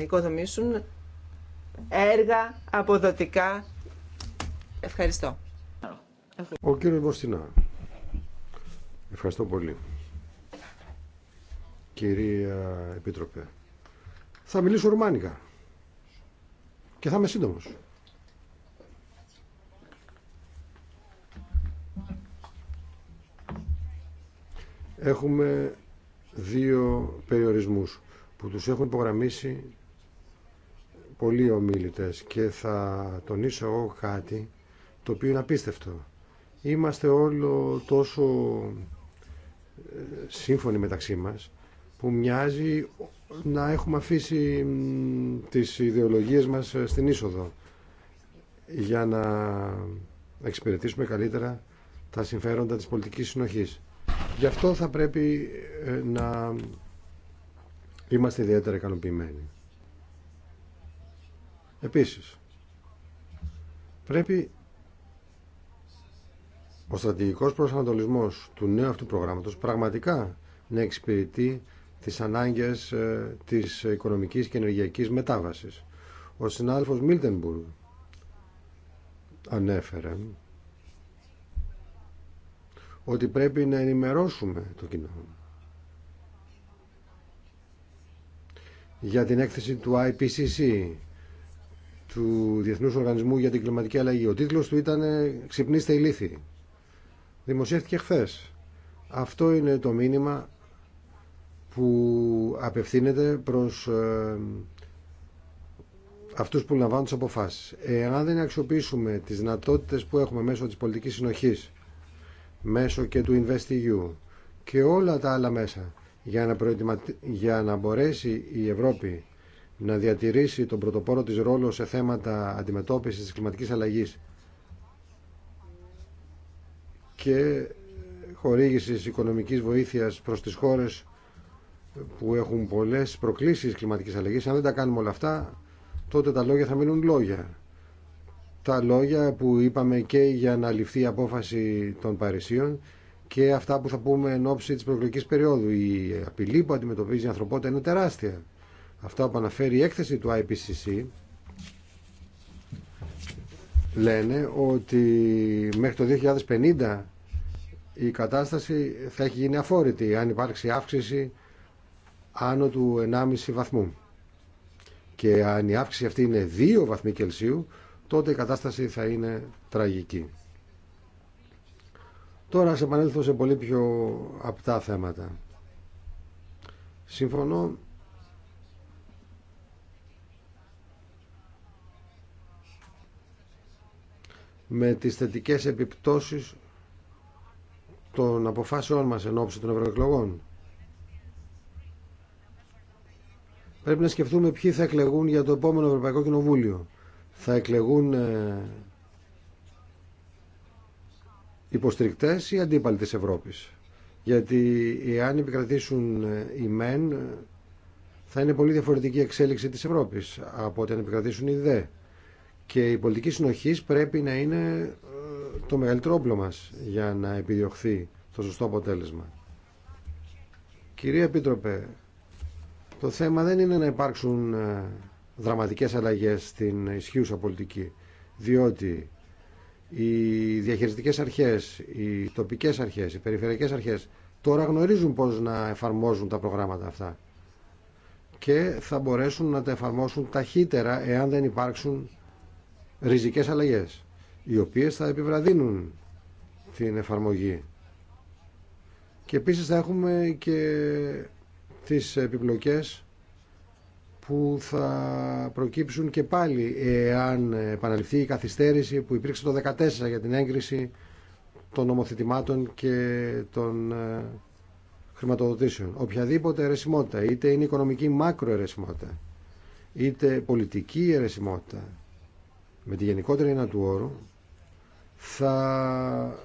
οικοδομήσουν έργα αποδοτικά. Ευχαριστώ. Ο κύριος Μποστινά. Ευχαριστώ πολύ. Κυρία Επίτροπε. Θα μιλήσω ρουμάνικα. Και θα είμαι σύντομος. Έχουμε δύο περιορισμούς που τους έχουν υπογραμμίσει πολλοί ομίλητες και θα τονίσω εγώ κάτι το οποίο είναι απίστευτο. Είμαστε όλο τόσο ε, σύμφωνοι μεταξύ μας που μοιάζει να έχουμε αφήσει τις ιδεολογίες μας ε, στην είσοδο για να εξυπηρετήσουμε καλύτερα τα συμφέροντα της πολιτικής συνοχής. Γι' αυτό θα πρέπει ε, να είμαστε ιδιαίτερα ικανοποιημένοι. Επίσης, πρέπει ο στρατηγικός προσανατολισμός του νέου αυτού προγράμματος πραγματικά να εξυπηρετεί τις ανάγκες ε, της οικονομικής και ενεργειακής μετάβασης. Ο συνάδελφος Μίλτενμπουργκ ανέφερε ότι πρέπει να ενημερώσουμε το κοινό για την έκθεση του IPCC του Διεθνούς Οργανισμού για την Κλιματική Αλλαγή. Ο τίτλος του ήταν «Ξυπνήστε ηλίθιοι». Δημοσιεύτηκε χθε. Αυτό είναι το μήνυμα που απευθύνεται προς ε, αυτούς που λαμβάνουν τις αποφάσεις. Εάν δεν αξιοποιήσουμε τις δυνατότητες που έχουμε μέσω της πολιτικής συνοχής, μέσω και του InvestEU και όλα τα άλλα μέσα για να, για να μπορέσει η Ευρώπη να διατηρήσει τον πρωτοπόρο της ρόλο σε θέματα αντιμετώπισης της κλιματικής αλλαγής και χορήγησης οικονομικής βοήθειας προς τις χώρες που έχουν πολλές προκλήσεις κλιματικής αλλαγής. Αν δεν τα κάνουμε όλα αυτά, τότε τα λόγια θα μείνουν λόγια. Τα λόγια που είπαμε και για να ληφθεί η απόφαση των Παρισίων και αυτά που θα πούμε εν ώψη της περίοδου. Η απειλή που αντιμετωπίζει η ανθρωπότητα είναι τεράστια. Αυτά που αναφέρει η έκθεση του IPCC λένε ότι μέχρι το 2050 η κατάσταση θα έχει γίνει αφόρητη αν υπάρξει αύξηση άνω του 1,5 βαθμού. Και αν η αύξηση αυτή είναι 2 βαθμοί Κελσίου, τότε η κατάσταση θα είναι τραγική. Τώρα σε επανέλθω σε πολύ πιο απτά θέματα. Συμφωνώ με τις θετικές επιπτώσεις των αποφάσεών μας εν ώψη των ευρωεκλογών. Πρέπει να σκεφτούμε ποιοι θα εκλεγούν για το επόμενο Ευρωπαϊκό Κοινοβούλιο. Θα εκλεγούν ε, υποστηρικτές ή αντίπαλοι της Ευρώπης. Γιατί εάν επικρατήσουν ε, οι μεν, ε, θα είναι πολύ διαφορετική εξέλιξη της Ευρώπης από ό,τι αν επικρατήσουν οι δε. Και η πολιτική συνοχή πρέπει να είναι ε, το μεγαλύτερο όπλο μας για να επιδιωχθεί το σωστό αποτέλεσμα. Κυρία Επίτροπε, το θέμα δεν είναι να υπάρξουν ε, δραματικές αλλαγές στην ισχύουσα πολιτική, διότι οι διαχειριστικές αρχές, οι τοπικές αρχές, οι περιφερειακές αρχές τώρα γνωρίζουν πώς να εφαρμόζουν τα προγράμματα αυτά και θα μπορέσουν να τα εφαρμόσουν ταχύτερα εάν δεν υπάρξουν ριζικές αλλαγές οι οποίες θα επιβραδύνουν την εφαρμογή και επίσης θα έχουμε και τις επιπλοκές που θα προκύψουν και πάλι εάν επαναληφθεί η καθυστέρηση που υπήρξε το 2014 για την έγκριση των νομοθετημάτων και των ε, χρηματοδοτήσεων. Οποιαδήποτε αιρεσιμότητα, είτε είναι οικονομική αιρεσιμότητα, είτε πολιτική αιρεσιμότητα, με τη γενικότερη ένα του όρου θα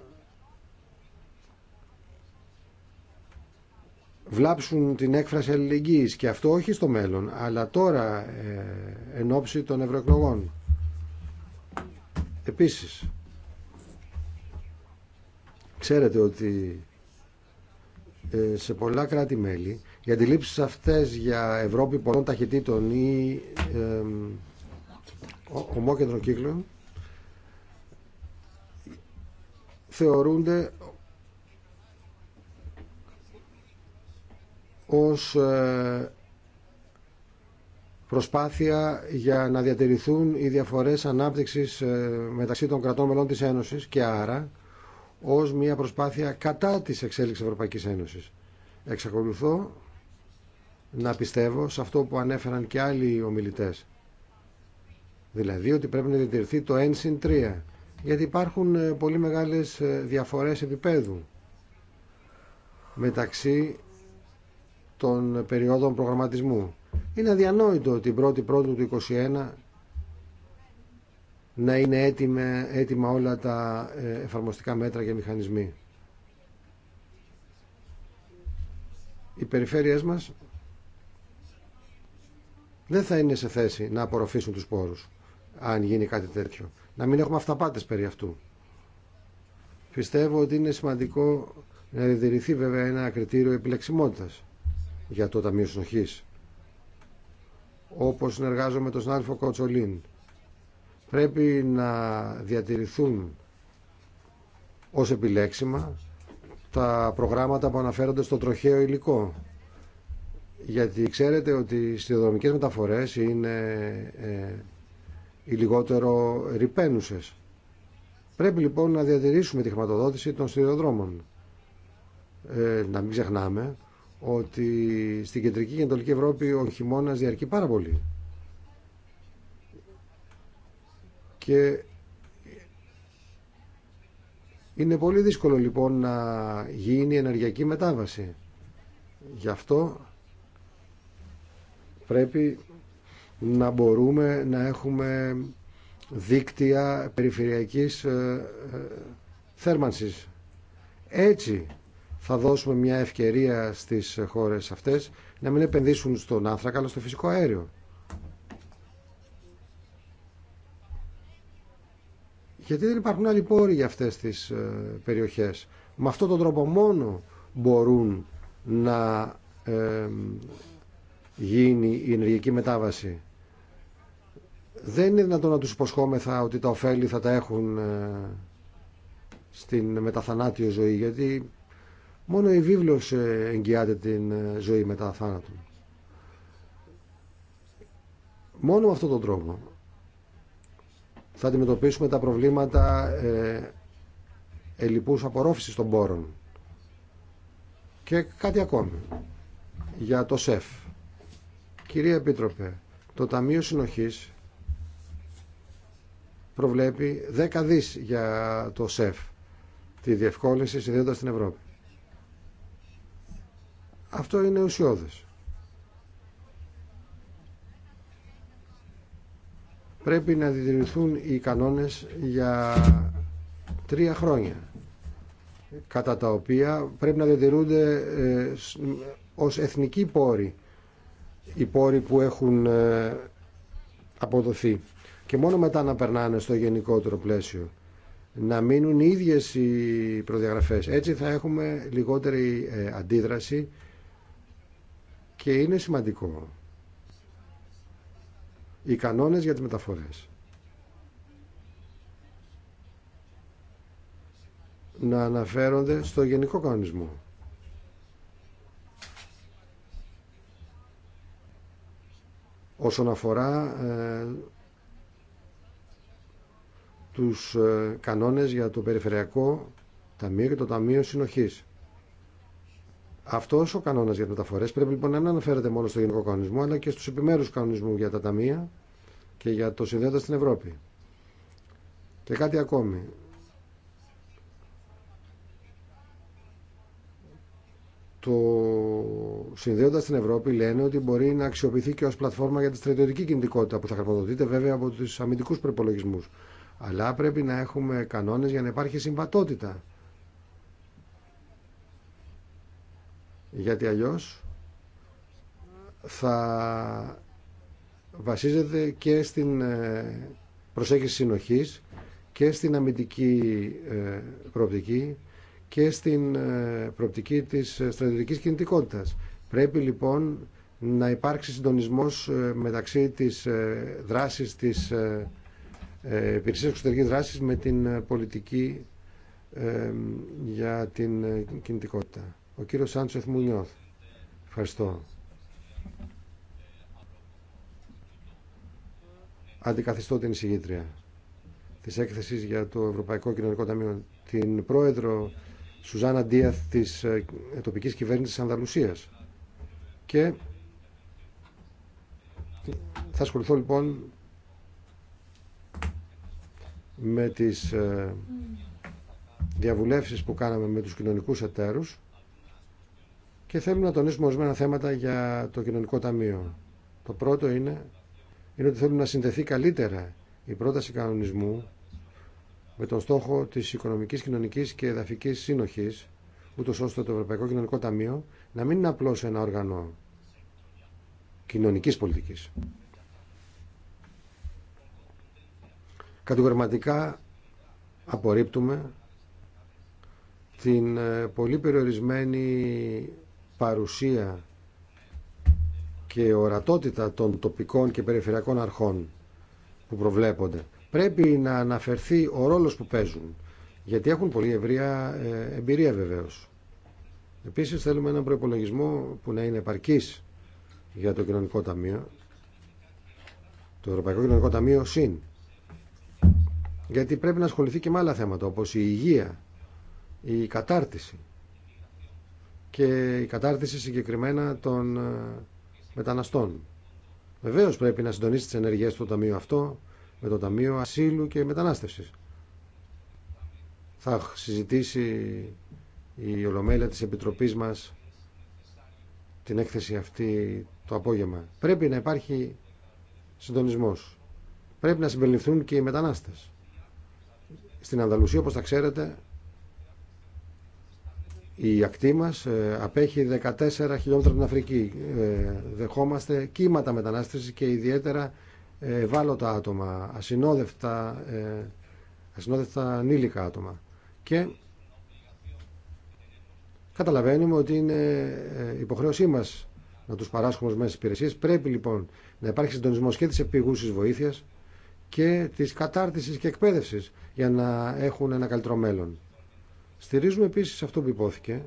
βλάψουν την έκφραση αλληλεγγύης και αυτό όχι στο μέλλον αλλά τώρα ε, εν ώψη των ευρωεκλογών επίσης ξέρετε ότι ε, σε πολλά κράτη-μέλη οι αντιλήψεις αυτές για Ευρώπη πολλών ταχυτήτων ή ε, ομόκεντρο κύκλων θεωρούνται ως ε, προσπάθεια για να διατηρηθούν οι διαφορές ανάπτυξης ε, μεταξύ των κρατών μελών της Ένωσης και άρα ως μια προσπάθεια κατά της εξέλιξης Ευρωπαϊκής Ένωσης. Εξακολουθώ να πιστεύω σε αυτό που ανέφεραν και άλλοι ομιλητές Δηλαδή ότι πρέπει να διατηρηθεί το 1 3. Γιατί υπάρχουν ε, πολύ μεγάλες ε, διαφορές επίπεδου μεταξύ των περιόδων προγραμματισμού. Είναι αδιανόητο ότι η πρώτη πρώτου του 2021 να είναι έτοιμα, έτοιμα όλα τα ε, εφαρμοστικά μέτρα και μηχανισμοί. Οι περιφέρειές μας δεν θα είναι σε θέση να απορροφήσουν τους πόρους αν γίνει κάτι τέτοιο. Να μην έχουμε αυταπάτες περί αυτού. Πιστεύω ότι είναι σημαντικό να διατηρηθεί βέβαια ένα κριτήριο επιλεξιμότητας για το Ταμείο συνοχή. Όπως συνεργάζομαι με τον συνάδελφο Κοτσολίν. Πρέπει να διατηρηθούν ως επιλέξιμα τα προγράμματα που αναφέρονται στο τροχαίο υλικό. Γιατί ξέρετε ότι οι σιδηροδρομικές μεταφορές είναι ε, ή λιγότερο ρηπαίνουσε. Πρέπει λοιπόν να διατηρήσουμε τη χρηματοδότηση των σιδηροδρόμων. Ε, να μην ξεχνάμε ότι στην κεντρική και ανατολική Ευρώπη ο χειμώνα διαρκεί πάρα πολύ. Και είναι πολύ δύσκολο λοιπόν να γίνει ενεργειακή μετάβαση. Γι' αυτό πρέπει να μπορούμε να έχουμε δίκτυα περιφερειακής ε, ε, θέρμανσης. Έτσι θα δώσουμε μια ευκαιρία στις χώρες αυτές να μην επενδύσουν στον άνθρακα αλλά στο φυσικό αέριο. Γιατί δεν υπάρχουν άλλοι πόροι για αυτές τις ε, περιοχές. Με αυτόν τον τρόπο μόνο μπορούν να γίνει η ενεργειακή μετάβαση δεν είναι δυνατόν να τους υποσχόμεθα ότι τα ωφέλη θα τα έχουν ε, στην μεταθανάτιο ζωή γιατί μόνο η βίβλος ε, εγγυάται την ε, ζωή μετά θάνατον. Μόνο με αυτόν τον τρόπο θα αντιμετωπίσουμε τα προβλήματα ε, ελλειπούς απορρόφησης των πόρων. Και κάτι ακόμη για το ΣΕΦ. Κυρία Επίτροπε, το Ταμείο Συνοχής προβλέπει 10 δις για το ΣΕΦ, τη διευκόλυνση συνδέοντας την Ευρώπη. Αυτό είναι ουσιώδες. Πρέπει να διδρυθούν οι κανόνες για τρία χρόνια, κατά τα οποία πρέπει να διατηρούνται ε, ως εθνικοί πόροι οι πόροι που έχουν ε, αποδοθεί και μόνο μετά να περνάνε στο γενικότερο πλαίσιο. Να μείνουν οι ίδιες οι προδιαγραφές. Έτσι θα έχουμε λιγότερη ε, αντίδραση και είναι σημαντικό οι κανόνες για τις μεταφορές. Να αναφέρονται στο γενικό κανονισμό. Όσον αφορά ε, τους ε, κανόνες για το Περιφερειακό Ταμείο και το Ταμείο Συνοχής. Αυτός ο κανόνας για τα μεταφορέ πρέπει λοιπόν να αναφέρεται μόνο στο γενικό κανονισμό αλλά και στους επιμέρους κανονισμού για τα ταμεία και για το συνδέοντα στην Ευρώπη. Και κάτι ακόμη. Το συνδέοντα στην Ευρώπη λένε ότι μπορεί να αξιοποιηθεί και ω πλατφόρμα για τη στρατιωτική κινητικότητα που θα χρηματοδοτείται βέβαια από τους αμυντικούς προπολογισμού. Αλλά πρέπει να έχουμε κανόνες για να υπάρχει συμβατότητα. Γιατί αλλιώς θα βασίζεται και στην ε, προσέγγιση συνοχής και στην αμυντική ε, προοπτική και στην ε, προοπτική της στρατιωτικής κινητικότητας. Πρέπει λοιπόν να υπάρξει συντονισμός μεταξύ της δράσης της ε, υπηρεσίες εξωτερική δράση με την ε, πολιτική ε, για την κινητικότητα. Ο κύριο Σάντσο Μουνιώθ. Ευχαριστώ. Αντικαθιστώ την εισηγήτρια τη έκθεση για το Ευρωπαϊκό Κοινωνικό Ταμείο, την πρόεδρο Σουζάνα Ντίαθ της τοπική κυβέρνηση Ανδαλουσίας. Και θα ασχοληθώ λοιπόν με τις ε, διαβουλεύσεις που κάναμε με τους κοινωνικούς εταίρους και θέλουμε να τονίσουμε ορισμένα θέματα για το κοινωνικό ταμείο. Το πρώτο είναι, είναι ότι θέλουμε να συνδεθεί καλύτερα η πρόταση κανονισμού με τον στόχο της οικονομικής, κοινωνικής και εδαφικής σύνοχης, ούτως ώστε το Ευρωπαϊκό Κοινωνικό Ταμείο να μην είναι απλώς ένα όργανο κοινωνικής πολιτικής, Κατηγορηματικά απορρίπτουμε την ε, πολύ περιορισμένη παρουσία και ορατότητα των τοπικών και περιφερειακών αρχών που προβλέπονται. Πρέπει να αναφερθεί ο ρόλος που παίζουν, γιατί έχουν πολύ ευρεία ε, εμπειρία βεβαίως. Επίσης θέλουμε έναν προπολογισμό που να είναι επαρκής για το Κοινωνικό Ταμείο, το Ευρωπαϊκό Κοινωνικό Ταμείο ΣΥΝ γιατί πρέπει να ασχοληθεί και με άλλα θέματα όπως η υγεία, η κατάρτιση και η κατάρτιση συγκεκριμένα των ε, μεταναστών. Βεβαίως πρέπει να συντονίσει τις ενεργειές του Ταμείου αυτό με το Ταμείο Ασύλου και Μετανάστευσης. Θα συζητήσει η Ολομέλεια της Επιτροπής μας την έκθεση αυτή το απόγευμα. Πρέπει να υπάρχει συντονισμός. Πρέπει να συμπεριληφθούν και οι μετανάστες. Στην Ανταλουσία, όπως θα ξέρετε, η ακτή μας ε, απέχει 14 χιλιόμετρα την Αφρική. Ε, δεχόμαστε κύματα μετανάστευσης και ιδιαίτερα ε, ευάλωτα άτομα, ασυνόδευτα, ασυνόδευτα ανήλικα άτομα. Και καταλαβαίνουμε ότι είναι υποχρέωσή μας να τους παράσχουμε ως μέσα υπηρεσίες. Πρέπει λοιπόν να υπάρχει συντονισμός και της επιγούσης βοήθειας και της κατάρτισης και εκπαίδευσης για να έχουν ένα καλύτερο μέλλον. Στηρίζουμε επίσης αυτό που υπόθηκε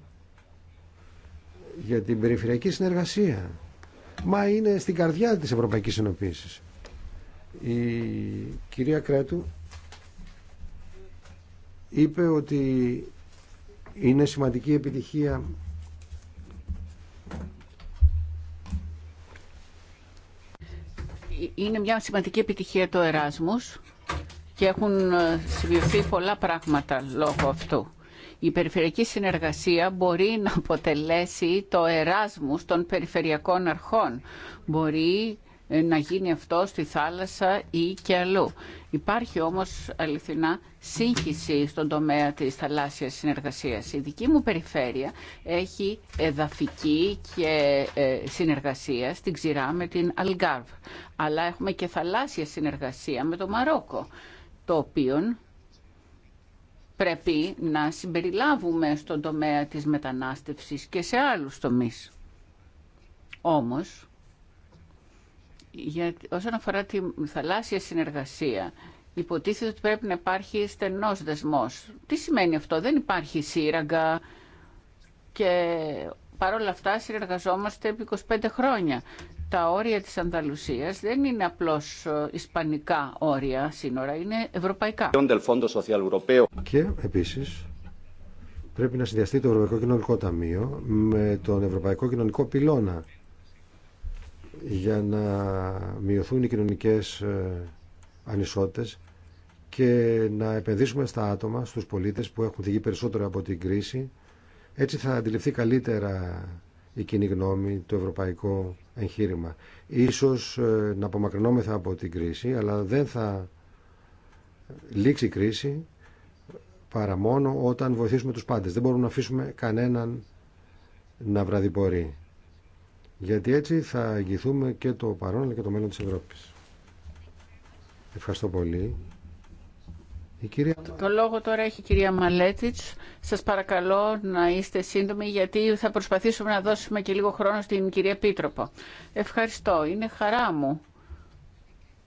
για την περιφερειακή συνεργασία. Μα είναι στην καρδιά της Ευρωπαϊκής Ενοποίησης. Η κυρία Κρέτου είπε ότι είναι σημαντική επιτυχία είναι μια σημαντική επιτυχία το Εράσμους και έχουν ε, σημειωθεί πολλά πράγματα λόγω αυτού. Η περιφερειακή συνεργασία μπορεί να αποτελέσει το εράσμους των περιφερειακών αρχών. Μπορεί ε, να γίνει αυτό στη θάλασσα ή και αλλού. Υπάρχει όμως αληθινά σύγχυση στον τομέα της θαλάσσιας συνεργασίας. Η δική μου περιφέρεια έχει εδαφική και ε, συνεργασία στην Ξηρά με την Αλγκάρβ. Αλλά έχουμε και θαλάσσια συνεργασία με το Μαρόκο, το οποίο πρέπει να συμπεριλάβουμε στον τομέα της μετανάστευσης και σε άλλους τομείς. Όμως, για, όσον αφορά τη θαλάσσια συνεργασία, υποτίθεται ότι πρέπει να υπάρχει στενός δεσμός. Τι σημαίνει αυτό, δεν υπάρχει σύραγγα και παρόλα αυτά συνεργαζόμαστε επί 25 χρόνια. Τα όρια της Ανταλουσίας δεν είναι απλώς ε, ισπανικά όρια σύνορα, είναι ευρωπαϊκά. Και επίσης πρέπει να συνδυαστεί το Ευρωπαϊκό Κοινωνικό Ταμείο με τον Ευρωπαϊκό Κοινωνικό Πυλώνα για να μειωθούν οι κοινωνικές ε, ανισότητες και να επενδύσουμε στα άτομα, στους πολίτες που έχουν δει περισσότερο από την κρίση. Έτσι θα αντιληφθεί καλύτερα η κοινή γνώμη, το ευρωπαϊκό εγχείρημα. Ίσως ε, να απομακρυνόμεθα από την κρίση, αλλά δεν θα λήξει η κρίση παρά μόνο όταν βοηθήσουμε τους πάντες. Δεν μπορούμε να αφήσουμε κανέναν να βραδιπορεί γιατί έτσι θα αγγιθούμε και το παρόν και το μέλλον της Ευρώπης. Ευχαριστώ πολύ. Η κυρία... Το λόγο τώρα έχει η κυρία Μαλέτιτς. Σας παρακαλώ να είστε σύντομοι γιατί θα προσπαθήσουμε να δώσουμε και λίγο χρόνο στην κυρία Πίτροπο. Ευχαριστώ. Είναι χαρά μου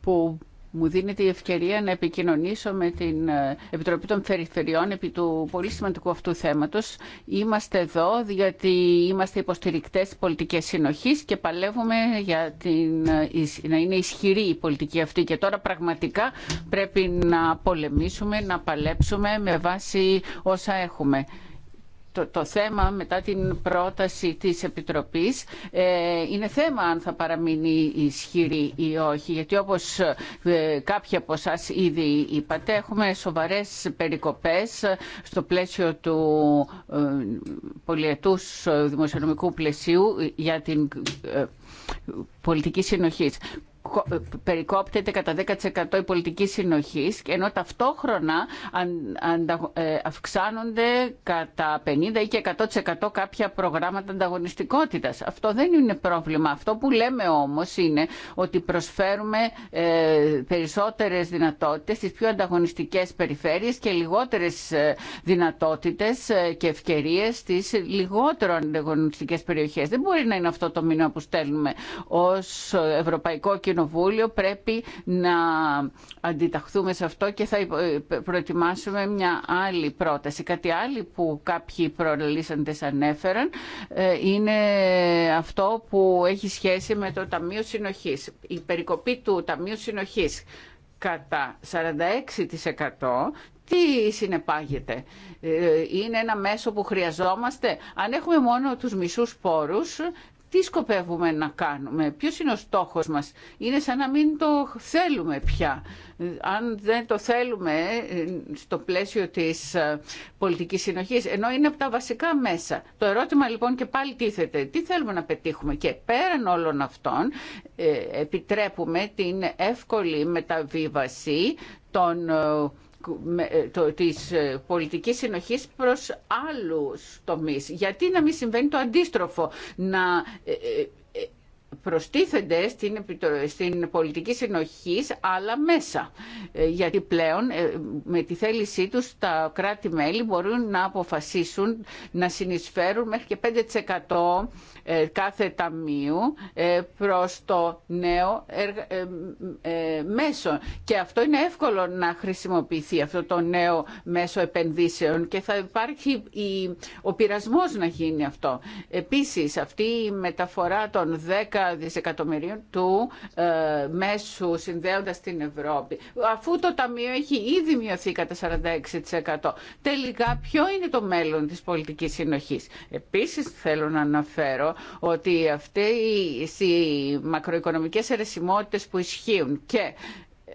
που μου δίνεται η ευκαιρία να επικοινωνήσω με την ε, Επιτροπή των Περιφερειών επί του πολύ σημαντικού αυτού θέματος. Είμαστε εδώ γιατί είμαστε υποστηρικτές πολιτικής συνοχής και παλεύουμε για την, ε, να είναι ισχυρή η πολιτική αυτή και τώρα πραγματικά πρέπει να πολεμήσουμε, να παλέψουμε με βάση όσα έχουμε το, θέμα μετά την πρόταση της Επιτροπής ε, είναι θέμα αν θα παραμείνει ισχυρή ή όχι γιατί όπως ε, κάποιοι από εσά ήδη είπατε έχουμε σοβαρές περικοπές στο πλαίσιο του ε, δημοσιονομικού πλαισίου για την ε, πολιτική συνοχής ε, περικόπτεται κατά 10% η πολιτική συνοχή, ενώ ταυτόχρονα ε, αυξάνονται κατά 50% ή και 100% κάποια προγράμματα ανταγωνιστικότητα. Αυτό δεν είναι πρόβλημα. Αυτό που λέμε όμω είναι ότι προσφέρουμε ε, περισσότερε δυνατότητε στι πιο ανταγωνιστικέ περιφέρειε και λιγότερε δυνατότητε και ευκαιρίε στι λιγότερο ανταγωνιστικέ περιοχέ. Δεν μπορεί να είναι αυτό το μήνυμα που στέλνουμε ω Ευρωπαϊκό Κοινοβούλιο Κοινοβούλιο πρέπει να αντιταχθούμε σε αυτό και θα ε, προετοιμάσουμε μια άλλη πρόταση. Κάτι άλλο που κάποιοι προλύσαντες ανέφεραν ε, είναι αυτό που έχει σχέση με το Ταμείο Συνοχής. Η περικοπή του Ταμείου Συνοχής κατά 46% τι συνεπάγεται. Ε, είναι ένα μέσο που χρειαζόμαστε. Αν έχουμε μόνο τους μισούς πόρους, τι σκοπεύουμε να κάνουμε, ποιος είναι ο στόχος μας. Είναι σαν να μην το θέλουμε πια. Αν δεν το θέλουμε ε, στο πλαίσιο της ε, πολιτικής συνοχής, ενώ είναι από τα βασικά μέσα. Το ερώτημα λοιπόν και πάλι τίθεται, τι θέλουμε να πετύχουμε και πέραν όλων αυτών ε, επιτρέπουμε την εύκολη μεταβίβαση των ε, το, της ε, πολιτικής συνοχής προς άλλους τομείς. Γιατί να μην συμβαίνει το αντίστροφο, να ε, προστίθενται στην, στην πολιτική συνοχή αλλά μέσα. Ε, γιατί πλέον ε, με τη θέλησή τους τα κράτη-μέλη μπορούν να αποφασίσουν να συνεισφέρουν μέχρι και 5% ε, κάθε ταμείου προς το νέο μέσο. Και αυτό είναι εύκολο να χρησιμοποιηθεί αυτό το νέο μέσο επενδύσεων και θα υπάρχει ο πειρασμός να γίνει αυτό. Επίσης αυτή η μεταφορά των 10 δισεκατομμυρίων του ε, μέσου συνδέοντας την Ευρώπη. Αφού το Ταμείο έχει ήδη μειωθεί κατά 46%. Τελικά ποιο είναι το μέλλον τη πολιτική συνοχής. Επίση, θέλω να αναφέρω ότι αυτέ οι μακροοικονομικέ αιρεσιμότητε που ισχύουν και ε,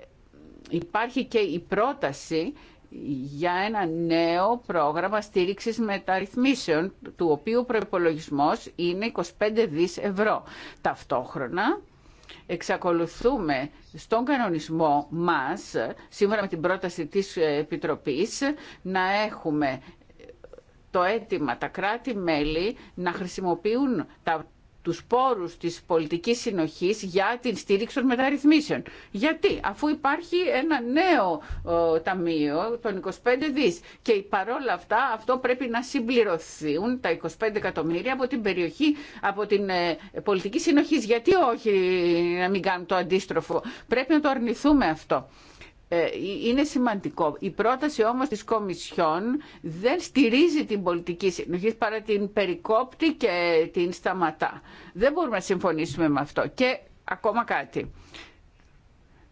υπάρχει και η πρόταση για ένα νέο πρόγραμμα στήριξης μεταρρυθμίσεων, του οποίου προϋπολογισμός είναι 25 δις ευρώ. Ταυτόχρονα, εξακολουθούμε στον κανονισμό μας, σύμφωνα με την πρόταση της Επιτροπής, να έχουμε το αίτημα τα κράτη-μέλη να χρησιμοποιούν τα τους πόρους της πολιτικής συνοχής για την στήριξη των μεταρρυθμίσεων. Γιατί, αφού υπάρχει ένα νέο ε, ταμείο των 25 δις και παρόλα αυτά αυτό πρέπει να συμπληρωθούν τα 25 εκατομμύρια από την περιοχή, από την ε, πολιτική συνοχής. Γιατί όχι να μην κάνουν το αντίστροφο. Πρέπει να το αρνηθούμε αυτό. Ε, είναι σημαντικό. Η πρόταση όμως της Κομισιόν δεν στηρίζει την πολιτική συνοχή παρά την περικόπτη και την σταματά. Δεν μπορούμε να συμφωνήσουμε με αυτό. Και ακόμα κάτι.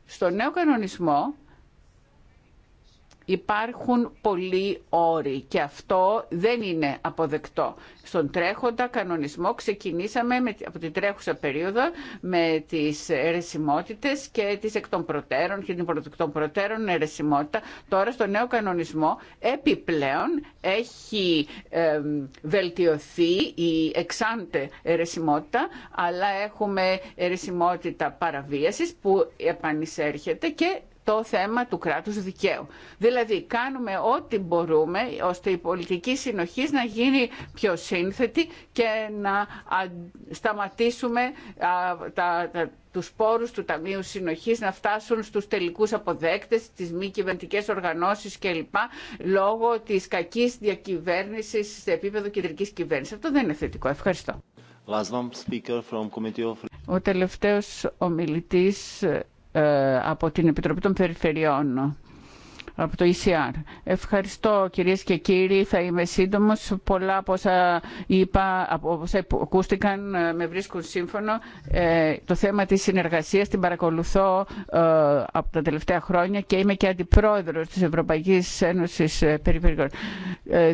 Στο νέο κανονισμό υπάρχουν πολλοί όροι και αυτό δεν είναι αποδεκτό. Στον τρέχοντα κανονισμό ξεκινήσαμε με, από την τρέχουσα περίοδο με τις ερεσιμότητες και τις εκ των προτέρων και την εκ των προτέρων ερεσιμότητα. Τώρα στο νέο κανονισμό επιπλέον έχει βελτιωθεί η εξάντε ερεσιμότητα αλλά έχουμε ερεσιμότητα παραβίασης που επανεισέρχεται και το θέμα του κράτους δικαίου. Δηλαδή κάνουμε ό,τι μπορούμε ώστε η πολιτική συνοχή να γίνει πιο σύνθετη και να σταματήσουμε τα, τα, τους πόρους του Ταμείου Συνοχής να φτάσουν στους τελικούς αποδέκτες, τις μη κυβερνητικές οργανώσεις κλπ. λόγω της κακής διακυβέρνησης σε επίπεδο κεντρικής κυβέρνησης. Αυτό δεν είναι θετικό. Ευχαριστώ. Ο τελευταίος ομιλητής ε, από την Επιτροπή των Περιφερειών από το ECR. Ευχαριστώ κυρίε και κύριοι. Θα είμαι σύντομο, Πολλά από όσα είπα, από όσα ακούστηκαν, ε, με βρίσκουν σύμφωνο. Ε, το θέμα τη συνεργασία την παρακολουθώ ε, από τα τελευταία χρόνια και είμαι και αντιπρόεδρο τη Ευρωπαϊκή Ένωση ε, Περιφερειών.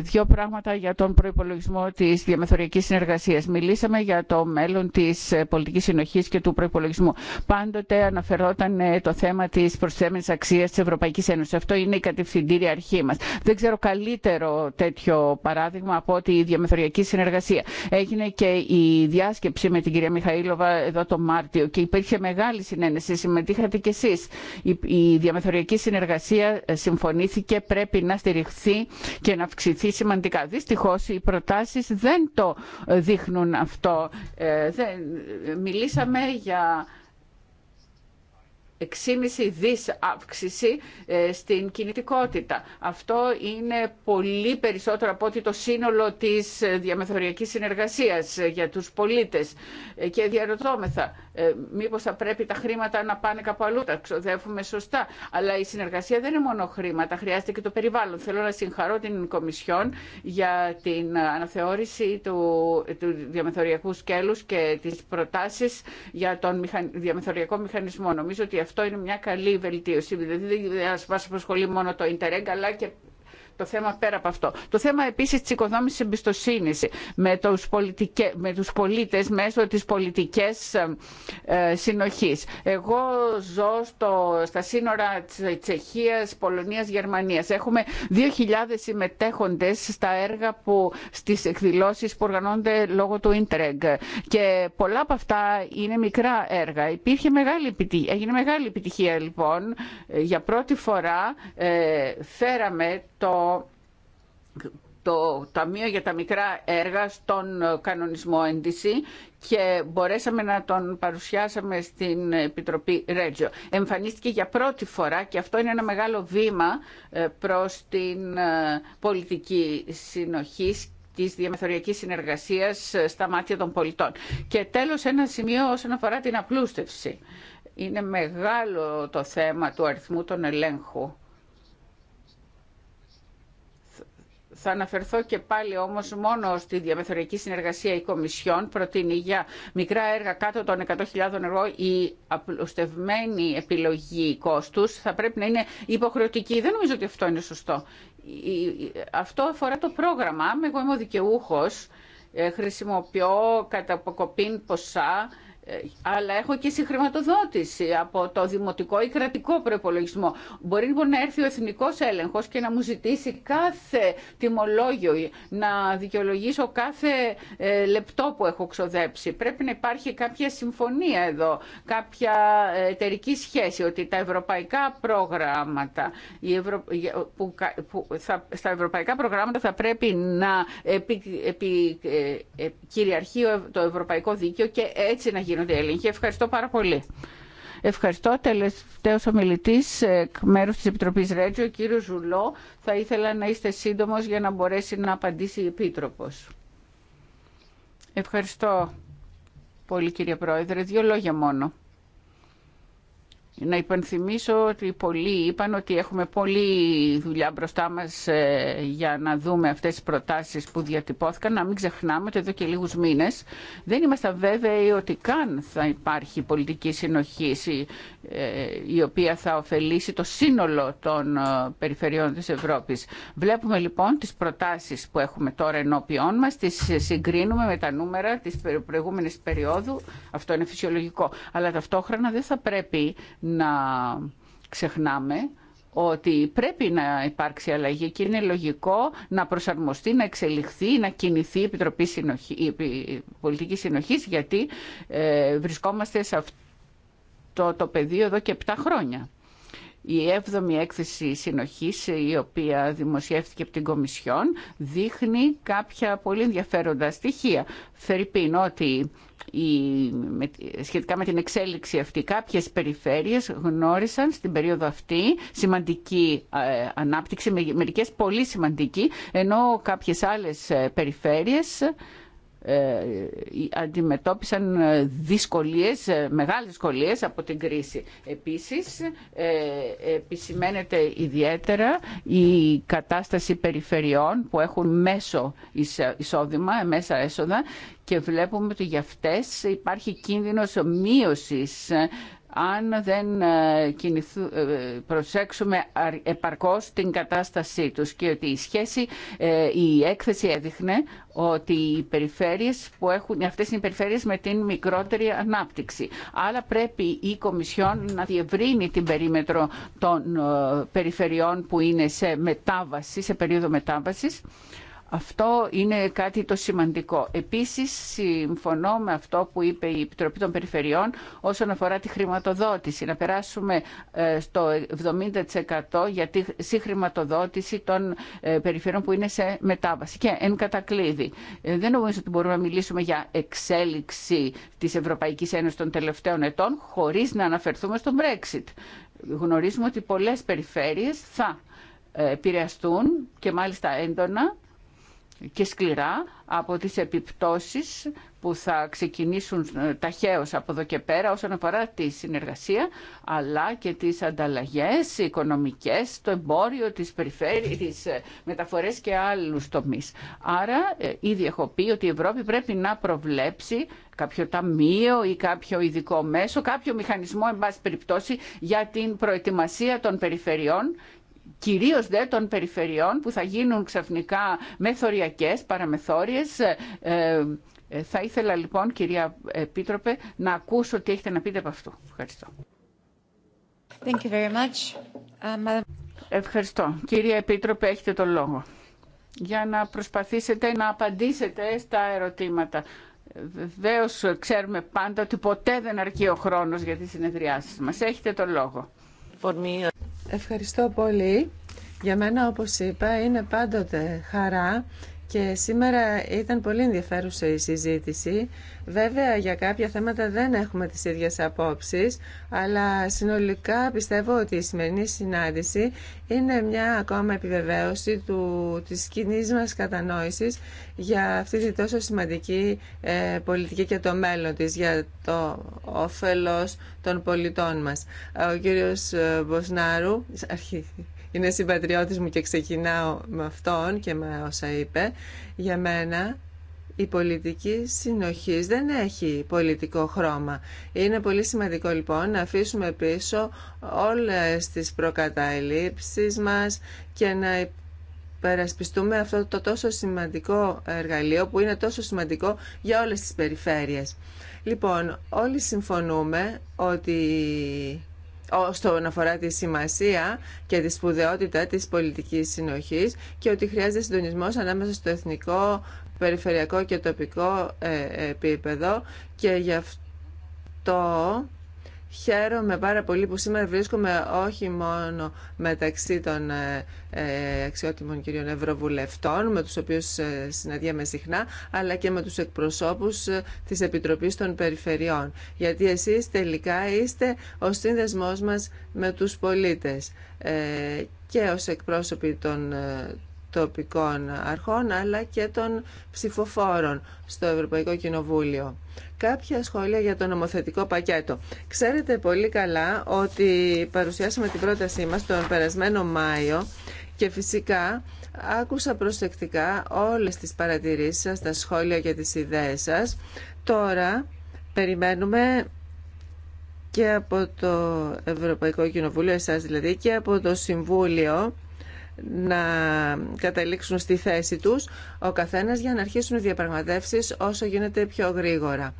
δύο πράγματα για τον προπολογισμό τη διαμεθοριακή συνεργασία. Μιλήσαμε για το μέλλον τη πολιτική συνοχή και του προπολογισμού. Πάντοτε αναφερόταν το θέμα τη προσθέμενη αξία τη Ευρωπαϊκή Ένωση. Αυτό είναι η κατευθυντήρια αρχή μας. Δεν ξέρω καλύτερο τέτοιο παράδειγμα από ότι η διαμεθοριακή συνεργασία. Έγινε και η διάσκεψη με την κυρία Μιχαήλοβα εδώ το Μάρτιο και υπήρχε μεγάλη συνένεση. Συμμετείχατε κι εσεί. Η διαμεθοριακή συνεργασία ε, συμφωνήθηκε, πρέπει να στηριχθεί και να αυξηθεί σημαντικά. Δυστυχώ οι προτάσει δεν το ε, δείχνουν αυτό. Ε, μιλήσαμε για 6,5 δις αύξηση ε, στην κινητικότητα. Αυτό είναι πολύ περισσότερο από ότι το σύνολο της ε, διαμεθοριακής συνεργασίας ε, για τους πολίτες. Και διαρωτώμεθα, ε, μήπως θα πρέπει τα χρήματα να πάνε κάπου αλλού, τα ξοδεύουμε σωστά. Αλλά η συνεργασία δεν είναι μόνο χρήματα, χρειάζεται και το περιβάλλον. Θέλω να συγχαρώ την Κομισιόν για την αναθεώρηση του, του διαμεθοριακού σκέλους και τις προτάσεις για τον διαμεθοριακό μηχανισμό. Νομίζω ότι αυτό είναι μια καλή βελτίωση. δεν μας απασχολεί μόνο το Interreg, αλλά και το θέμα πέρα από αυτό. Το θέμα επίσης της οικοδόμησης εμπιστοσύνης με τους, πολιτικέ, με τους πολίτες μέσω της πολιτικής ε, ε, συνοχής. Εγώ ζω στο, στα σύνορα της Τσεχίας, Πολωνίας, Γερμανίας. Έχουμε 2.000 συμμετέχοντες στα έργα που, στις εκδηλώσεις που οργανώνται λόγω του Ίντρεγκ. Και πολλά από αυτά είναι μικρά έργα. Υπήρχε μεγάλη επιτυχία. Έγινε μεγάλη επιτυχία λοιπόν. Ε, για πρώτη φορά ε, φέραμε το το Ταμείο για τα Μικρά Έργα στον κανονισμό NDC και μπορέσαμε να τον παρουσιάσαμε στην Επιτροπή Ρέτζιο. Εμφανίστηκε για πρώτη φορά και αυτό είναι ένα μεγάλο βήμα ε, προς την ε, πολιτική συνοχής της διαμεθοριακής συνεργασίας ε, στα μάτια των πολιτών. Και τέλος ένα σημείο όσον αφορά την απλούστευση. Είναι μεγάλο το θέμα του αριθμού των ελέγχου Θα αναφερθώ και πάλι όμως μόνο στη διαμεθοριακή συνεργασία η Κομισιόν προτείνει για μικρά έργα κάτω των 100.000 ευρώ η απλουστευμένη επιλογή κόστους θα πρέπει να είναι υποχρεωτική. Δεν νομίζω ότι αυτό είναι σωστό. Αυτό αφορά το πρόγραμμα. Εγώ είμαι ο δικαιούχος, ε, χρησιμοποιώ κατά αποκοπήν ποσά ε, αλλά έχω και συγχρηματοδότηση από το δημοτικό ή κρατικό προπολογισμό. Μπορεί λοιπόν να έρθει ο εθνικό έλεγχος και να μου ζητήσει κάθε τιμολόγιο, να δικαιολογήσω κάθε ε, λεπτό που έχω ξοδέψει. Πρέπει να υπάρχει κάποια συμφωνία εδώ, κάποια εταιρική σχέση, ότι τα ευρωπαϊκά προγράμματα, που, στα ευρωπαϊκά προγράμματα θα πρέπει να ε, κυριαρχεί το ευρωπαϊκό δίκαιο και έτσι να Ευχαριστώ πάρα πολύ. Ευχαριστώ. Τελευταίο ομιλητή εκ μέρου της Επιτροπής Ρέτζο, ο κύριο Ζουλό. Θα ήθελα να είστε σύντομο για να μπορέσει να απαντήσει η επίτροπο. Ευχαριστώ πολύ κύριε Πρόεδρε. Δύο λόγια μόνο. Να υπενθυμίσω ότι πολλοί είπαν ότι έχουμε πολλή δουλειά μπροστά μας ε, για να δούμε αυτές τις προτάσεις που διατυπώθηκαν. Να μην ξεχνάμε ότι εδώ και λίγους μήνες δεν είμαστε βέβαιοι ότι καν θα υπάρχει πολιτική συνοχή ε, η οποία θα ωφελήσει το σύνολο των ε, περιφερειών της Ευρώπης. Βλέπουμε λοιπόν τις προτάσεις που έχουμε τώρα ενώπιόν μας, τις συγκρίνουμε με τα νούμερα της προηγούμενης περίοδου. Αυτό είναι φυσιολογικό. Αλλά ταυτόχρονα δεν θα πρέπει να ξεχνάμε ότι πρέπει να υπάρξει αλλαγή και είναι λογικό να προσαρμοστεί, να εξελιχθεί, να κινηθεί η Επιτροπή Συνοχή, Πολιτική Συνοχής γιατί ε, βρισκόμαστε σε αυτό το πεδίο εδώ και 7 χρόνια. Η έβδομη έκθεση συνοχής, η οποία δημοσιεύτηκε από την Κομισιόν, δείχνει κάποια πολύ ενδιαφέροντα στοιχεία. Φερρυπίν ότι σχετικά με την εξέλιξη αυτή κάποιες περιφέρειες γνώρισαν στην περίοδο αυτή σημαντική ε, ανάπτυξη, μερικές πολύ σημαντική, ενώ κάποιες άλλες ε, περιφέρειες ε, ε, αντιμετώπισαν ε, δυσκολίες, μεγάλες δυσκολίες από την κρίση. Επίσης, επισημαίνεται ιδιαίτερα η κατάσταση περιφερειών που έχουν μέσο εισόδημα, μέσα έσοδα και βλέπουμε ότι για αυτές υπάρχει κίνδυνος μείωσης αν δεν ε, ε, προσέξουμε επαρκώς την κατάστασή τους και ότι η σχέση, ε, η έκθεση έδειχνε ότι οι περιφέρειες που έχουν, αυτές είναι οι περιφέρειες με την μικρότερη ανάπτυξη. Αλλά πρέπει η Κομισιόν να διευρύνει την περίμετρο των περιφερειών που είναι σε μετάβαση, σε περίοδο μετάβασης αυτό είναι κάτι το σημαντικό. Επίσης, συμφωνώ με αυτό που είπε η Επιτροπή των Περιφερειών όσον αφορά τη χρηματοδότηση. Να περάσουμε ε, στο 70% για τη συγχρηματοδότηση των ε, περιφερειών που είναι σε μετάβαση. Και εν κατακλείδη, ε, δεν νομίζω ότι μπορούμε να μιλήσουμε για εξέλιξη της Ευρωπαϊκής Ένωσης των τελευταίων ετών χωρίς να αναφερθούμε στο Brexit. Γνωρίζουμε ότι πολλές περιφέρειες θα επηρεαστούν και μάλιστα έντονα και σκληρά από τις επιπτώσεις που θα ξεκινήσουν ε, ταχαίως από εδώ και πέρα όσον αφορά τη συνεργασία αλλά και τις ανταλλαγές οικονομικές, το εμπόριο, τις, περιφέρει, τις ε, μεταφορές και άλλους τομείς. Άρα ε, ήδη έχω πει ότι η Ευρώπη πρέπει να προβλέψει κάποιο ταμείο ή κάποιο ειδικό μέσο, κάποιο μηχανισμό εν πάση περιπτώσει για την προετοιμασία των περιφερειών κυρίως δε των περιφερειών που θα γίνουν ξαφνικά μεθοριακές, παραμεθόριες. Ε, ε, θα ήθελα λοιπόν, κυρία Επίτροπε, να ακούσω τι έχετε να πείτε από αυτό. Ευχαριστώ. Thank you very much. Uh, Ευχαριστώ. Κυρία Επίτροπε, έχετε τον λόγο για να προσπαθήσετε να απαντήσετε στα ερωτήματα. Βεβαίω ξέρουμε πάντα ότι ποτέ δεν αρκεί ο χρόνος για τις συνεδριάσεις μας. Έχετε τον λόγο. For me. Ευχαριστώ πολύ. Για μένα, όπως είπα, είναι πάντοτε χαρά και σήμερα ήταν πολύ ενδιαφέρουσα η συζήτηση. Βέβαια για κάποια θέματα δεν έχουμε τις ίδιες απόψεις, αλλά συνολικά πιστεύω ότι η σημερινή συνάντηση είναι μια ακόμα επιβεβαίωση του, της κοινή μας κατανόησης για αυτή τη τόσο σημαντική ε, πολιτική και το μέλλον της, για το όφελος των πολιτών μας. Ο κύριος ε, Μποσνάρου, αρχίζει είναι συμπατριώτης μου και ξεκινάω με αυτόν και με όσα είπε, για μένα η πολιτική συνοχή δεν έχει πολιτικό χρώμα. Είναι πολύ σημαντικό λοιπόν να αφήσουμε πίσω όλες τις προκαταλήψεις μας και να περασπιστούμε αυτό το τόσο σημαντικό εργαλείο που είναι τόσο σημαντικό για όλες τις περιφέρειες. Λοιπόν, όλοι συμφωνούμε ότι όσον αφορά τη σημασία και τη σπουδαιότητα της πολιτικής συνοχής και ότι χρειάζεται συντονισμός ανάμεσα στο εθνικό, περιφερειακό και τοπικό ε, επίπεδο και γι' αυτό Χαίρομαι πάρα πολύ που σήμερα βρίσκομαι όχι μόνο μεταξύ των ε, ε, αξιότιμων κυρίων Ευρωβουλευτών, με τους οποίους ε, συναντιέμαι συχνά, αλλά και με τους εκπροσώπους της Επιτροπής των Περιφερειών. Γιατί εσείς τελικά είστε ο σύνδεσμός μας με τους πολίτες και ως εκπρόσωποι των τοπικών αρχών αλλά και των ψηφοφόρων στο Ευρωπαϊκό Κοινοβούλιο. Κάποια σχόλια για το νομοθετικό πακέτο. Ξέρετε πολύ καλά ότι παρουσιάσαμε την πρότασή μας τον περασμένο Μάιο και φυσικά άκουσα προσεκτικά όλες τις παρατηρήσεις σας, τα σχόλια και τις ιδέες σας. Τώρα περιμένουμε και από το Ευρωπαϊκό Κοινοβούλιο, εσάς δηλαδή, και από το Συμβούλιο να καταλήξουν στη θέση τους ο καθένας για να αρχίσουν οι διαπραγματεύσεις όσο γίνεται πιο γρήγορα.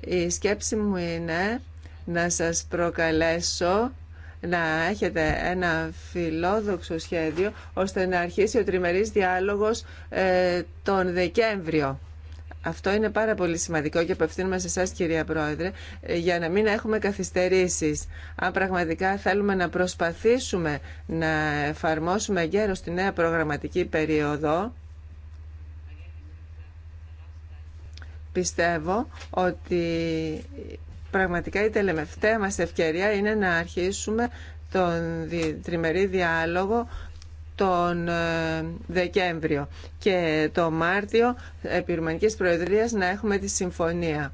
Η σκέψη μου είναι να σας προκαλέσω να έχετε ένα φιλόδοξο σχέδιο ώστε να αρχίσει ο τριμερής διάλογος ε, τον Δεκέμβριο. Αυτό είναι πάρα πολύ σημαντικό και απευθύνουμε σε εσά, κυρία Πρόεδρε, ε, για να μην έχουμε καθυστερήσεις. Αν πραγματικά θέλουμε να προσπαθήσουμε να εφαρμόσουμε γέρο τη νέα προγραμματική περίοδο, πιστεύω ότι πραγματικά η τελευταία μας ευκαιρία είναι να αρχίσουμε τον τριμερή διάλογο τον ε, Δεκέμβριο και το Μάρτιο επί Ρουμανικής Προεδρίας να έχουμε τη συμφωνία.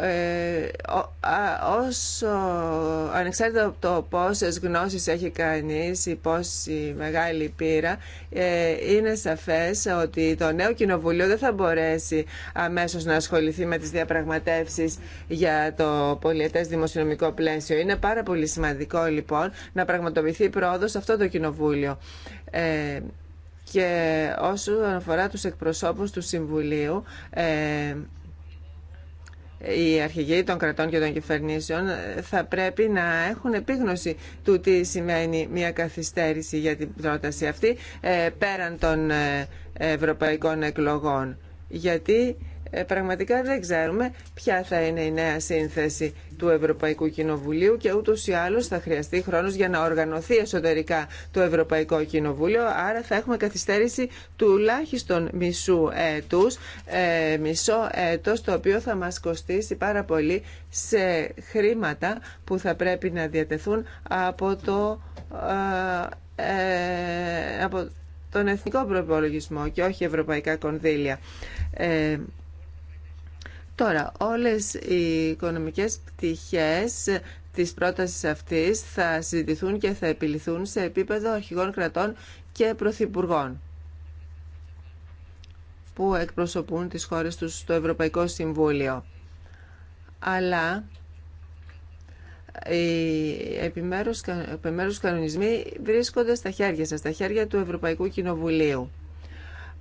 Ε, όσο ανεξάρτητα από το πόσες γνώσεις έχει κανείς ή πόση μεγάλη πείρα ε, είναι σαφές ότι το νέο κοινοβουλίο δεν θα μπορέσει αμέσως να ασχοληθεί με τις διαπραγματεύσεις για το πολιετές δημοσιονομικό πλαίσιο. Είναι πάρα πολύ σημαντικό λοιπόν να πραγματοποιηθεί πρόοδος σε αυτό το κοινοβούλιο. Ε, και όσο αφορά τους εκπροσώπους του Συμβουλίου ε, οι αρχηγοί των κρατών και των κυβερνήσεων ε, θα πρέπει να έχουν επίγνωση του τι σημαίνει μια καθυστέρηση για την πρόταση αυτή ε, πέραν των ε, ευρωπαϊκών εκλογών. Γιατί ε, πραγματικά δεν ξέρουμε ποια θα είναι η νέα σύνθεση του Ευρωπαϊκού Κοινοβουλίου και ούτως ή άλλως θα χρειαστεί χρόνος για να οργανωθεί εσωτερικά το Ευρωπαϊκό Κοινοβούλιο, άρα θα έχουμε καθυστέρηση τουλάχιστον μισού έτους, ε, μισό έτο, το οποίο θα μας κοστίσει πάρα πολύ σε χρήματα που θα πρέπει να διατεθούν από το... Ε, τον εθνικό προπολογισμό και όχι ευρωπαϊκά κονδύλια. Τώρα, όλες οι οικονομικές πτυχές της πρότασης αυτής θα συζητηθούν και θα επιληθούν σε επίπεδο αρχηγών κρατών και πρωθυπουργών που εκπροσωπούν τις χώρες τους στο Ευρωπαϊκό Συμβούλιο. Αλλά οι επιμέρους, κανονισμοί βρίσκονται στα χέρια σας, στα χέρια του Ευρωπαϊκού Κοινοβουλίου.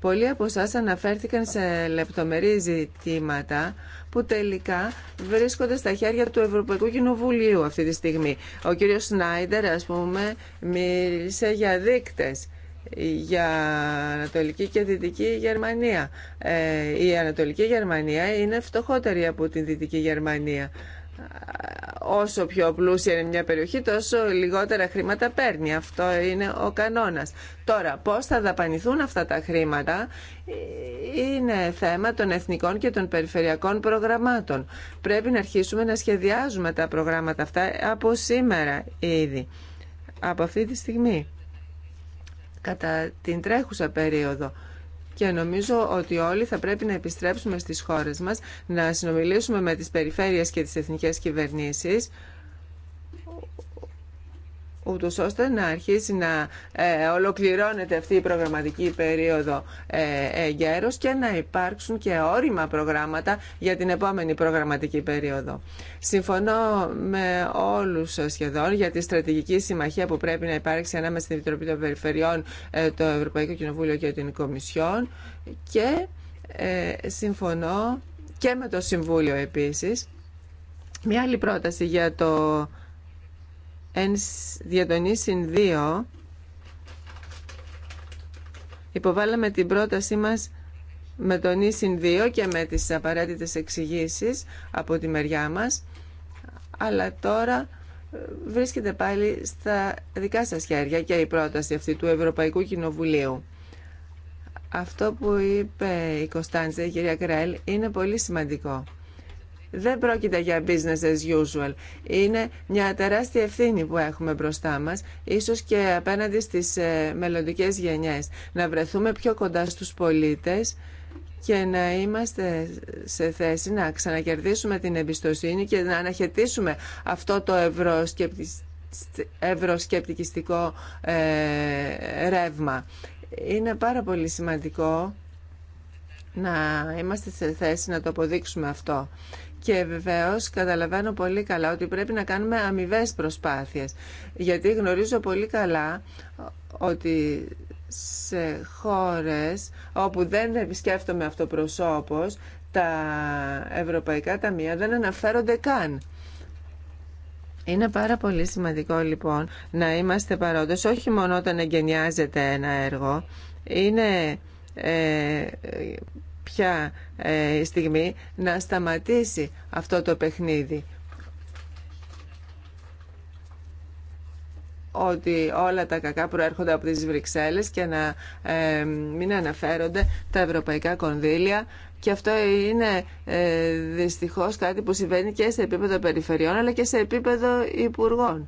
Πολλοί από εσά αναφέρθηκαν σε λεπτομερή ζητήματα που τελικά βρίσκονται στα χέρια του Ευρωπαϊκού Κοινοβουλίου αυτή τη στιγμή. Ο κύριος Σνάιντερ, ας πούμε, μίλησε για δείκτες για Ανατολική και Δυτική Γερμανία. Ε, η Ανατολική Γερμανία είναι φτωχότερη από την Δυτική Γερμανία όσο πιο πλούσια είναι μια περιοχή, τόσο λιγότερα χρήματα παίρνει. Αυτό είναι ο κανόνας. Τώρα, πώς θα δαπανηθούν αυτά τα χρήματα είναι θέμα των εθνικών και των περιφερειακών προγραμμάτων. Πρέπει να αρχίσουμε να σχεδιάζουμε τα προγράμματα αυτά από σήμερα ήδη, από αυτή τη στιγμή, κατά την τρέχουσα περίοδο και νομίζω ότι όλοι θα πρέπει να επιστρέψουμε στις χώρες μας, να συνομιλήσουμε με τις περιφέρειες και τις εθνικές κυβερνήσεις ούτω ώστε να αρχίσει να ε, ολοκληρώνεται αυτή η προγραμματική περίοδο ε, γέρο και να υπάρξουν και όριμα προγράμματα για την επόμενη προγραμματική περίοδο. Συμφωνώ με όλους σχεδόν για τη στρατηγική συμμαχία που πρέπει να υπάρξει ανάμεσα στην Επιτροπή των Περιφερειών, ε, το Ευρωπαϊκό Κοινοβούλιο και την Κομισιόν και συμφωνώ και με το Συμβούλιο επίσης. Μια άλλη πρόταση για το εν διατονή συν υποβάλαμε την πρότασή μας με τον ίσιν 2 και με τις απαραίτητες εξηγήσει από τη μεριά μας αλλά τώρα ε, βρίσκεται πάλι στα δικά σας χέρια και η πρόταση αυτή του Ευρωπαϊκού Κοινοβουλίου. Αυτό που είπε η Κωνσταντζέ η κυρία Κρέλ, είναι πολύ σημαντικό. Δεν πρόκειται για business as usual. Είναι μια τεράστια ευθύνη που έχουμε μπροστά μας, ίσως και απέναντι στις ε, μελλοντικέ γενιές. Να βρεθούμε πιο κοντά στους πολίτες και να είμαστε σε θέση να ξανακερδίσουμε την εμπιστοσύνη και να αναχαιτήσουμε αυτό το ευρωσκεπτικιστικό ε, ρεύμα. Είναι πάρα πολύ σημαντικό να είμαστε σε θέση να το αποδείξουμε αυτό. Και βεβαίω καταλαβαίνω πολύ καλά ότι πρέπει να κάνουμε αμοιβέ προσπάθειε. Γιατί γνωρίζω πολύ καλά ότι σε χώρες όπου δεν επισκέφτομαι αυτοπροσώπω, τα ευρωπαϊκά ταμεία δεν αναφέρονται καν. Είναι πάρα πολύ σημαντικό λοιπόν να είμαστε παρόντες, όχι μόνο όταν εγκαινιάζεται ένα έργο, είναι ε, πια ε, στιγμή να σταματήσει αυτό το παιχνίδι. ότι όλα τα κακά προέρχονται από τις Βρυξέλλες και να ε, μην αναφέρονται τα ευρωπαϊκά κονδύλια και αυτό είναι ε, δυστυχώς κάτι που συμβαίνει και σε επίπεδο περιφερειών αλλά και σε επίπεδο υπουργών.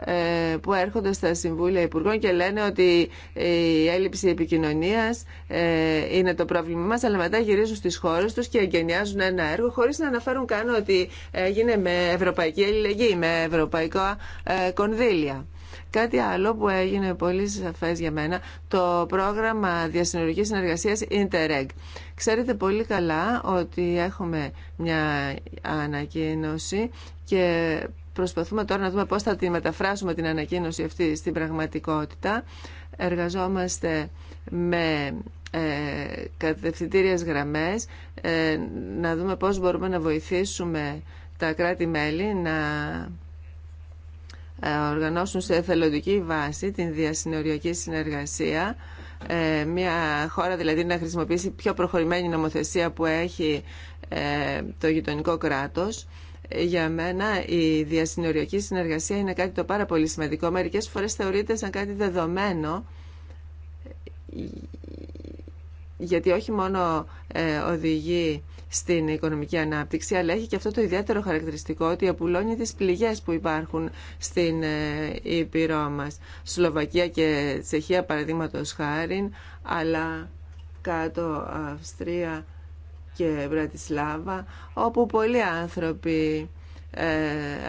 Ε, που έρχονται στα Συμβούλια Υπουργών και λένε ότι η έλλειψη επικοινωνίας ε, είναι το πρόβλημα μας, αλλά μετά γυρίζουν στις χώρες τους και εγκαινιάζουν ένα έργο χωρίς να αναφέρουν καν ότι έγινε με ευρωπαϊκή αλληλεγγύη, με ευρωπαϊκά ε, κονδύλια. Κάτι άλλο που έγινε πολύ σαφέ για μένα, το πρόγραμμα διασυνορικής συνεργασίας Interreg. Ξέρετε πολύ καλά ότι έχουμε μια ανακοίνωση και Προσπαθούμε τώρα να δούμε πώς θα τη μεταφράσουμε την ανακοίνωση αυτή στην πραγματικότητα. Εργαζόμαστε με ε, κατευθυντήριες γραμμές, ε, να δούμε πώς μπορούμε να βοηθήσουμε τα κράτη-μέλη να ε, οργανώσουν σε εθελοντική βάση την διασυνοριακή συνεργασία. Ε, μια χώρα δηλαδή να χρησιμοποιήσει πιο προχωρημένη νομοθεσία που έχει το γειτονικό κράτος για μένα η διασυνοριακή συνεργασία είναι κάτι το πάρα πολύ σημαντικό. Μερικές φορές θεωρείται σαν κάτι δεδομένο γιατί όχι μόνο ε, οδηγεί στην οικονομική ανάπτυξη, αλλά έχει και αυτό το ιδιαίτερο χαρακτηριστικό ότι απουλώνει τις πληγές που υπάρχουν στην ε, Ήπειρό μας. Σλοβακία και Τσεχία, παραδείγματο χάρη, αλλά κάτω Αυστρία, και Βρατισλάβα, όπου πολλοί άνθρωποι ε,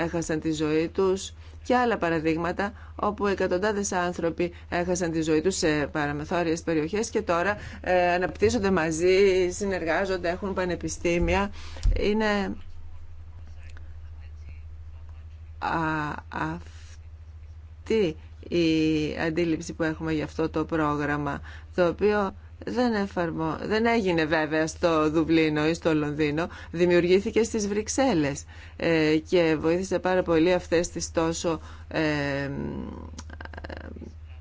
έχασαν τη ζωή τους και άλλα παραδείγματα όπου εκατοντάδες άνθρωποι έχασαν τη ζωή τους σε παραμεθόριες περιοχές και τώρα ε, αναπτύσσονται μαζί, συνεργάζονται, έχουν πανεπιστήμια. Είναι αυτή η αντίληψη που έχουμε για αυτό το πρόγραμμα, το οποίο δεν, εφαρμο... δεν έγινε βέβαια στο Δουβλίνο ή στο Λονδίνο, δημιουργήθηκε στις Βρυξέλλες ε, και βοήθησε πάρα πολύ αυτές τις τόσο ε, ε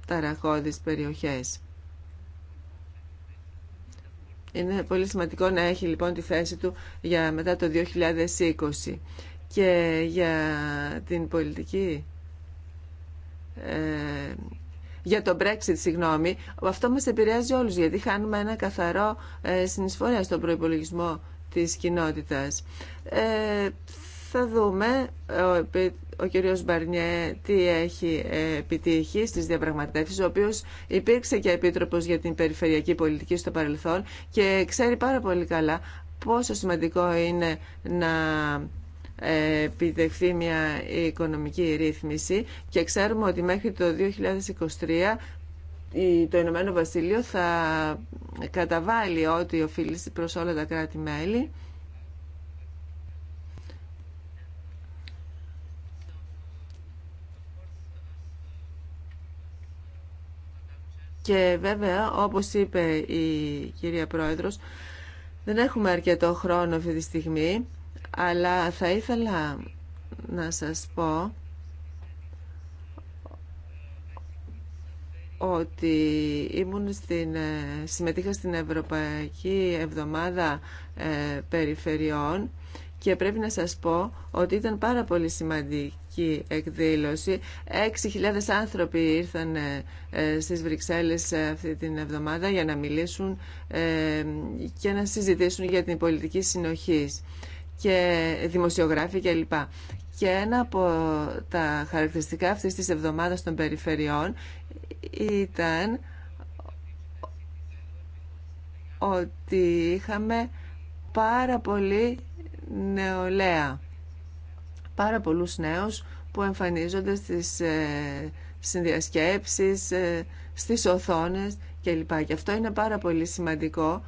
ταραχώδεις περιοχές. Είναι πολύ σημαντικό να έχει λοιπόν τη θέση του για μετά το 2020 και για την πολιτική ε, για το Brexit, συγγνώμη, αυτό μας επηρεάζει όλους, γιατί χάνουμε ένα καθαρό ε, συνεισφορία στον προϋπολογισμό της κοινότητας. Ε, θα δούμε ο, ο κύριος Μπαρνιέ τι έχει ε, επιτύχει στις διαπραγματεύσεις, ο οποίος υπήρξε και επίτροπος για την περιφερειακή πολιτική στο παρελθόν και ξέρει πάρα πολύ καλά πόσο σημαντικό είναι να επιτευχθεί μια οικονομική ρύθμιση και ξέρουμε ότι μέχρι το 2023 το Ηνωμένο Βασίλειο θα καταβάλει ό,τι οφείλει προς όλα τα κράτη-μέλη. Και βέβαια, όπως είπε η κυρία Πρόεδρος, δεν έχουμε αρκετό χρόνο αυτή τη στιγμή αλλά θα ήθελα να σας πω ότι ήμουν στην, ε, συμμετείχα στην Ευρωπαϊκή Εβδομάδα ε, Περιφερειών και πρέπει να σας πω ότι ήταν πάρα πολύ σημαντική εκδήλωση. 6.000 άνθρωποι ήρθαν ε, στις Βρυξέλλες αυτή την εβδομάδα για να μιλήσουν και να συζητήσουν για την πολιτική συνοχής και δημοσιογράφοι κλπ. Και ένα από τα χαρακτηριστικά αυτής της εβδομάδας των περιφερειών ήταν ότι είχαμε πάρα πολύ νεολαία. Πάρα πολλούς νέους που εμφανίζονται στις ε, συνδιασκέψεις, ε, στις οθόνες κλπ. Και αυτό είναι πάρα πολύ σημαντικό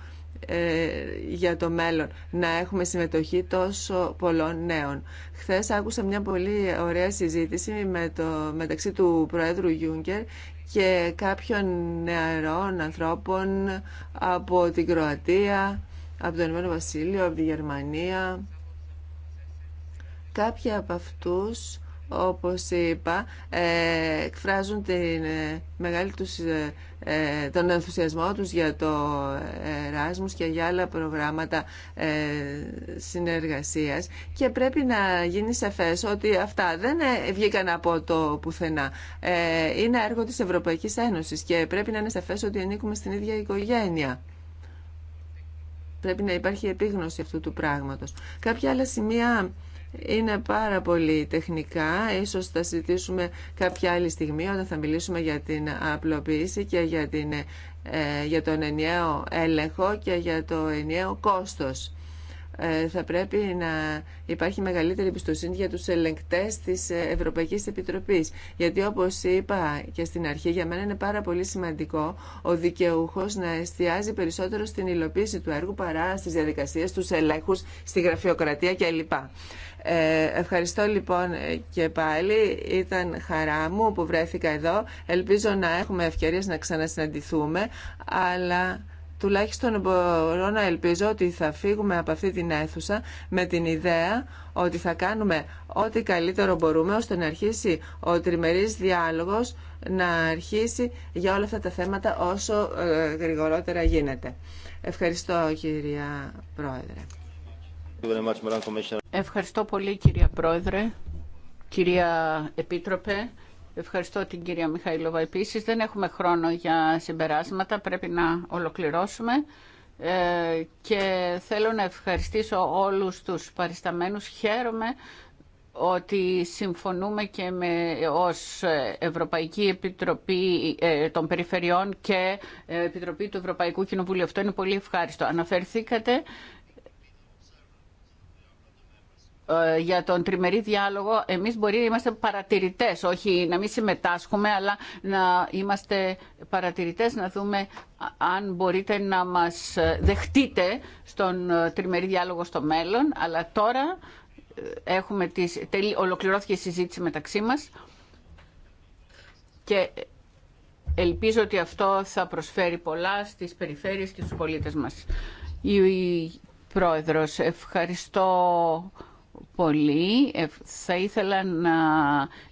ε, για το μέλλον να έχουμε συμμετοχή τόσο πολλών νέων. Χθε άκουσα μια πολύ ωραία συζήτηση με το, μεταξύ του Προέδρου Γιούγκερ και κάποιων νεαρών ανθρώπων από την Κροατία, από το Ηνωμένο Βασίλειο, από τη Γερμανία. Κάποιοι από αυτούς όπως είπα, ε, εκφράζουν την ε, μεγάλη τους, ε, τον ενθουσιασμό τους για το Εράσμους και για άλλα προγράμματα συνεργασίας και πρέπει να γίνει σαφές ότι αυτά δεν βγήκαν από το πουθενά. Είναι έργο της Ευρωπαϊκής Ένωσης και πρέπει να είναι σαφές ότι ανήκουμε στην ίδια οικογένεια. Πρέπει να υπάρχει επίγνωση αυτού του πράγματος. Κάποια άλλα σημεία είναι πάρα πολύ τεχνικά. Ίσως θα συζητήσουμε κάποια άλλη στιγμή όταν θα μιλήσουμε για την απλοποίηση και για, την, ε, για τον ενιαίο έλεγχο και για το ενιαίο κόστος. Ε, θα πρέπει να υπάρχει μεγαλύτερη εμπιστοσύνη για τους ελεγκτές της Ευρωπαϊκής Επιτροπής. Γιατί όπως είπα και στην αρχή, για μένα είναι πάρα πολύ σημαντικό ο δικαιούχος να εστιάζει περισσότερο στην υλοποίηση του έργου παρά στις διαδικασίες, στους ελέγχους, στη γραφειοκρατία κλπ. Ε, ευχαριστώ λοιπόν ε, και πάλι. Ήταν χαρά μου που βρέθηκα εδώ. Ελπίζω να έχουμε ευκαιρίες να ξανασυναντηθούμε, αλλά τουλάχιστον μπορώ να ελπίζω ότι θα φύγουμε από αυτή την αίθουσα με την ιδέα ότι θα κάνουμε ό,τι καλύτερο μπορούμε ώστε να αρχίσει ο τριμερής διάλογος να αρχίσει για όλα αυτά τα θέματα όσο ε, γρηγορότερα γίνεται. Ευχαριστώ κυρία Πρόεδρε. Ευχαριστώ πολύ κυρία Πρόεδρε, κυρία Επίτροπε. Ευχαριστώ την κυρία Μιχαηλόβα επίσης. Δεν έχουμε χρόνο για συμπεράσματα, πρέπει να ολοκληρώσουμε. Ε, και θέλω να ευχαριστήσω όλους τους παρισταμένους. Χαίρομαι ότι συμφωνούμε και με, ως Ευρωπαϊκή Επιτροπή ε, των Περιφερειών και ε, Επιτροπή του Ευρωπαϊκού Κοινοβουλίου. Αυτό είναι πολύ ευχάριστο. Αναφερθήκατε ε, για τον τριμερή διάλογο εμείς μπορεί να είμαστε παρατηρητές, όχι να μην συμμετάσχουμε, αλλά να είμαστε παρατηρητές, να δούμε αν μπορείτε να μας ε, δεχτείτε στον ε, τριμερή διάλογο στο μέλλον, αλλά τώρα έχουμε τις, ολοκληρώθηκε η συζήτηση μεταξύ μας και ελπίζω ότι αυτό θα προσφέρει πολλά στις περιφέρειες και στους πολίτες μας. Η Πρόεδρος, ευχαριστώ πολύ. Θα ήθελα να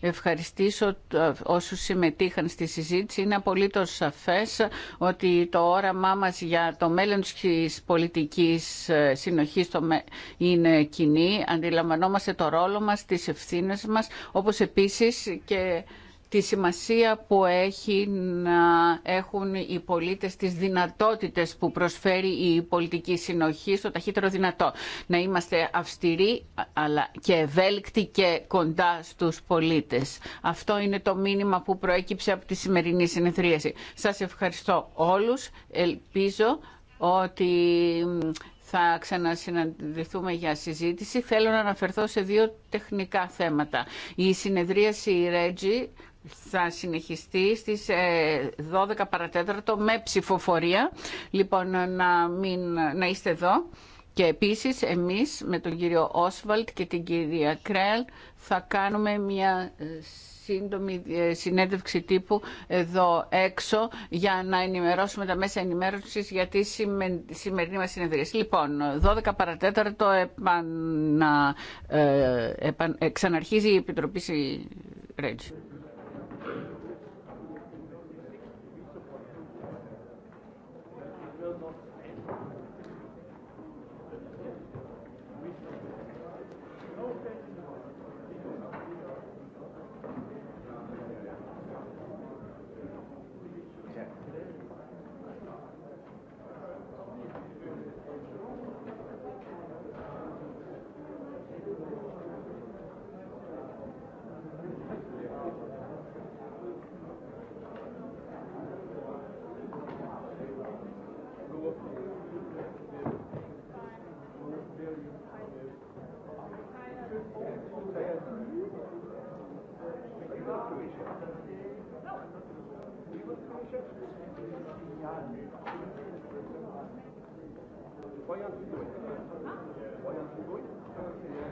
ευχαριστήσω όσους συμμετείχαν στη συζήτηση. Είναι απολύτως σαφές ότι το όραμά μας για το μέλλον της πολιτικής ε, συνοχής είναι κοινή. Αντιλαμβανόμαστε το ρόλο μας, τις ευθύνες μας, όπως επίσης και τη σημασία που έχει να έχουν οι πολίτες τις δυνατότητες που προσφέρει η πολιτική συνοχή στο ταχύτερο δυνατό. Να είμαστε αυστηροί αλλά και ευέλικτοι και κοντά στους πολίτες. Αυτό είναι το μήνυμα που προέκυψε από τη σημερινή συνεδρίαση. Σας ευχαριστώ όλους. Ελπίζω ότι θα ξανασυναντηθούμε για συζήτηση. Θέλω να αναφερθώ σε δύο τεχνικά θέματα. Η συνεδρίαση Ρέτζι θα συνεχιστεί στις 12 ε, παρατέταρτο με ψηφοφορία. Λοιπόν, να, μην, να είστε εδώ. Και επίσης εμείς με τον κύριο Όσβαλτ και την κυρία Κρέλ θα κάνουμε μια ε, σύντομη ε, συνέντευξη τύπου εδώ έξω για να ενημερώσουμε τα μέσα ενημέρωσης για τη σημερινή μας συνεδρία. Λοιπόν, 12 παρατέταρτο ε, επαν, ξαναρχίζει η Επιτροπή Υπότιτλοι AUTHORWAVE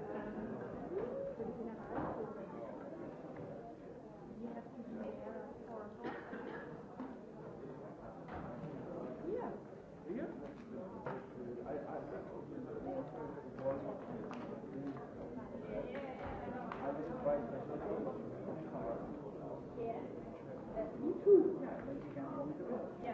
Yeah.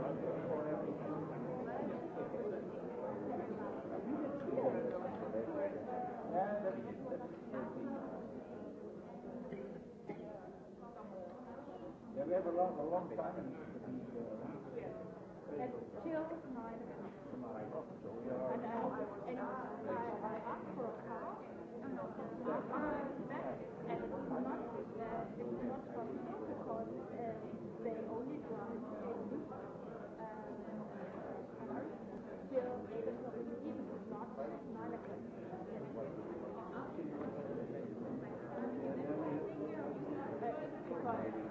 we have a a long time. Thank you.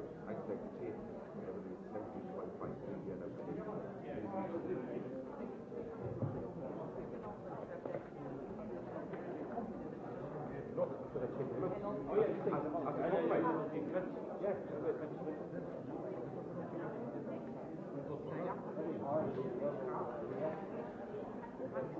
Thank you.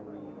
AUTHORWAVE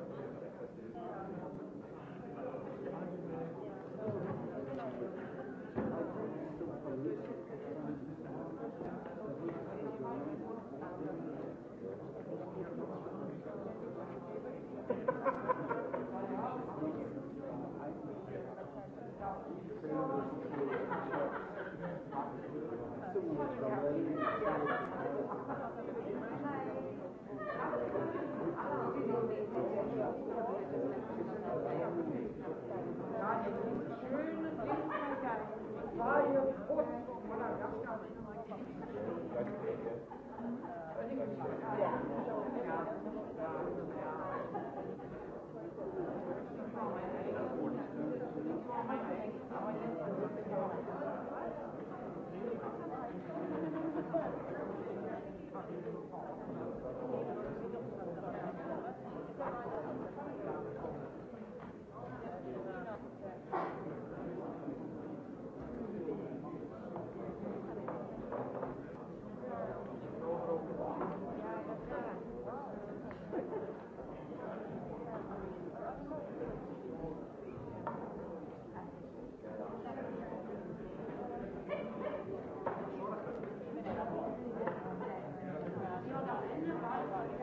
Ja, Thank you. Thank you.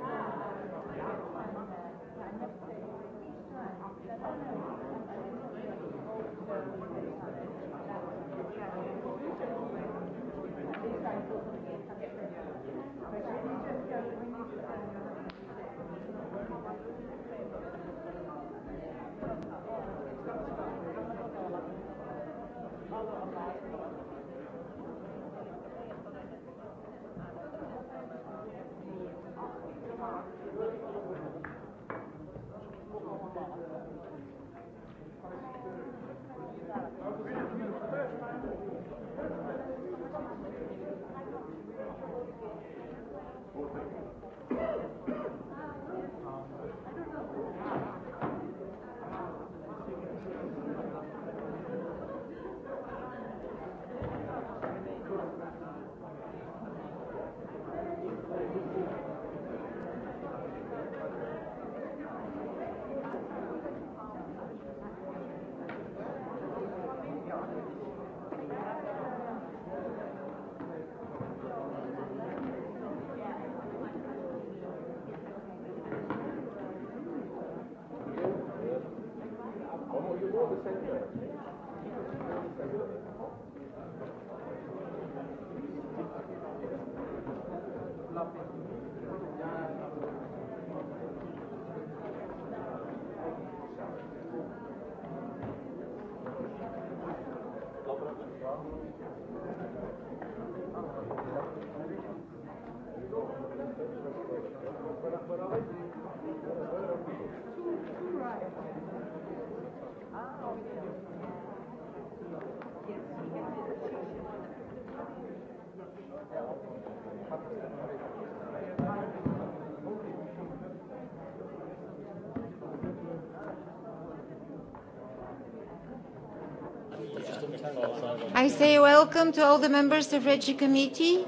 I say welcome to all the members of Committee.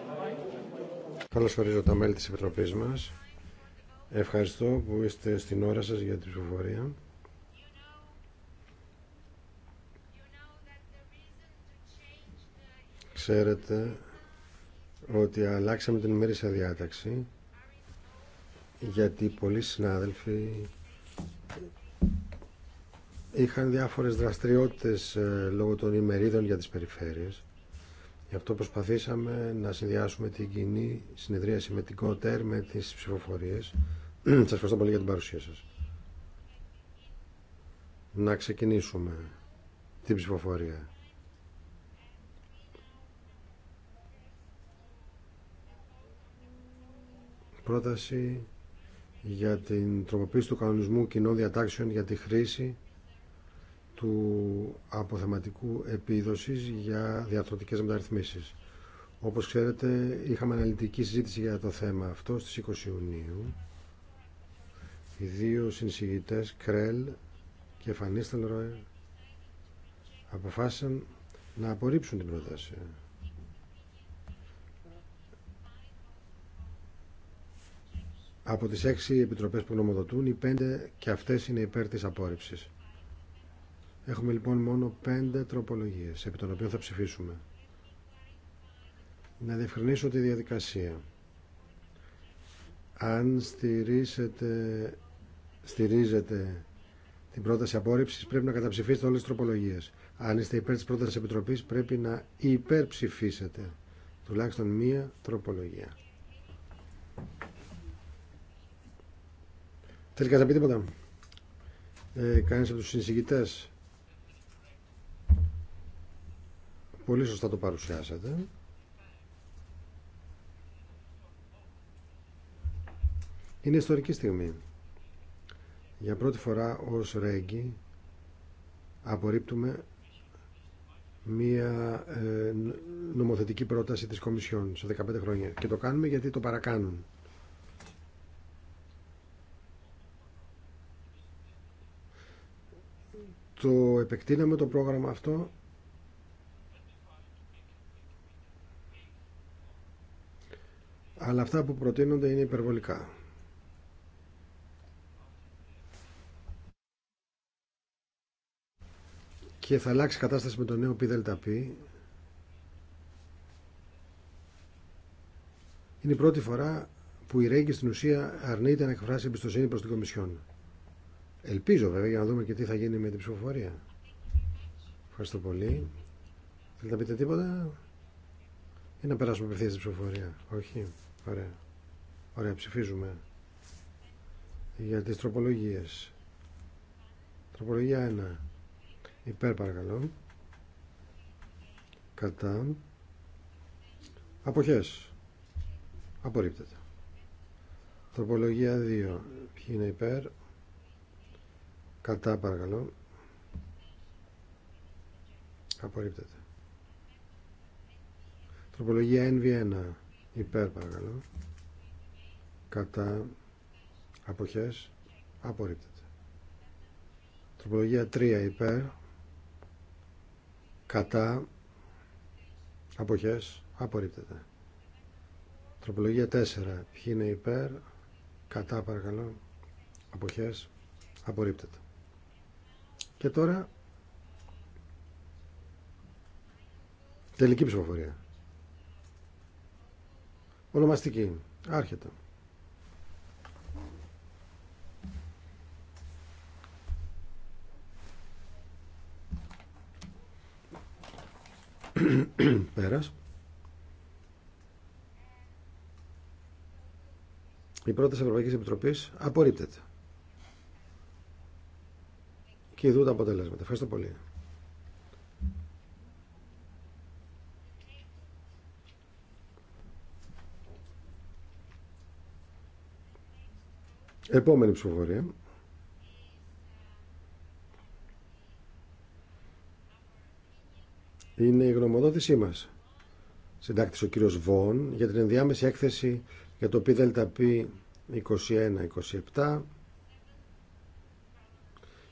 Καλώς ορίζω τα μέλη της Επιτροπής μας. Ευχαριστώ που είστε στην ώρα σας για την ψηφοφορία. Ξέρετε ότι αλλάξαμε την ημέρησα διάταξη γιατί πολλοί συνάδελφοι είχαν διάφορες δραστηριότητες ε, λόγω των ημερίδων για τις περιφέρειες. Γι' αυτό προσπαθήσαμε να συνδυάσουμε την κοινή συνεδρίαση με την με τις ψηφοφορίες. σας ευχαριστώ πολύ για την παρουσία σας. Να ξεκινήσουμε την ψηφοφορία. Πρόταση για την τροποποίηση του κανονισμού κοινών διατάξεων για τη χρήση του αποθεματικού επίδοσης για διαρθρωτικές μεταρρυθμίσεις. Όπως ξέρετε, είχαμε αναλυτική συζήτηση για το θέμα αυτό στις 20 Ιουνίου. Οι δύο συνσηγητές, Κρέλ και Ροε, αποφάσισαν να απορρίψουν την πρόταση. Από τις έξι επιτροπές που νομοδοτούν, οι πέντε και αυτές είναι υπέρ της απόρριψης. Έχουμε λοιπόν μόνο πέντε τροπολογίες επί των οποίων θα ψηφίσουμε. Να διευκρινίσω τη διαδικασία. Αν στηρίζετε, στηρίζετε την πρόταση απόρριψης πρέπει να καταψηφίσετε όλες τις τροπολογίες. Αν είστε υπέρ της πρότασης επιτροπής πρέπει να υπερψηφίσετε τουλάχιστον μία τροπολογία. Θέλει να πει τίποτα. Ε, Κανεί από του συνεισηγητέ Πολύ σωστά το παρουσιάσατε. Είναι ιστορική στιγμή. Για πρώτη φορά ως Ρέγγι απορρίπτουμε μία ε, νομοθετική πρόταση της Κομισιόν σε 15 χρόνια. Και το κάνουμε γιατί το παρακάνουν. Το επεκτείναμε το πρόγραμμα αυτό αλλά αυτά που προτείνονται είναι υπερβολικά. Και θα αλλάξει η κατάσταση με το νέο πι. Είναι η πρώτη φορά που η Ρέγκη στην ουσία αρνείται να εκφράσει εμπιστοσύνη προς την Κομισιόν. Ελπίζω βέβαια για να δούμε και τι θα γίνει με την ψηφοφορία. Ευχαριστώ πολύ. Θέλετε να πείτε τίποτα ή να περάσουμε απευθείας στην ψηφοφορία. Όχι. Ωραία. Ωραία, ψηφίζουμε για τις τροπολογίες. Τροπολογία 1. Υπέρ παρακαλώ. Κατά. Αποχές. Απορρίπτεται. Τροπολογία 2. Ποιοι είναι υπέρ. Κατά παρακαλώ. Απορρίπτεται. Τροπολογία NV1 υπέρ παρακαλώ κατά αποχές απορρίπτεται τροπολογία 3 υπέρ κατά αποχές απορρίπτεται τροπολογία 4 ποιοι είναι υπέρ κατά παρακαλώ αποχές απορρίπτεται και τώρα τελική ψηφοφορία Ονομαστική. Άρχεται. Πέρας. Η πρόταση Ευρωπαϊκής Επιτροπής απορρίπτεται. Και δούμε τα αποτελέσματα. Ευχαριστώ πολύ. Επόμενη ψηφοφορία. Είναι η γνωμοδότησή μα. Συντάκτης ο κύριος Βόν για την ενδιάμεση έκθεση για το ΠΔΠ 21-27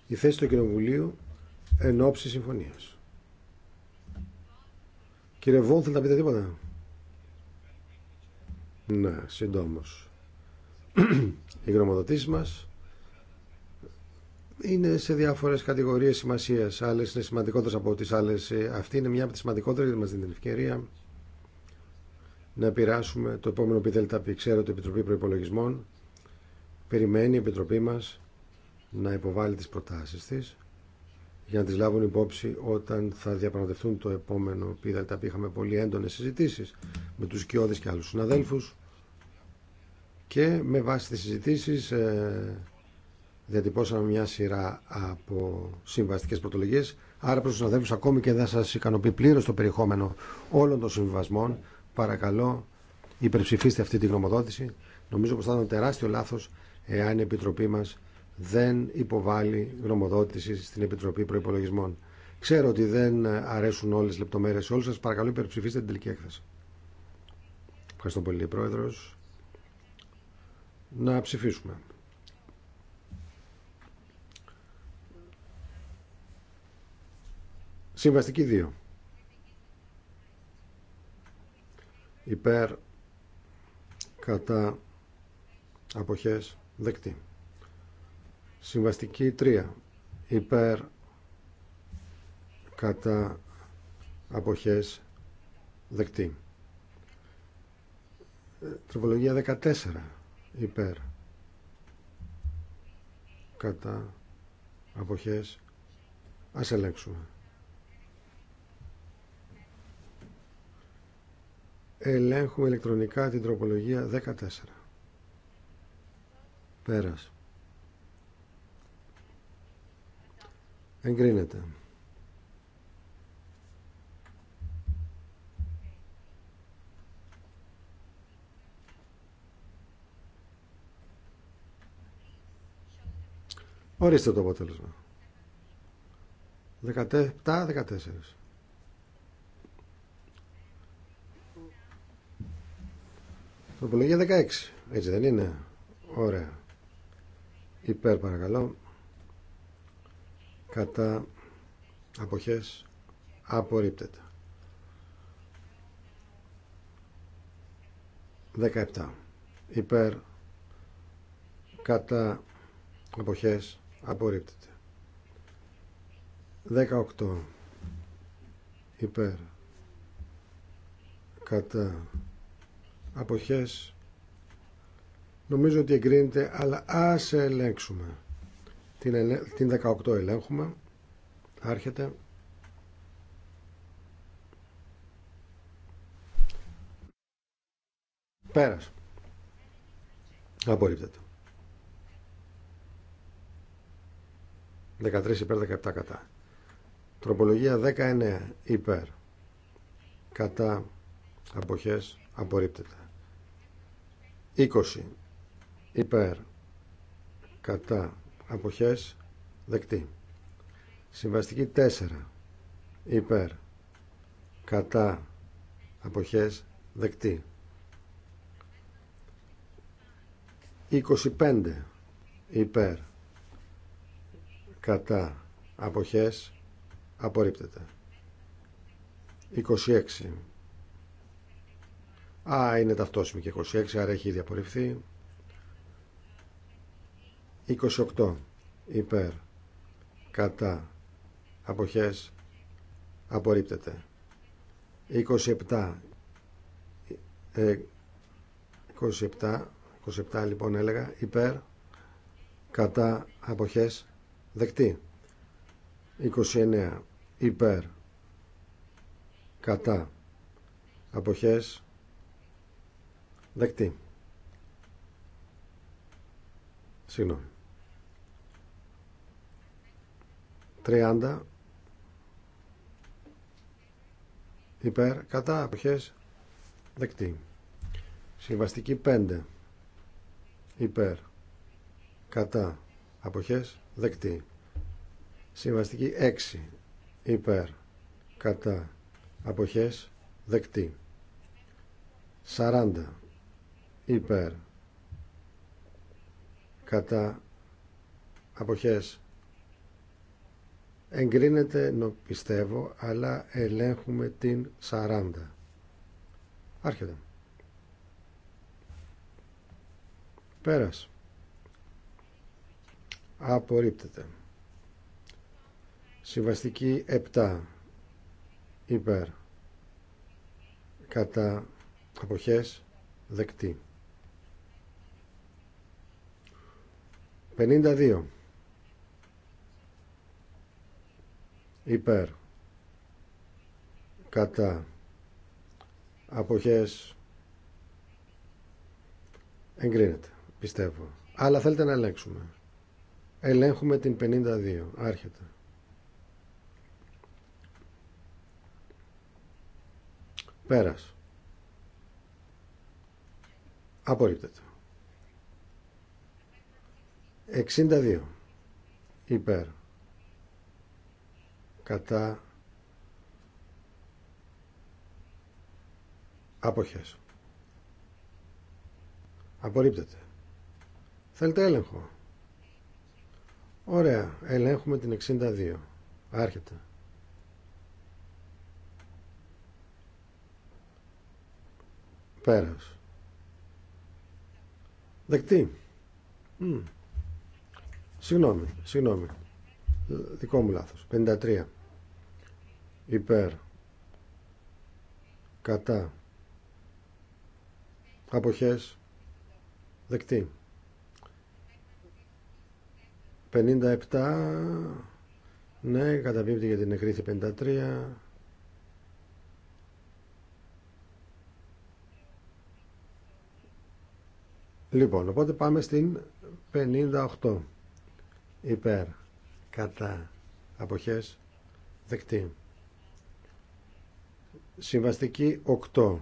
η θέση του Κοινοβουλίου εν ώψη συμφωνίας. Κύριε Βόν, θέλετε να πείτε τίποτα. Ναι, συντόμως. Οι γνωμοδοτήσεις μας είναι σε διάφορες κατηγορίες σημασίας. Άλλε είναι σημαντικότερες από τις άλλε. Ε, αυτή είναι μια από τις σημαντικότερες γιατί μας δίνει την ευκαιρία να πειράσουμε το επόμενο που Ξέρω ότι η Επιτροπή Προϋπολογισμών περιμένει η Επιτροπή μας να υποβάλει τις προτάσεις της για να τις λάβουν υπόψη όταν θα διαπραγματευτούν το επόμενο που Είχαμε πολύ έντονες συζητήσεις με τους Κιώδης και άλλους συναδέλφους και με βάση τις συζητήσεις ε, διατυπώσαμε μια σειρά από συμβαστικές πρωτολογίες άρα προς τους αδέλφους ακόμη και δεν σας ικανοποιεί πλήρως το περιεχόμενο όλων των συμβασμών παρακαλώ υπερψηφίστε αυτή τη γνωμοδότηση νομίζω πως θα ήταν τεράστιο λάθος εάν η Επιτροπή μας δεν υποβάλλει γνωμοδότηση στην Επιτροπή Προϋπολογισμών Ξέρω ότι δεν αρέσουν όλες τις λεπτομέρειες σε όλους σας. Παρακαλώ υπερψηφίστε την τελική έκθεση. Ευχαριστώ πολύ, Πρόεδρος να ψηφίσουμε. Συμβαστική 2. Υπέρ κατά αποχές δεκτή. Συμβαστική 3. Υπέρ κατά αποχές δεκτή. Ε, τροπολογία 14 υπέρ κατά αποχές ας ελέγξουμε ελέγχουμε ηλεκτρονικά την τροπολογία 14 πέρας εγκρίνεται Ορίστε το αποτέλεσμα. 17-14. Τροπολογία 16. Έτσι δεν είναι. Ωραία. Υπέρ παρακαλώ. Κατά αποχές απορρίπτεται. 17. Υπέρ κατά αποχές Απορρίπτεται. 18 υπέρ κατά αποχές νομίζω ότι εγκρίνεται αλλά ας ελέγξουμε την, την 18 ελέγχουμε άρχεται πέρας απορρίπτεται 13 υπέρ 17 κατά. Τροπολογία 19 υπέρ κατά αποχές απορρίπτεται. 20 υπέρ κατά αποχές δεκτή. Συμβαστική 4 υπέρ κατά αποχές δεκτή. 25 υπέρ κατά αποχές απορρίπτεται 26 Α, είναι ταυτόσιμη και 26, άρα έχει ήδη απορριφθεί. 28. Υπέρ. Κατά. Αποχές. Απορρίπτεται. 27. Ε, 27. 27 λοιπόν έλεγα. Υπέρ. Κατά. Αποχές. Δεκτή. 29. Υπέρ. Κατά. Αποχές. Δεκτή. Συγγνώμη. 30. Υπέρ. Κατά. Αποχές. Δεκτή. Συμβαστική 5. Υπέρ. Κατά. Αποχές δεκτή. Συμβαστική 6 υπέρ κατά αποχές δεκτή. 40 υπέρ κατά αποχές εγκρίνεται πιστεύω αλλά ελέγχουμε την 40 άρχεται πέρας απορρίπτεται συμβαστική 7 υπέρ κατά αποχές δεκτή 52 υπέρ κατά αποχές εγκρίνεται πιστεύω αλλά θέλετε να ελέγξουμε Ελέγχουμε την 52. Άρχεται. Πέρας. Απορρίπτεται. 62. Υπέρ. Κατά. Αποχές. Απορρίπτεται. Θέλετε έλεγχο. Ωραία, ελέγχουμε την 62. Άρχεται. Πέρας. Δεκτή. Mm. Συγγνώμη, συγγνώμη. Δικό μου λάθος. 53. Υπέρ. Κατά. Αποχές. Δεκτή. 57 ναι καταπίπτει για την εκρήθη 53 Λοιπόν, οπότε πάμε στην 58 υπέρ κατά αποχές δεκτή συμβαστική 8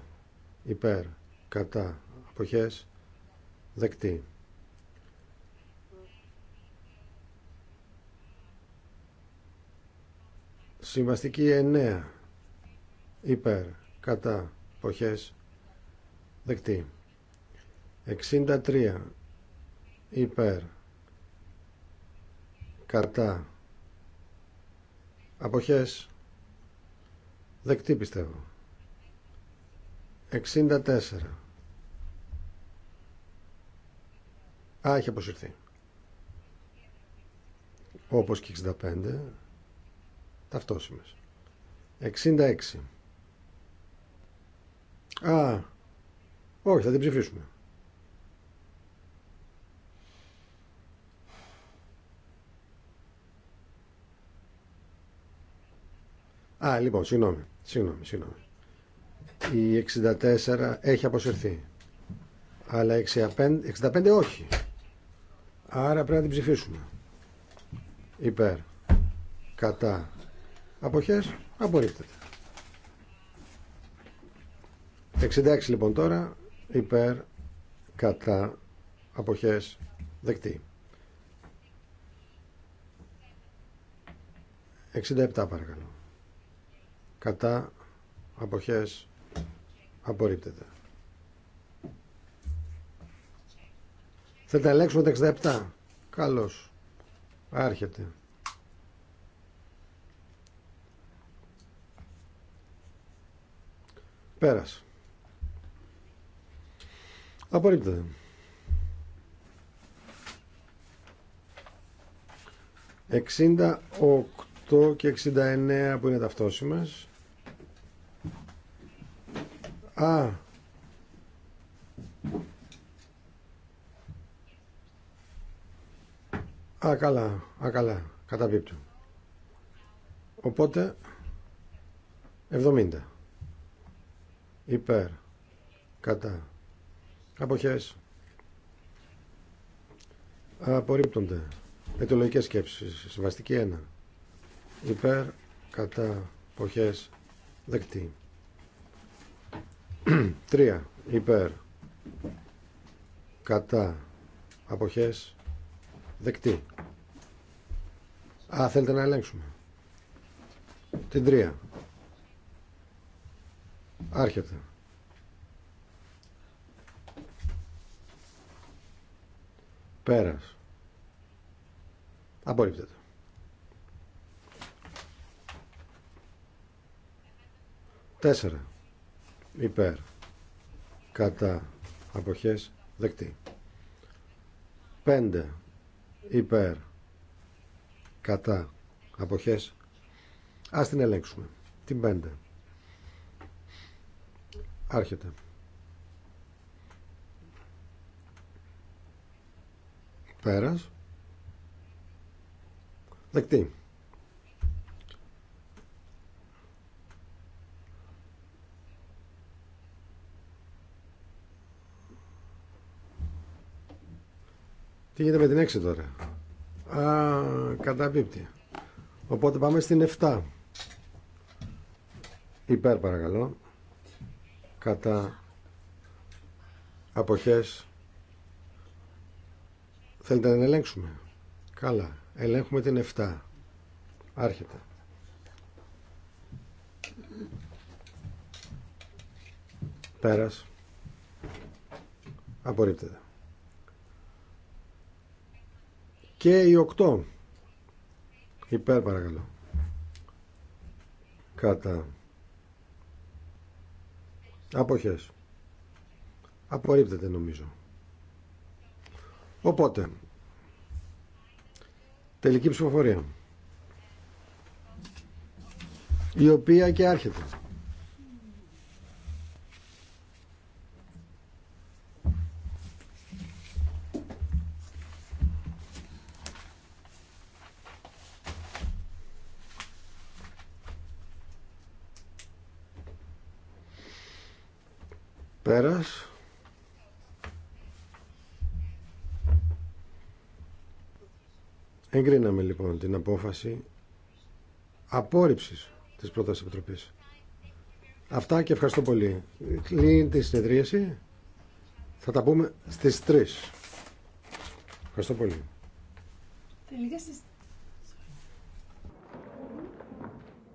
υπέρ κατά αποχές δεκτή Συμβαστική 9 υπέρ κατά Ποχές. δεκτή. 63 υπέρ κατά αποχές δεκτή πιστεύω. 64 Α, έχει αποσυρθεί. Όπως και 65 ταυτόσιμες 66 α όχι θα την ψηφίσουμε Α, λοιπόν, συγγνώμη, συγγνώμη, συγγνώμη. Η 64 έχει αποσυρθεί. Αλλά 65, 65 όχι. Άρα πρέπει να την ψηφίσουμε. Υπέρ. Κατά. Αποχές απορρίπτεται. 66 λοιπόν τώρα υπέρ κατά αποχές δεκτή. 67 παρακαλώ. Κατά αποχές απορρίπτεται. Θέλετε να ελέγξουμε τα 67. Καλώς. Άρχεται. Πέρας. Απορρίπτεται. 68 και 69 που είναι ταυτόσιμες. Α, Α, καλά, α, καλά, καταπίπτουν. Οπότε, 70 υπέρ κατά αποχές απορρίπτονται αιτιολογικές σκέψεις συμβαστική 1 υπέρ κατά αποχές δεκτή 3 υπέρ κατά αποχές δεκτή Α, θέλετε να ελέγξουμε την 3 Άρχεται. Πέρας. Απορρίπτεται. Τέσσερα. Υπέρ. Κατά. Αποχές. Δεκτή. Πέντε. Υπέρ. Κατά. Αποχές. Ας την ελέγξουμε. Την πέντε. Άρχεται. Πέρας. Δεκτή. Τι γίνεται με την έξι τώρα. Α, καταπίπτει. Οπότε πάμε στην 7. Υπέρ παρακαλώ κατά αποχές θέλετε να την ελέγξουμε καλά ελέγχουμε την 7 άρχεται πέρας απορρίπτεται και η 8 υπέρ παρακαλώ κατά Αποχές. Απορρίπτεται νομίζω. Οπότε, τελική ψηφοφορία. Η οποία και άρχεται. Πέρας. Εγκρίναμε λοιπόν την απόφαση απόρριψης της πρότασης Επιτροπής. Αυτά και ευχαριστώ πολύ. Κλείνει τη συνεδρίαση. Θα τα πούμε στις 3. Ευχαριστώ πολύ. Τελικά στις